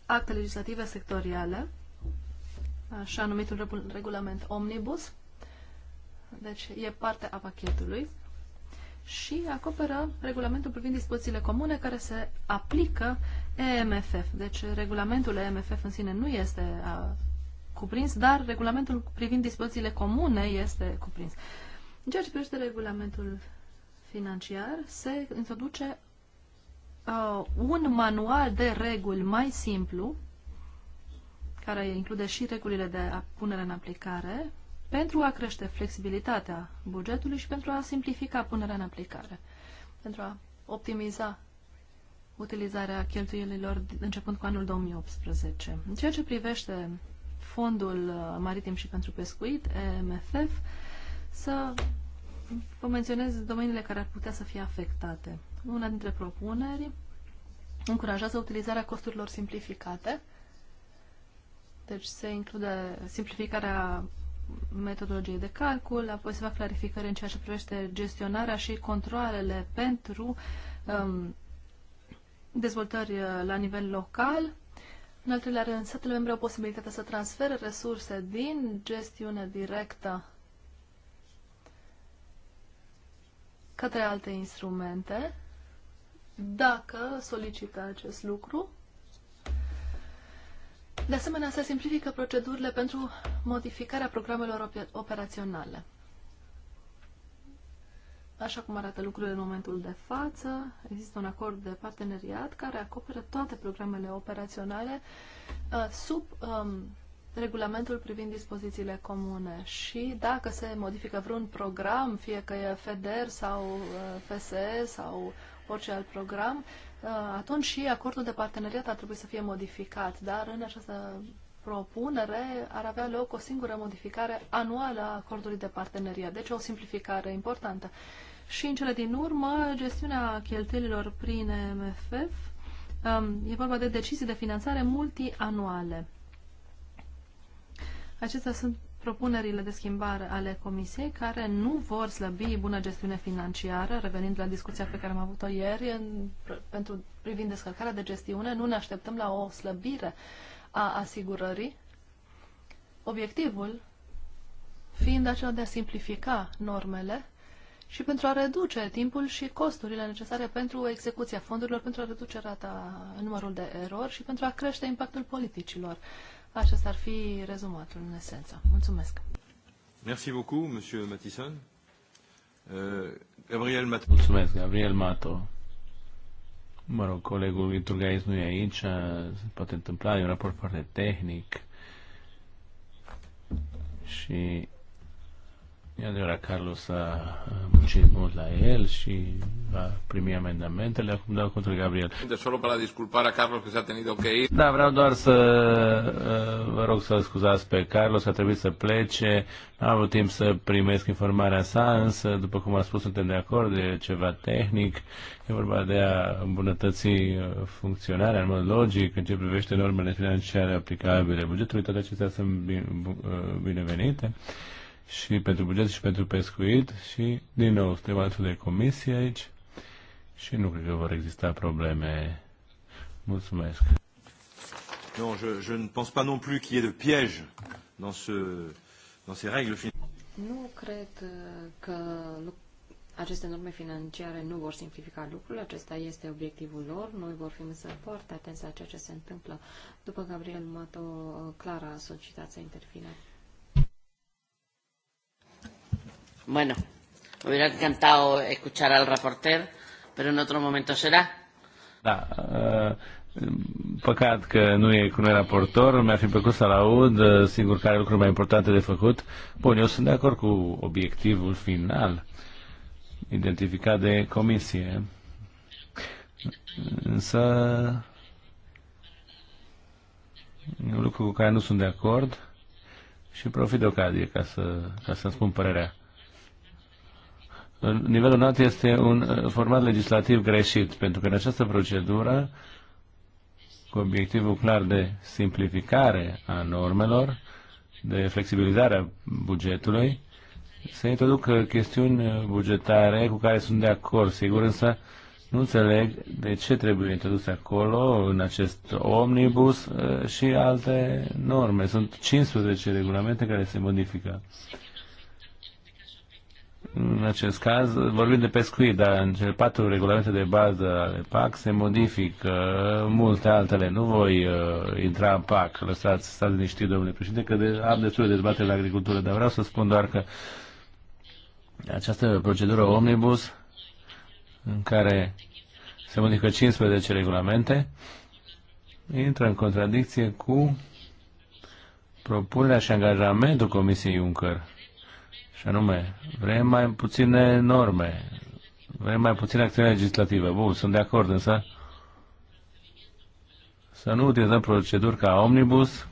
acte legislative sectoriale așa numitul regulament omnibus, deci e parte a pachetului și acoperă regulamentul privind dispozițiile comune care se aplică EMFF. Deci regulamentul EMFF în sine nu este a, cuprins, dar regulamentul privind dispozițiile comune este cuprins. În ceea ce privește regulamentul financiar, se introduce a, un manual de reguli mai simplu care include și regulile de punere în aplicare, pentru a crește flexibilitatea bugetului și pentru a simplifica punerea în aplicare, pentru a optimiza utilizarea cheltuielilor începând cu anul 2018. În ceea ce privește fondul uh, maritim și pentru pescuit, (MFF), să vă menționez domeniile care ar putea să fie afectate. Una dintre propuneri încurajează utilizarea costurilor simplificate deci se include simplificarea metodologiei de calcul, apoi se fac clarificări în ceea ce privește gestionarea și controlele pentru um, dezvoltări uh, la nivel local. În al treilea rând, statele membre au posibilitatea să transfere resurse din gestiune directă către alte instrumente, dacă solicită acest lucru. De asemenea, se simplifică procedurile pentru modificarea programelor operaționale. Așa cum arată lucrurile în momentul de față, există un acord de parteneriat care acoperă toate programele operaționale uh, sub um, regulamentul privind dispozițiile comune și dacă se modifică vreun program, fie că e FEDER sau uh, FSE sau orice alt program, Uh, atunci și acordul de parteneriat ar trebui să fie modificat, dar în această propunere ar avea loc o singură modificare anuală a acordului de parteneriat, deci o simplificare importantă. Și în cele din urmă, gestiunea cheltuielilor prin MFF, um, e vorba de decizii de finanțare multianuale. Acestea sunt propunerile de schimbare ale Comisiei, care nu vor slăbi bună gestiune financiară, revenind la discuția pe care am avut-o ieri în, pentru, privind descărcarea de gestiune, nu ne așteptăm la o slăbire a asigurării. Obiectivul fiind acela de a simplifica normele și pentru a reduce timpul și costurile necesare pentru execuția fondurilor, pentru a reduce rata numărul de erori și pentru a crește impactul politicilor. Uh, acesta ar fi rezumatul în esență. Mulțumesc. Merci beaucoup, monsieur Matisson. Euh, Gabriel Mato. Mulțumesc, Gabriel Mato. Mă rog, colegul Iturgais nu e aici, se poate întâmpla, e un raport foarte tehnic și E adevărat, Carlos a muncit mult la el și va primi amendamentele. Acum dau contra Gabriel. De solo para disculpar a Carlos că s-a tenit ok. Da, vreau doar să uh, vă rog să scuzați pe Carlos, a trebuit să plece. Nu am avut timp să primesc informarea sa, însă, după cum a spus, suntem de acord de ceva tehnic. E vorba de a îmbunătăți uh, funcționarea în mod logic în ce privește normele financiare aplicabile bugetului. Toate acestea sunt uh, binevenite. Bine și pentru buget și pentru pescuit și, din nou, suntem alături de comisie aici și nu cred că vor exista probleme. Mulțumesc. Non, je, je ne pense pas non plus qu'il y ait de piège dans, ce, dans ces règles financières. Nu cred uh, că nu, aceste norme financiare nu vor simplifica lucrurile, acesta este obiectivul lor. Noi vor fi însă foarte atenți la ceea ce se întâmplă. După Gabriel Mato, uh, Clara, să intervine. Bueno, me hubiera encantado escuchar al reporter, pero en otro momento será. Da, uh, păcat că nu e cu noi raportor, mi-ar fi plăcut să-l aud, eh, sigur că are lucruri mai importante de făcut. Bun, eu sunt de acord cu obiectivul final identificat de comisie. Însă e un lucru cu care nu sunt de acord și profit de ocazie ca să, ca să spun părerea nivelul înalt este un uh, format legislativ greșit, pentru că în această procedură, cu obiectivul clar de simplificare a normelor, de flexibilizarea bugetului, se introduc uh, chestiuni uh, bugetare cu care sunt de acord, sigur, însă nu înțeleg de ce trebuie introduse acolo, în acest omnibus și alte norme. Sunt 15 regulamente care se modifică în acest caz vorbim de pescuit, dar în cele patru regulamente de bază ale PAC se modifică multe altele. Nu voi uh, intra în PAC, lăsați, stați liniștit, domnule președinte, că de, am destul de dezbatere la agricultură, dar vreau să spun doar că această procedură omnibus în care se modifică 15 regulamente intră în contradicție cu propunerea și angajamentul Comisiei Juncker și anume, vrem mai puține norme, vrem mai puține acțiuni legislative. Bun, sunt de acord, însă să nu utilizăm proceduri ca omnibus,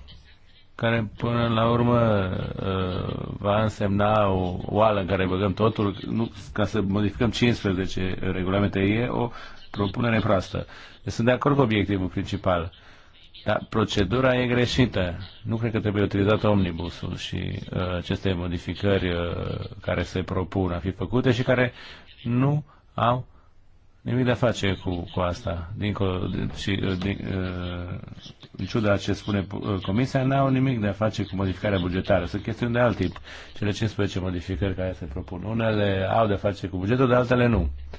care până la urmă uh, va însemna o oală în care băgăm totul, nu, ca să modificăm 15 regulamente, e o propunere proastă. Deci sunt de acord cu obiectivul principal. Dar procedura e greșită. Nu cred că trebuie utilizat omnibusul și uh, aceste modificări uh, care se propun a fi făcute și care nu au nimic de a face cu, cu asta. Dincolo, și, uh, din, uh, în ciuda ce spune uh, Comisia, n-au nimic de a face cu modificarea bugetară. Sunt chestiuni de alt tip. Cele 15 modificări care se propun. Unele au de a face cu bugetul, dar altele nu. Uh,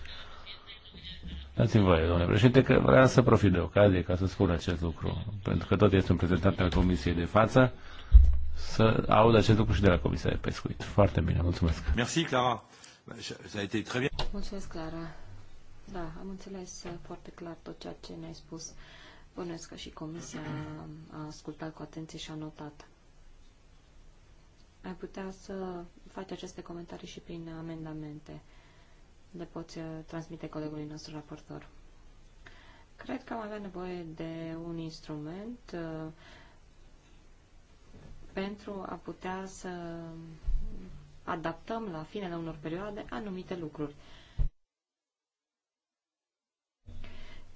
Dați-mi voie, domnule președinte, că vreau să profit de ocazie ca să spun acest lucru, pentru că tot este un prezentant al Comisiei de față, să aud acest lucru și de la Comisia de Pescuit. Foarte bine, mulțumesc. Merci, Clara. Ça a été très bien. Mulțumesc, Clara. Da, am înțeles foarte clar tot ceea ce ne-ai spus. Bănuiesc că și Comisia a ascultat cu atenție și a notat. Ai putea să faci aceste comentarii și prin amendamente le poți uh, transmite colegului nostru raportor. Cred că am avea nevoie de un instrument uh, pentru a putea să adaptăm la finele unor perioade anumite lucruri.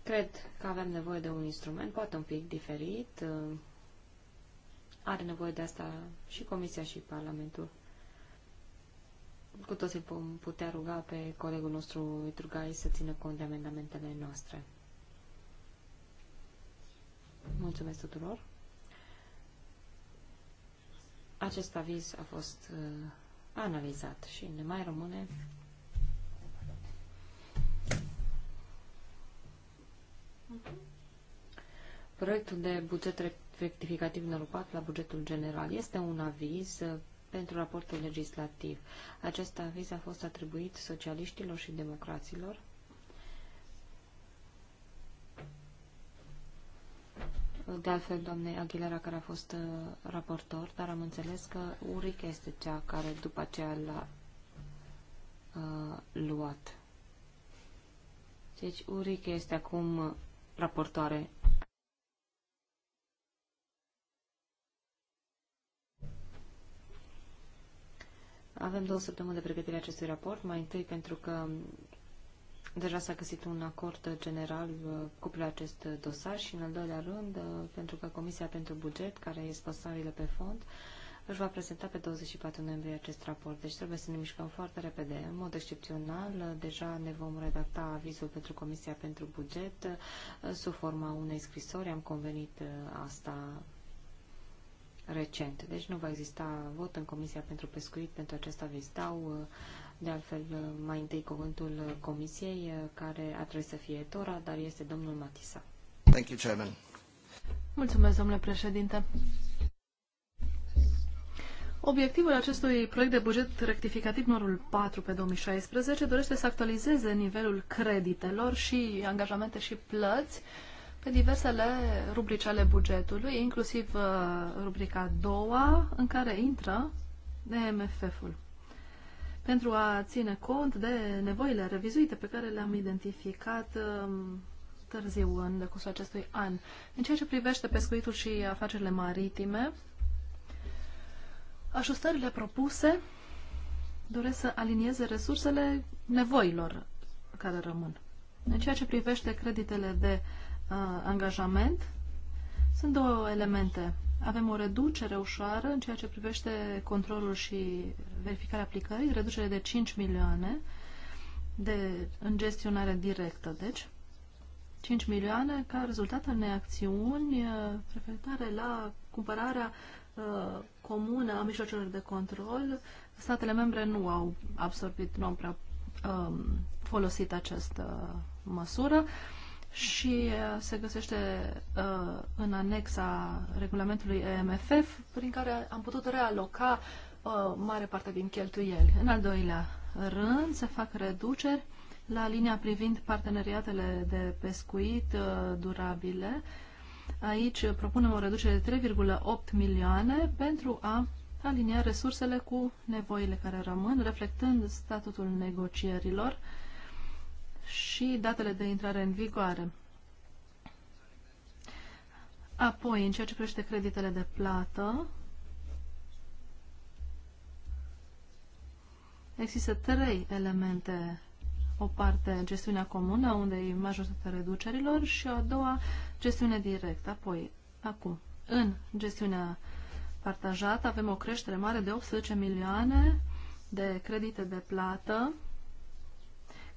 Cred că avem nevoie de un instrument, poate un pic diferit. Uh, are nevoie de asta și Comisia și Parlamentul. Cu toții vom putea ruga pe colegul nostru Itrugai să țină cont de amendamentele noastre. Mulțumesc tuturor! Acest aviz a fost uh, analizat și ne mai rămâne Proiectul de buget rectificativ nărupat la bugetul general este un aviz uh, pentru raportul legislativ. Acest aviz a fost atribuit socialiștilor și democraților. De altfel, doamne Aguilera, care a fost uh, raportor, dar am înțeles că Urica este cea care după aceea l-a uh, luat. Deci Urica este acum uh, raportoare Avem două săptămâni de pregătire a acestui raport, mai întâi pentru că deja s-a găsit un acord general uh, cu acest dosar și, în al doilea rând, uh, pentru că Comisia pentru Buget, care este spăsarile pe fond, își va prezenta pe 24 noiembrie acest raport, deci trebuie să ne mișcăm foarte repede. În mod excepțional, uh, deja ne vom redacta avizul pentru Comisia pentru Buget sub forma unei scrisori, am convenit asta recent. Deci nu va exista vot în Comisia pentru Pescuit pentru acest aviz. Dau uh, de altfel uh, mai întâi cuvântul uh, Comisiei, care ar trebui să fie Tora, dar este domnul Matisa. Thank you, Chairman. Mulțumesc, domnule președinte. Obiectivul acestui proiect de buget rectificativ numărul 4 pe 2016 dorește să actualizeze nivelul creditelor și angajamente și plăți uh, pe diversele rubrici ale bugetului, inclusiv uh, rubrica a doua, în care intră EMFF-ul, pentru a ține cont de nevoile revizuite pe care le-am identificat um, târziu în decursul acestui an. În ceea ce privește pescuitul și afacerile maritime, ajustările propuse doresc să alinieze resursele nevoilor care rămân. În ceea ce privește creditele de uh, Uh, angajament, sunt două elemente. Avem o reducere ușoară în ceea ce privește controlul și verificarea aplicării, reducere de 5 milioane de, în gestionare directă, deci 5 milioane ca rezultat al unei acțiuni uh, referitoare la cumpărarea uh, comună a mijlocelor de control. Statele membre nu au absorbit, nu au prea uh, folosit această uh, măsură. Uh, și uh, se găsește uh, în anexa regulamentului EMFF, prin care am putut realoca uh, mare parte din cheltuieli. În al doilea rând, se fac reduceri la linia privind parteneriatele de pescuit durabile. Aici propunem o reducere de 3,8 milioane pentru a alinia resursele cu nevoile care rămân, reflectând statutul negocierilor uh, și datele de intrare în vigoare. Apoi, în ceea ce privește creditele de plată, există trei elemente. O parte, gestiunea comună, unde e majoritatea reducerilor, și a doua, gestiune directă. Apoi, acum, în gestiunea partajată avem o creștere mare de 18 milioane de credite de plată,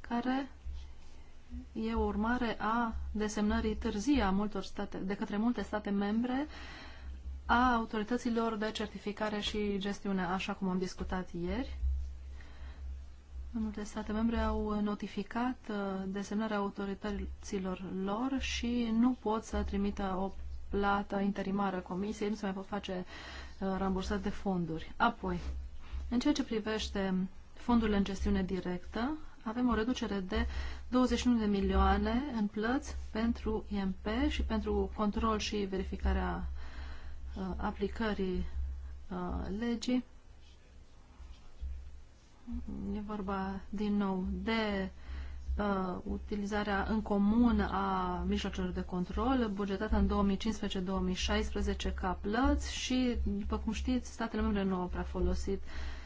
care e o urmare a desemnării târzii a multor state, de către multe state membre a autorităților de certificare și gestiune, așa cum am discutat ieri. Multe state membre au notificat uh, desemnarea autorităților lor și nu pot să trimită o plată interimară comisiei, nu se mai pot face uh, rambursat de fonduri. Apoi, în ceea ce privește fondurile în gestiune directă, avem o reducere de 21 de milioane în plăți pentru IMP și pentru control și verificarea uh, aplicării uh, legii. E vorba din nou de uh, utilizarea în comun a mijloacelor de control, bugetată în 2015-2016 ca plăți și, după cum știți, statele membre nu au prea folosit uh,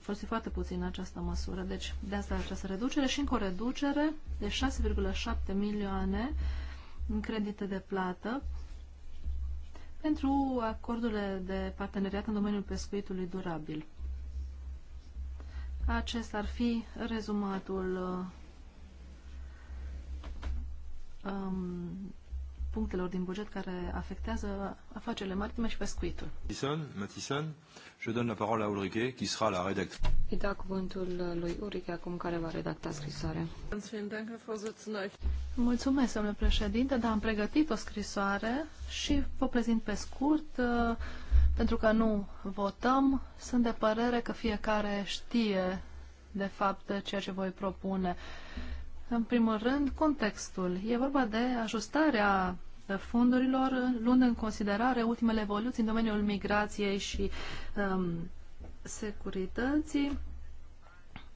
folosit foarte puțin această măsură. Deci, de asta această reducere și încă o reducere de 6,7 milioane în credite de plată pentru acordurile de parteneriat în domeniul pescuitului durabil. Acest ar fi rezumatul um, punctelor din buget care afectează afacerile maritime și pescuitul. Mathison, Mathison, je donne la parole à Ulrike, qui sera la rédactrice. Îi da cuvântul lui Ulrike acum care va redacta scrisoarea. Mulțumesc, domnule președinte, dar am pregătit o scrisoare și vă prezint pe scurt, uh, pentru că nu votăm, sunt de părere că fiecare știe de fapt ceea ce voi propune. În primul rând, contextul. E vorba de ajustarea fondurilor, luând în considerare ultimele evoluții în domeniul migrației și um, securității,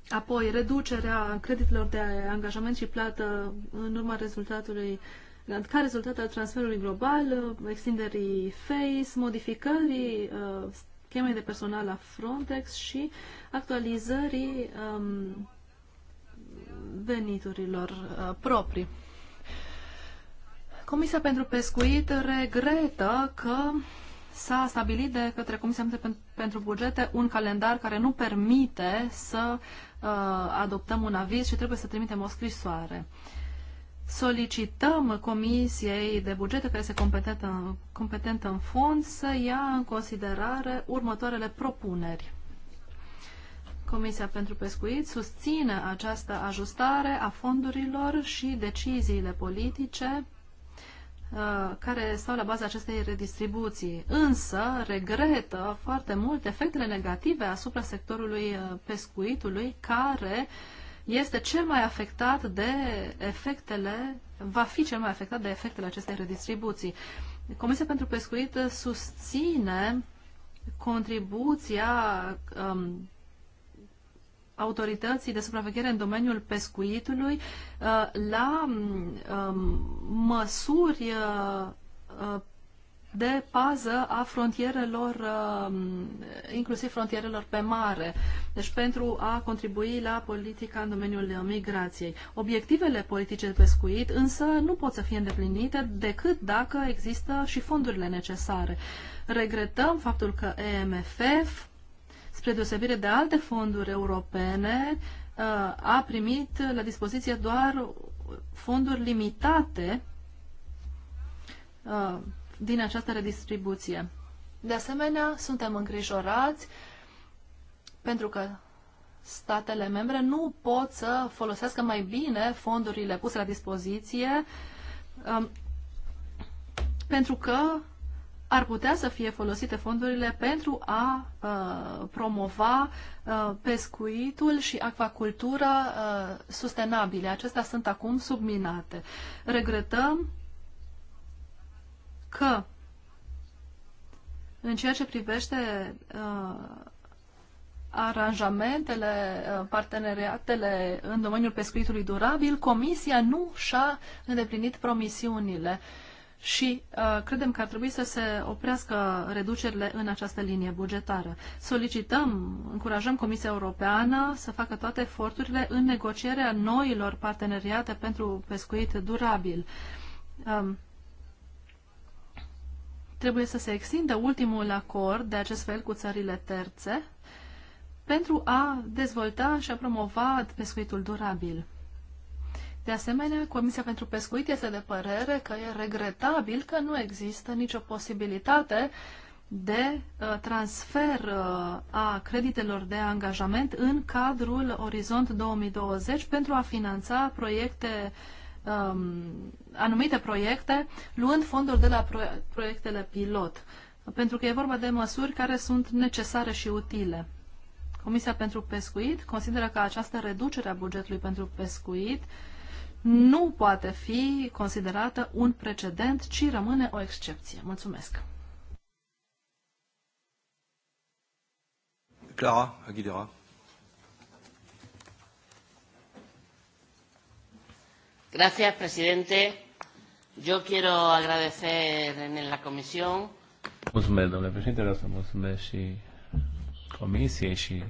apoi reducerea creditelor de angajament și plată în urma rezultatului ca rezultat al transferului global, extinderii FACE, modificării uh, schemei de personal la Frontex și actualizării um, veniturilor uh, proprii. Comisia pentru Pescuit regretă că s-a stabilit de către Comisia pentru Bugete un calendar care nu permite să uh, adoptăm un aviz și trebuie să trimitem o scrisoare. Solicităm Comisiei de Bugete, care este competentă, competentă în fond, să ia în considerare următoarele propuneri. Comisia pentru Pescuit susține această ajustare a fondurilor și deciziile politice uh, care stau la baza acestei redistribuții, însă regretă foarte mult efectele negative asupra sectorului uh, pescuitului, care este cel mai afectat de efectele, va fi cel mai afectat de efectele acestei redistribuții. Comisia pentru Pescuit susține contribuția um, autorității de supraveghere în domeniul pescuitului uh, la um, măsuri uh, de pază a frontierelor, um, inclusiv frontierelor pe mare, deci pentru a contribui la politica în domeniul migrației. Obiectivele politice de pescuit însă nu pot să fie îndeplinite decât dacă există și fondurile necesare. Regretăm faptul că EMFF spre deosebire de alte fonduri europene, uh, a primit la dispoziție doar fonduri limitate uh, din această redistribuție. De asemenea, suntem îngrijorați pentru că statele membre nu pot să folosească mai bine fondurile puse la dispoziție um, pentru că ar putea să fie folosite fondurile pentru a uh, promova uh, pescuitul și acvacultura uh, sustenabile. Acestea sunt acum subminate. Regretăm că în ceea ce privește uh, aranjamentele, uh, parteneriatele în domeniul pescuitului durabil, Comisia nu și-a îndeplinit promisiunile. Uh, și uh, credem că ar trebui să se oprească reducerile în această linie bugetară. Solicităm, încurajăm Comisia Europeană să facă toate eforturile în negocierea noilor parteneriate pentru pescuit durabil. Um, trebuie să se extindă ultimul acord de acest fel cu țările terțe pentru a dezvolta și a promova pescuitul durabil. De asemenea, Comisia pentru Pescuit este de părere că e regretabil că nu există nicio posibilitate de uh, transfer uh, a creditelor de angajament în cadrul Orizont 2020 pentru a finanța proiecte um, anumite proiecte, luând fonduri de la proiectele pilot, pentru că e vorba de măsuri care sunt necesare și utile. Comisia pentru Pescuit consideră că această reducere a bugetului pentru pescuit uh, nu poate fi considerată un precedent, ci rămâne o excepție. Mulțumesc! Clara Aguilera. Gracias, presidente. Yo quiero agradecer en la comisión. Mulțumesc, domnule președinte, vreau să mulțumesc și comisiei și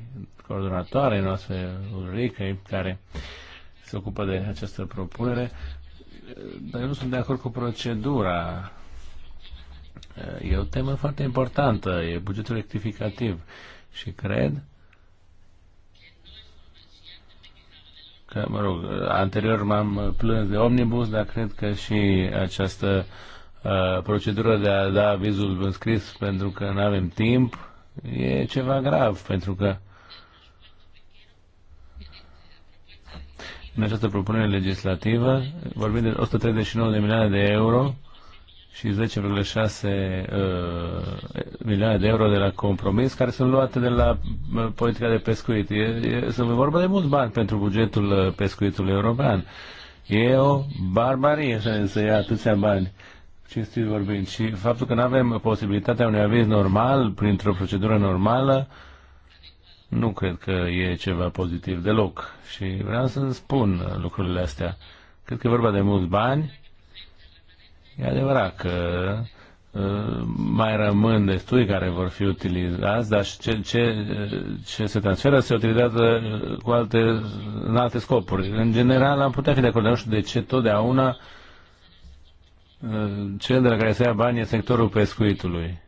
coordonatoarei noastre, Ulrike, care se ocupă de această propunere, dar eu nu sunt de acord cu procedura. E o temă foarte importantă, e bugetul rectificativ și cred că, mă rog, anterior m-am plâns de omnibus, dar cred că și această uh, procedură de a da vizul înscris pentru că nu avem timp e ceva grav, pentru că uh, în această propunere legislativă, vorbim de 139 de milioane de euro și 10,6 uh, milioane de euro de la compromis care sunt luate de la uh, politica de pescuit. E, e, sunt vorba de mulți bani pentru bugetul uh, pescuitului european. E o barbarie să, să ia atâția bani cinstit vorbind. Și faptul că nu avem posibilitatea unui aviz normal, printr-o procedură normală, uh, nu cred că e ceva pozitiv deloc. Și vreau să spun lucrurile astea. Cred că e vorba de mulți bani. E adevărat că ă, mai rămân destui care vor fi utilizați, dar ce, ce, ce se transferă se utilizează ă, cu alte, în alte scopuri. În general am putea fi de acord, nu știu de ce totdeauna ă, cel de la care se ia bani e sectorul pescuitului.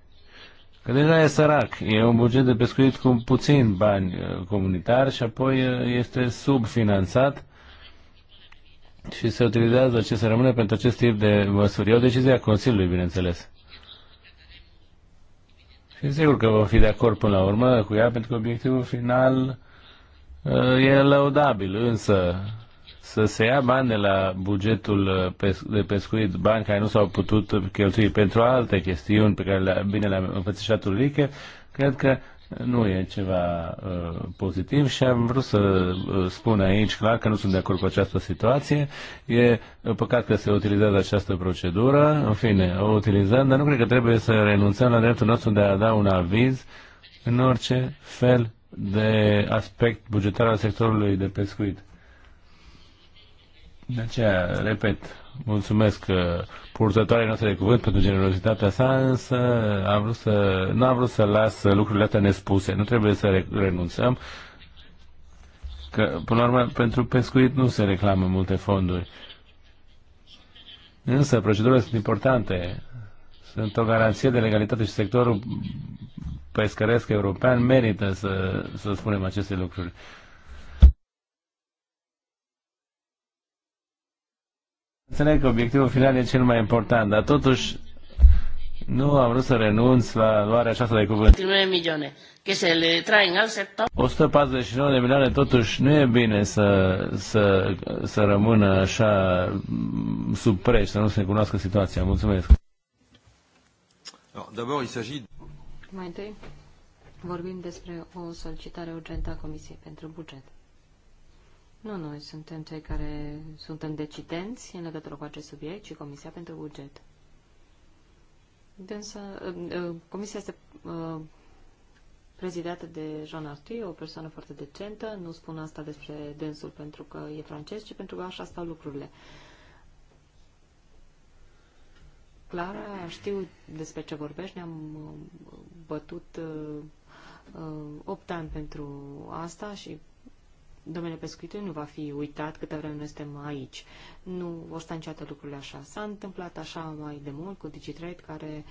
Că deja e sărac, e un buget de pescuit cu puțin bani uh, comunitari și apoi uh, este subfinanțat și se utilizează ce se rămâne pentru acest tip de măsuri. E o decizie a Consiliului, bineînțeles. Și sigur că vom fi de acord până la urmă cu ea, pentru că obiectivul final uh, e lăudabil, însă să se ia bani de la bugetul uh, de pescuit, bani care nu s-au putut cheltui pentru alte chestiuni pe care le bine le-a înfățișat Ulrike, cred că nu e ceva uh, pozitiv și am vrut să uh, spun aici clar că nu sunt de acord cu această situație. E uh, păcat că se utilizează această procedură, în fine, o utilizăm, dar nu cred că trebuie să renunțăm la dreptul nostru de a da un aviz în orice fel de aspect bugetar al sectorului de pescuit. De aceea, repet, mulțumesc uh, purtătoarei noastre de cuvânt pentru generozitatea sa, însă am vrut să, nu am vrut să las uh, lucrurile astea nespuse. Nu trebuie să renunțăm, că, până la urmă, pentru pescuit nu se reclamă multe fonduri. Însă, procedurile sunt importante. Sunt o garanție de legalitate și sectorul pescăresc european merită să, să spunem aceste lucruri. Înțeleg că obiectivul final e cel mai important, dar totuși nu am vrut să renunț la luarea aceasta de cuvânt. 149 de milioane, totuși nu e bine să, să, să rămână așa mm, sub preș, să nu se cunoască situația. Mulțumesc. Mai întâi vorbim despre o solicitare urgentă a Comisiei pentru buget. Nu noi suntem cei care suntem decidenți în legătură cu acest subiect, ci Comisia pentru Buget. Însă, uh, uh, comisia este uh, prezidată de Jean Arthur, o persoană foarte decentă. Nu spun asta despre dânsul pentru că e francez, ci pentru că așa stau lucrurile. Clara, știu despre ce vorbești, ne-am bătut uh, 8 ani pentru asta și domeniul pescuitului nu va fi uitat câtă vreme noi suntem aici. Nu vor sta niciodată lucrurile așa. S-a întâmplat așa mai de mult cu DigiTrade, care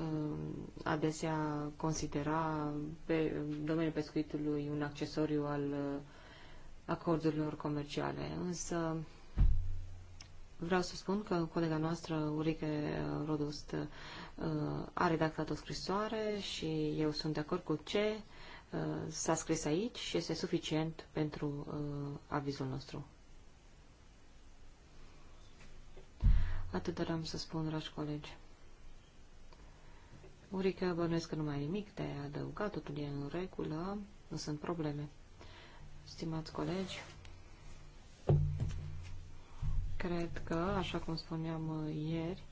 um, adesea considera pe domeniul pescuitului un accesoriu al uh, acordurilor comerciale. Însă vreau să spun că colega noastră, Urike Rodust, uh, a redactat o scrisoare și eu sunt de acord cu ce Uh, s-a scris aici și este suficient pentru uh, avizul nostru. Atât doar am să spun, dragi colegi. Urică, bănuiesc că nu mai e nimic de adăugat, totul e în regulă, nu sunt probleme. Stimați colegi, cred că, așa cum spuneam uh, ieri,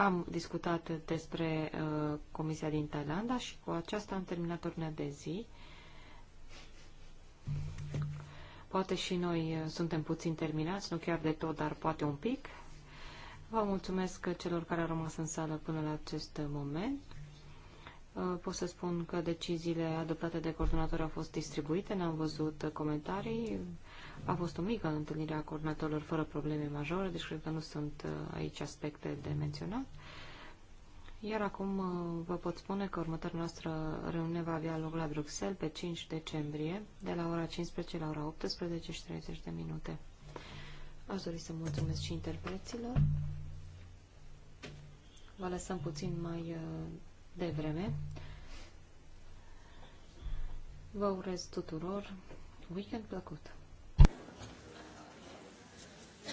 am discutat despre uh, Comisia din Thailanda și cu aceasta am terminat ordinea de zi. Poate și noi uh, suntem puțin terminați, nu chiar de tot, dar poate un pic. Vă mulțumesc celor care au rămas în sală până la acest moment. Uh, pot să spun că deciziile adoptate de coordonator au fost distribuite, n-am văzut uh, comentarii. A fost o mică întâlnire a coordonatorilor fără probleme majore, deci cred că nu sunt uh, aici aspecte de menționat. Iar acum uh, vă pot spune că următoarea noastră reuniune va avea loc la Bruxelles pe 5 decembrie, de la ora 15 la ora 18 și 30 de minute. Aș dori să mulțumesc și interpreților. Vă lăsăm puțin mai uh, devreme. Vă urez tuturor weekend plăcut!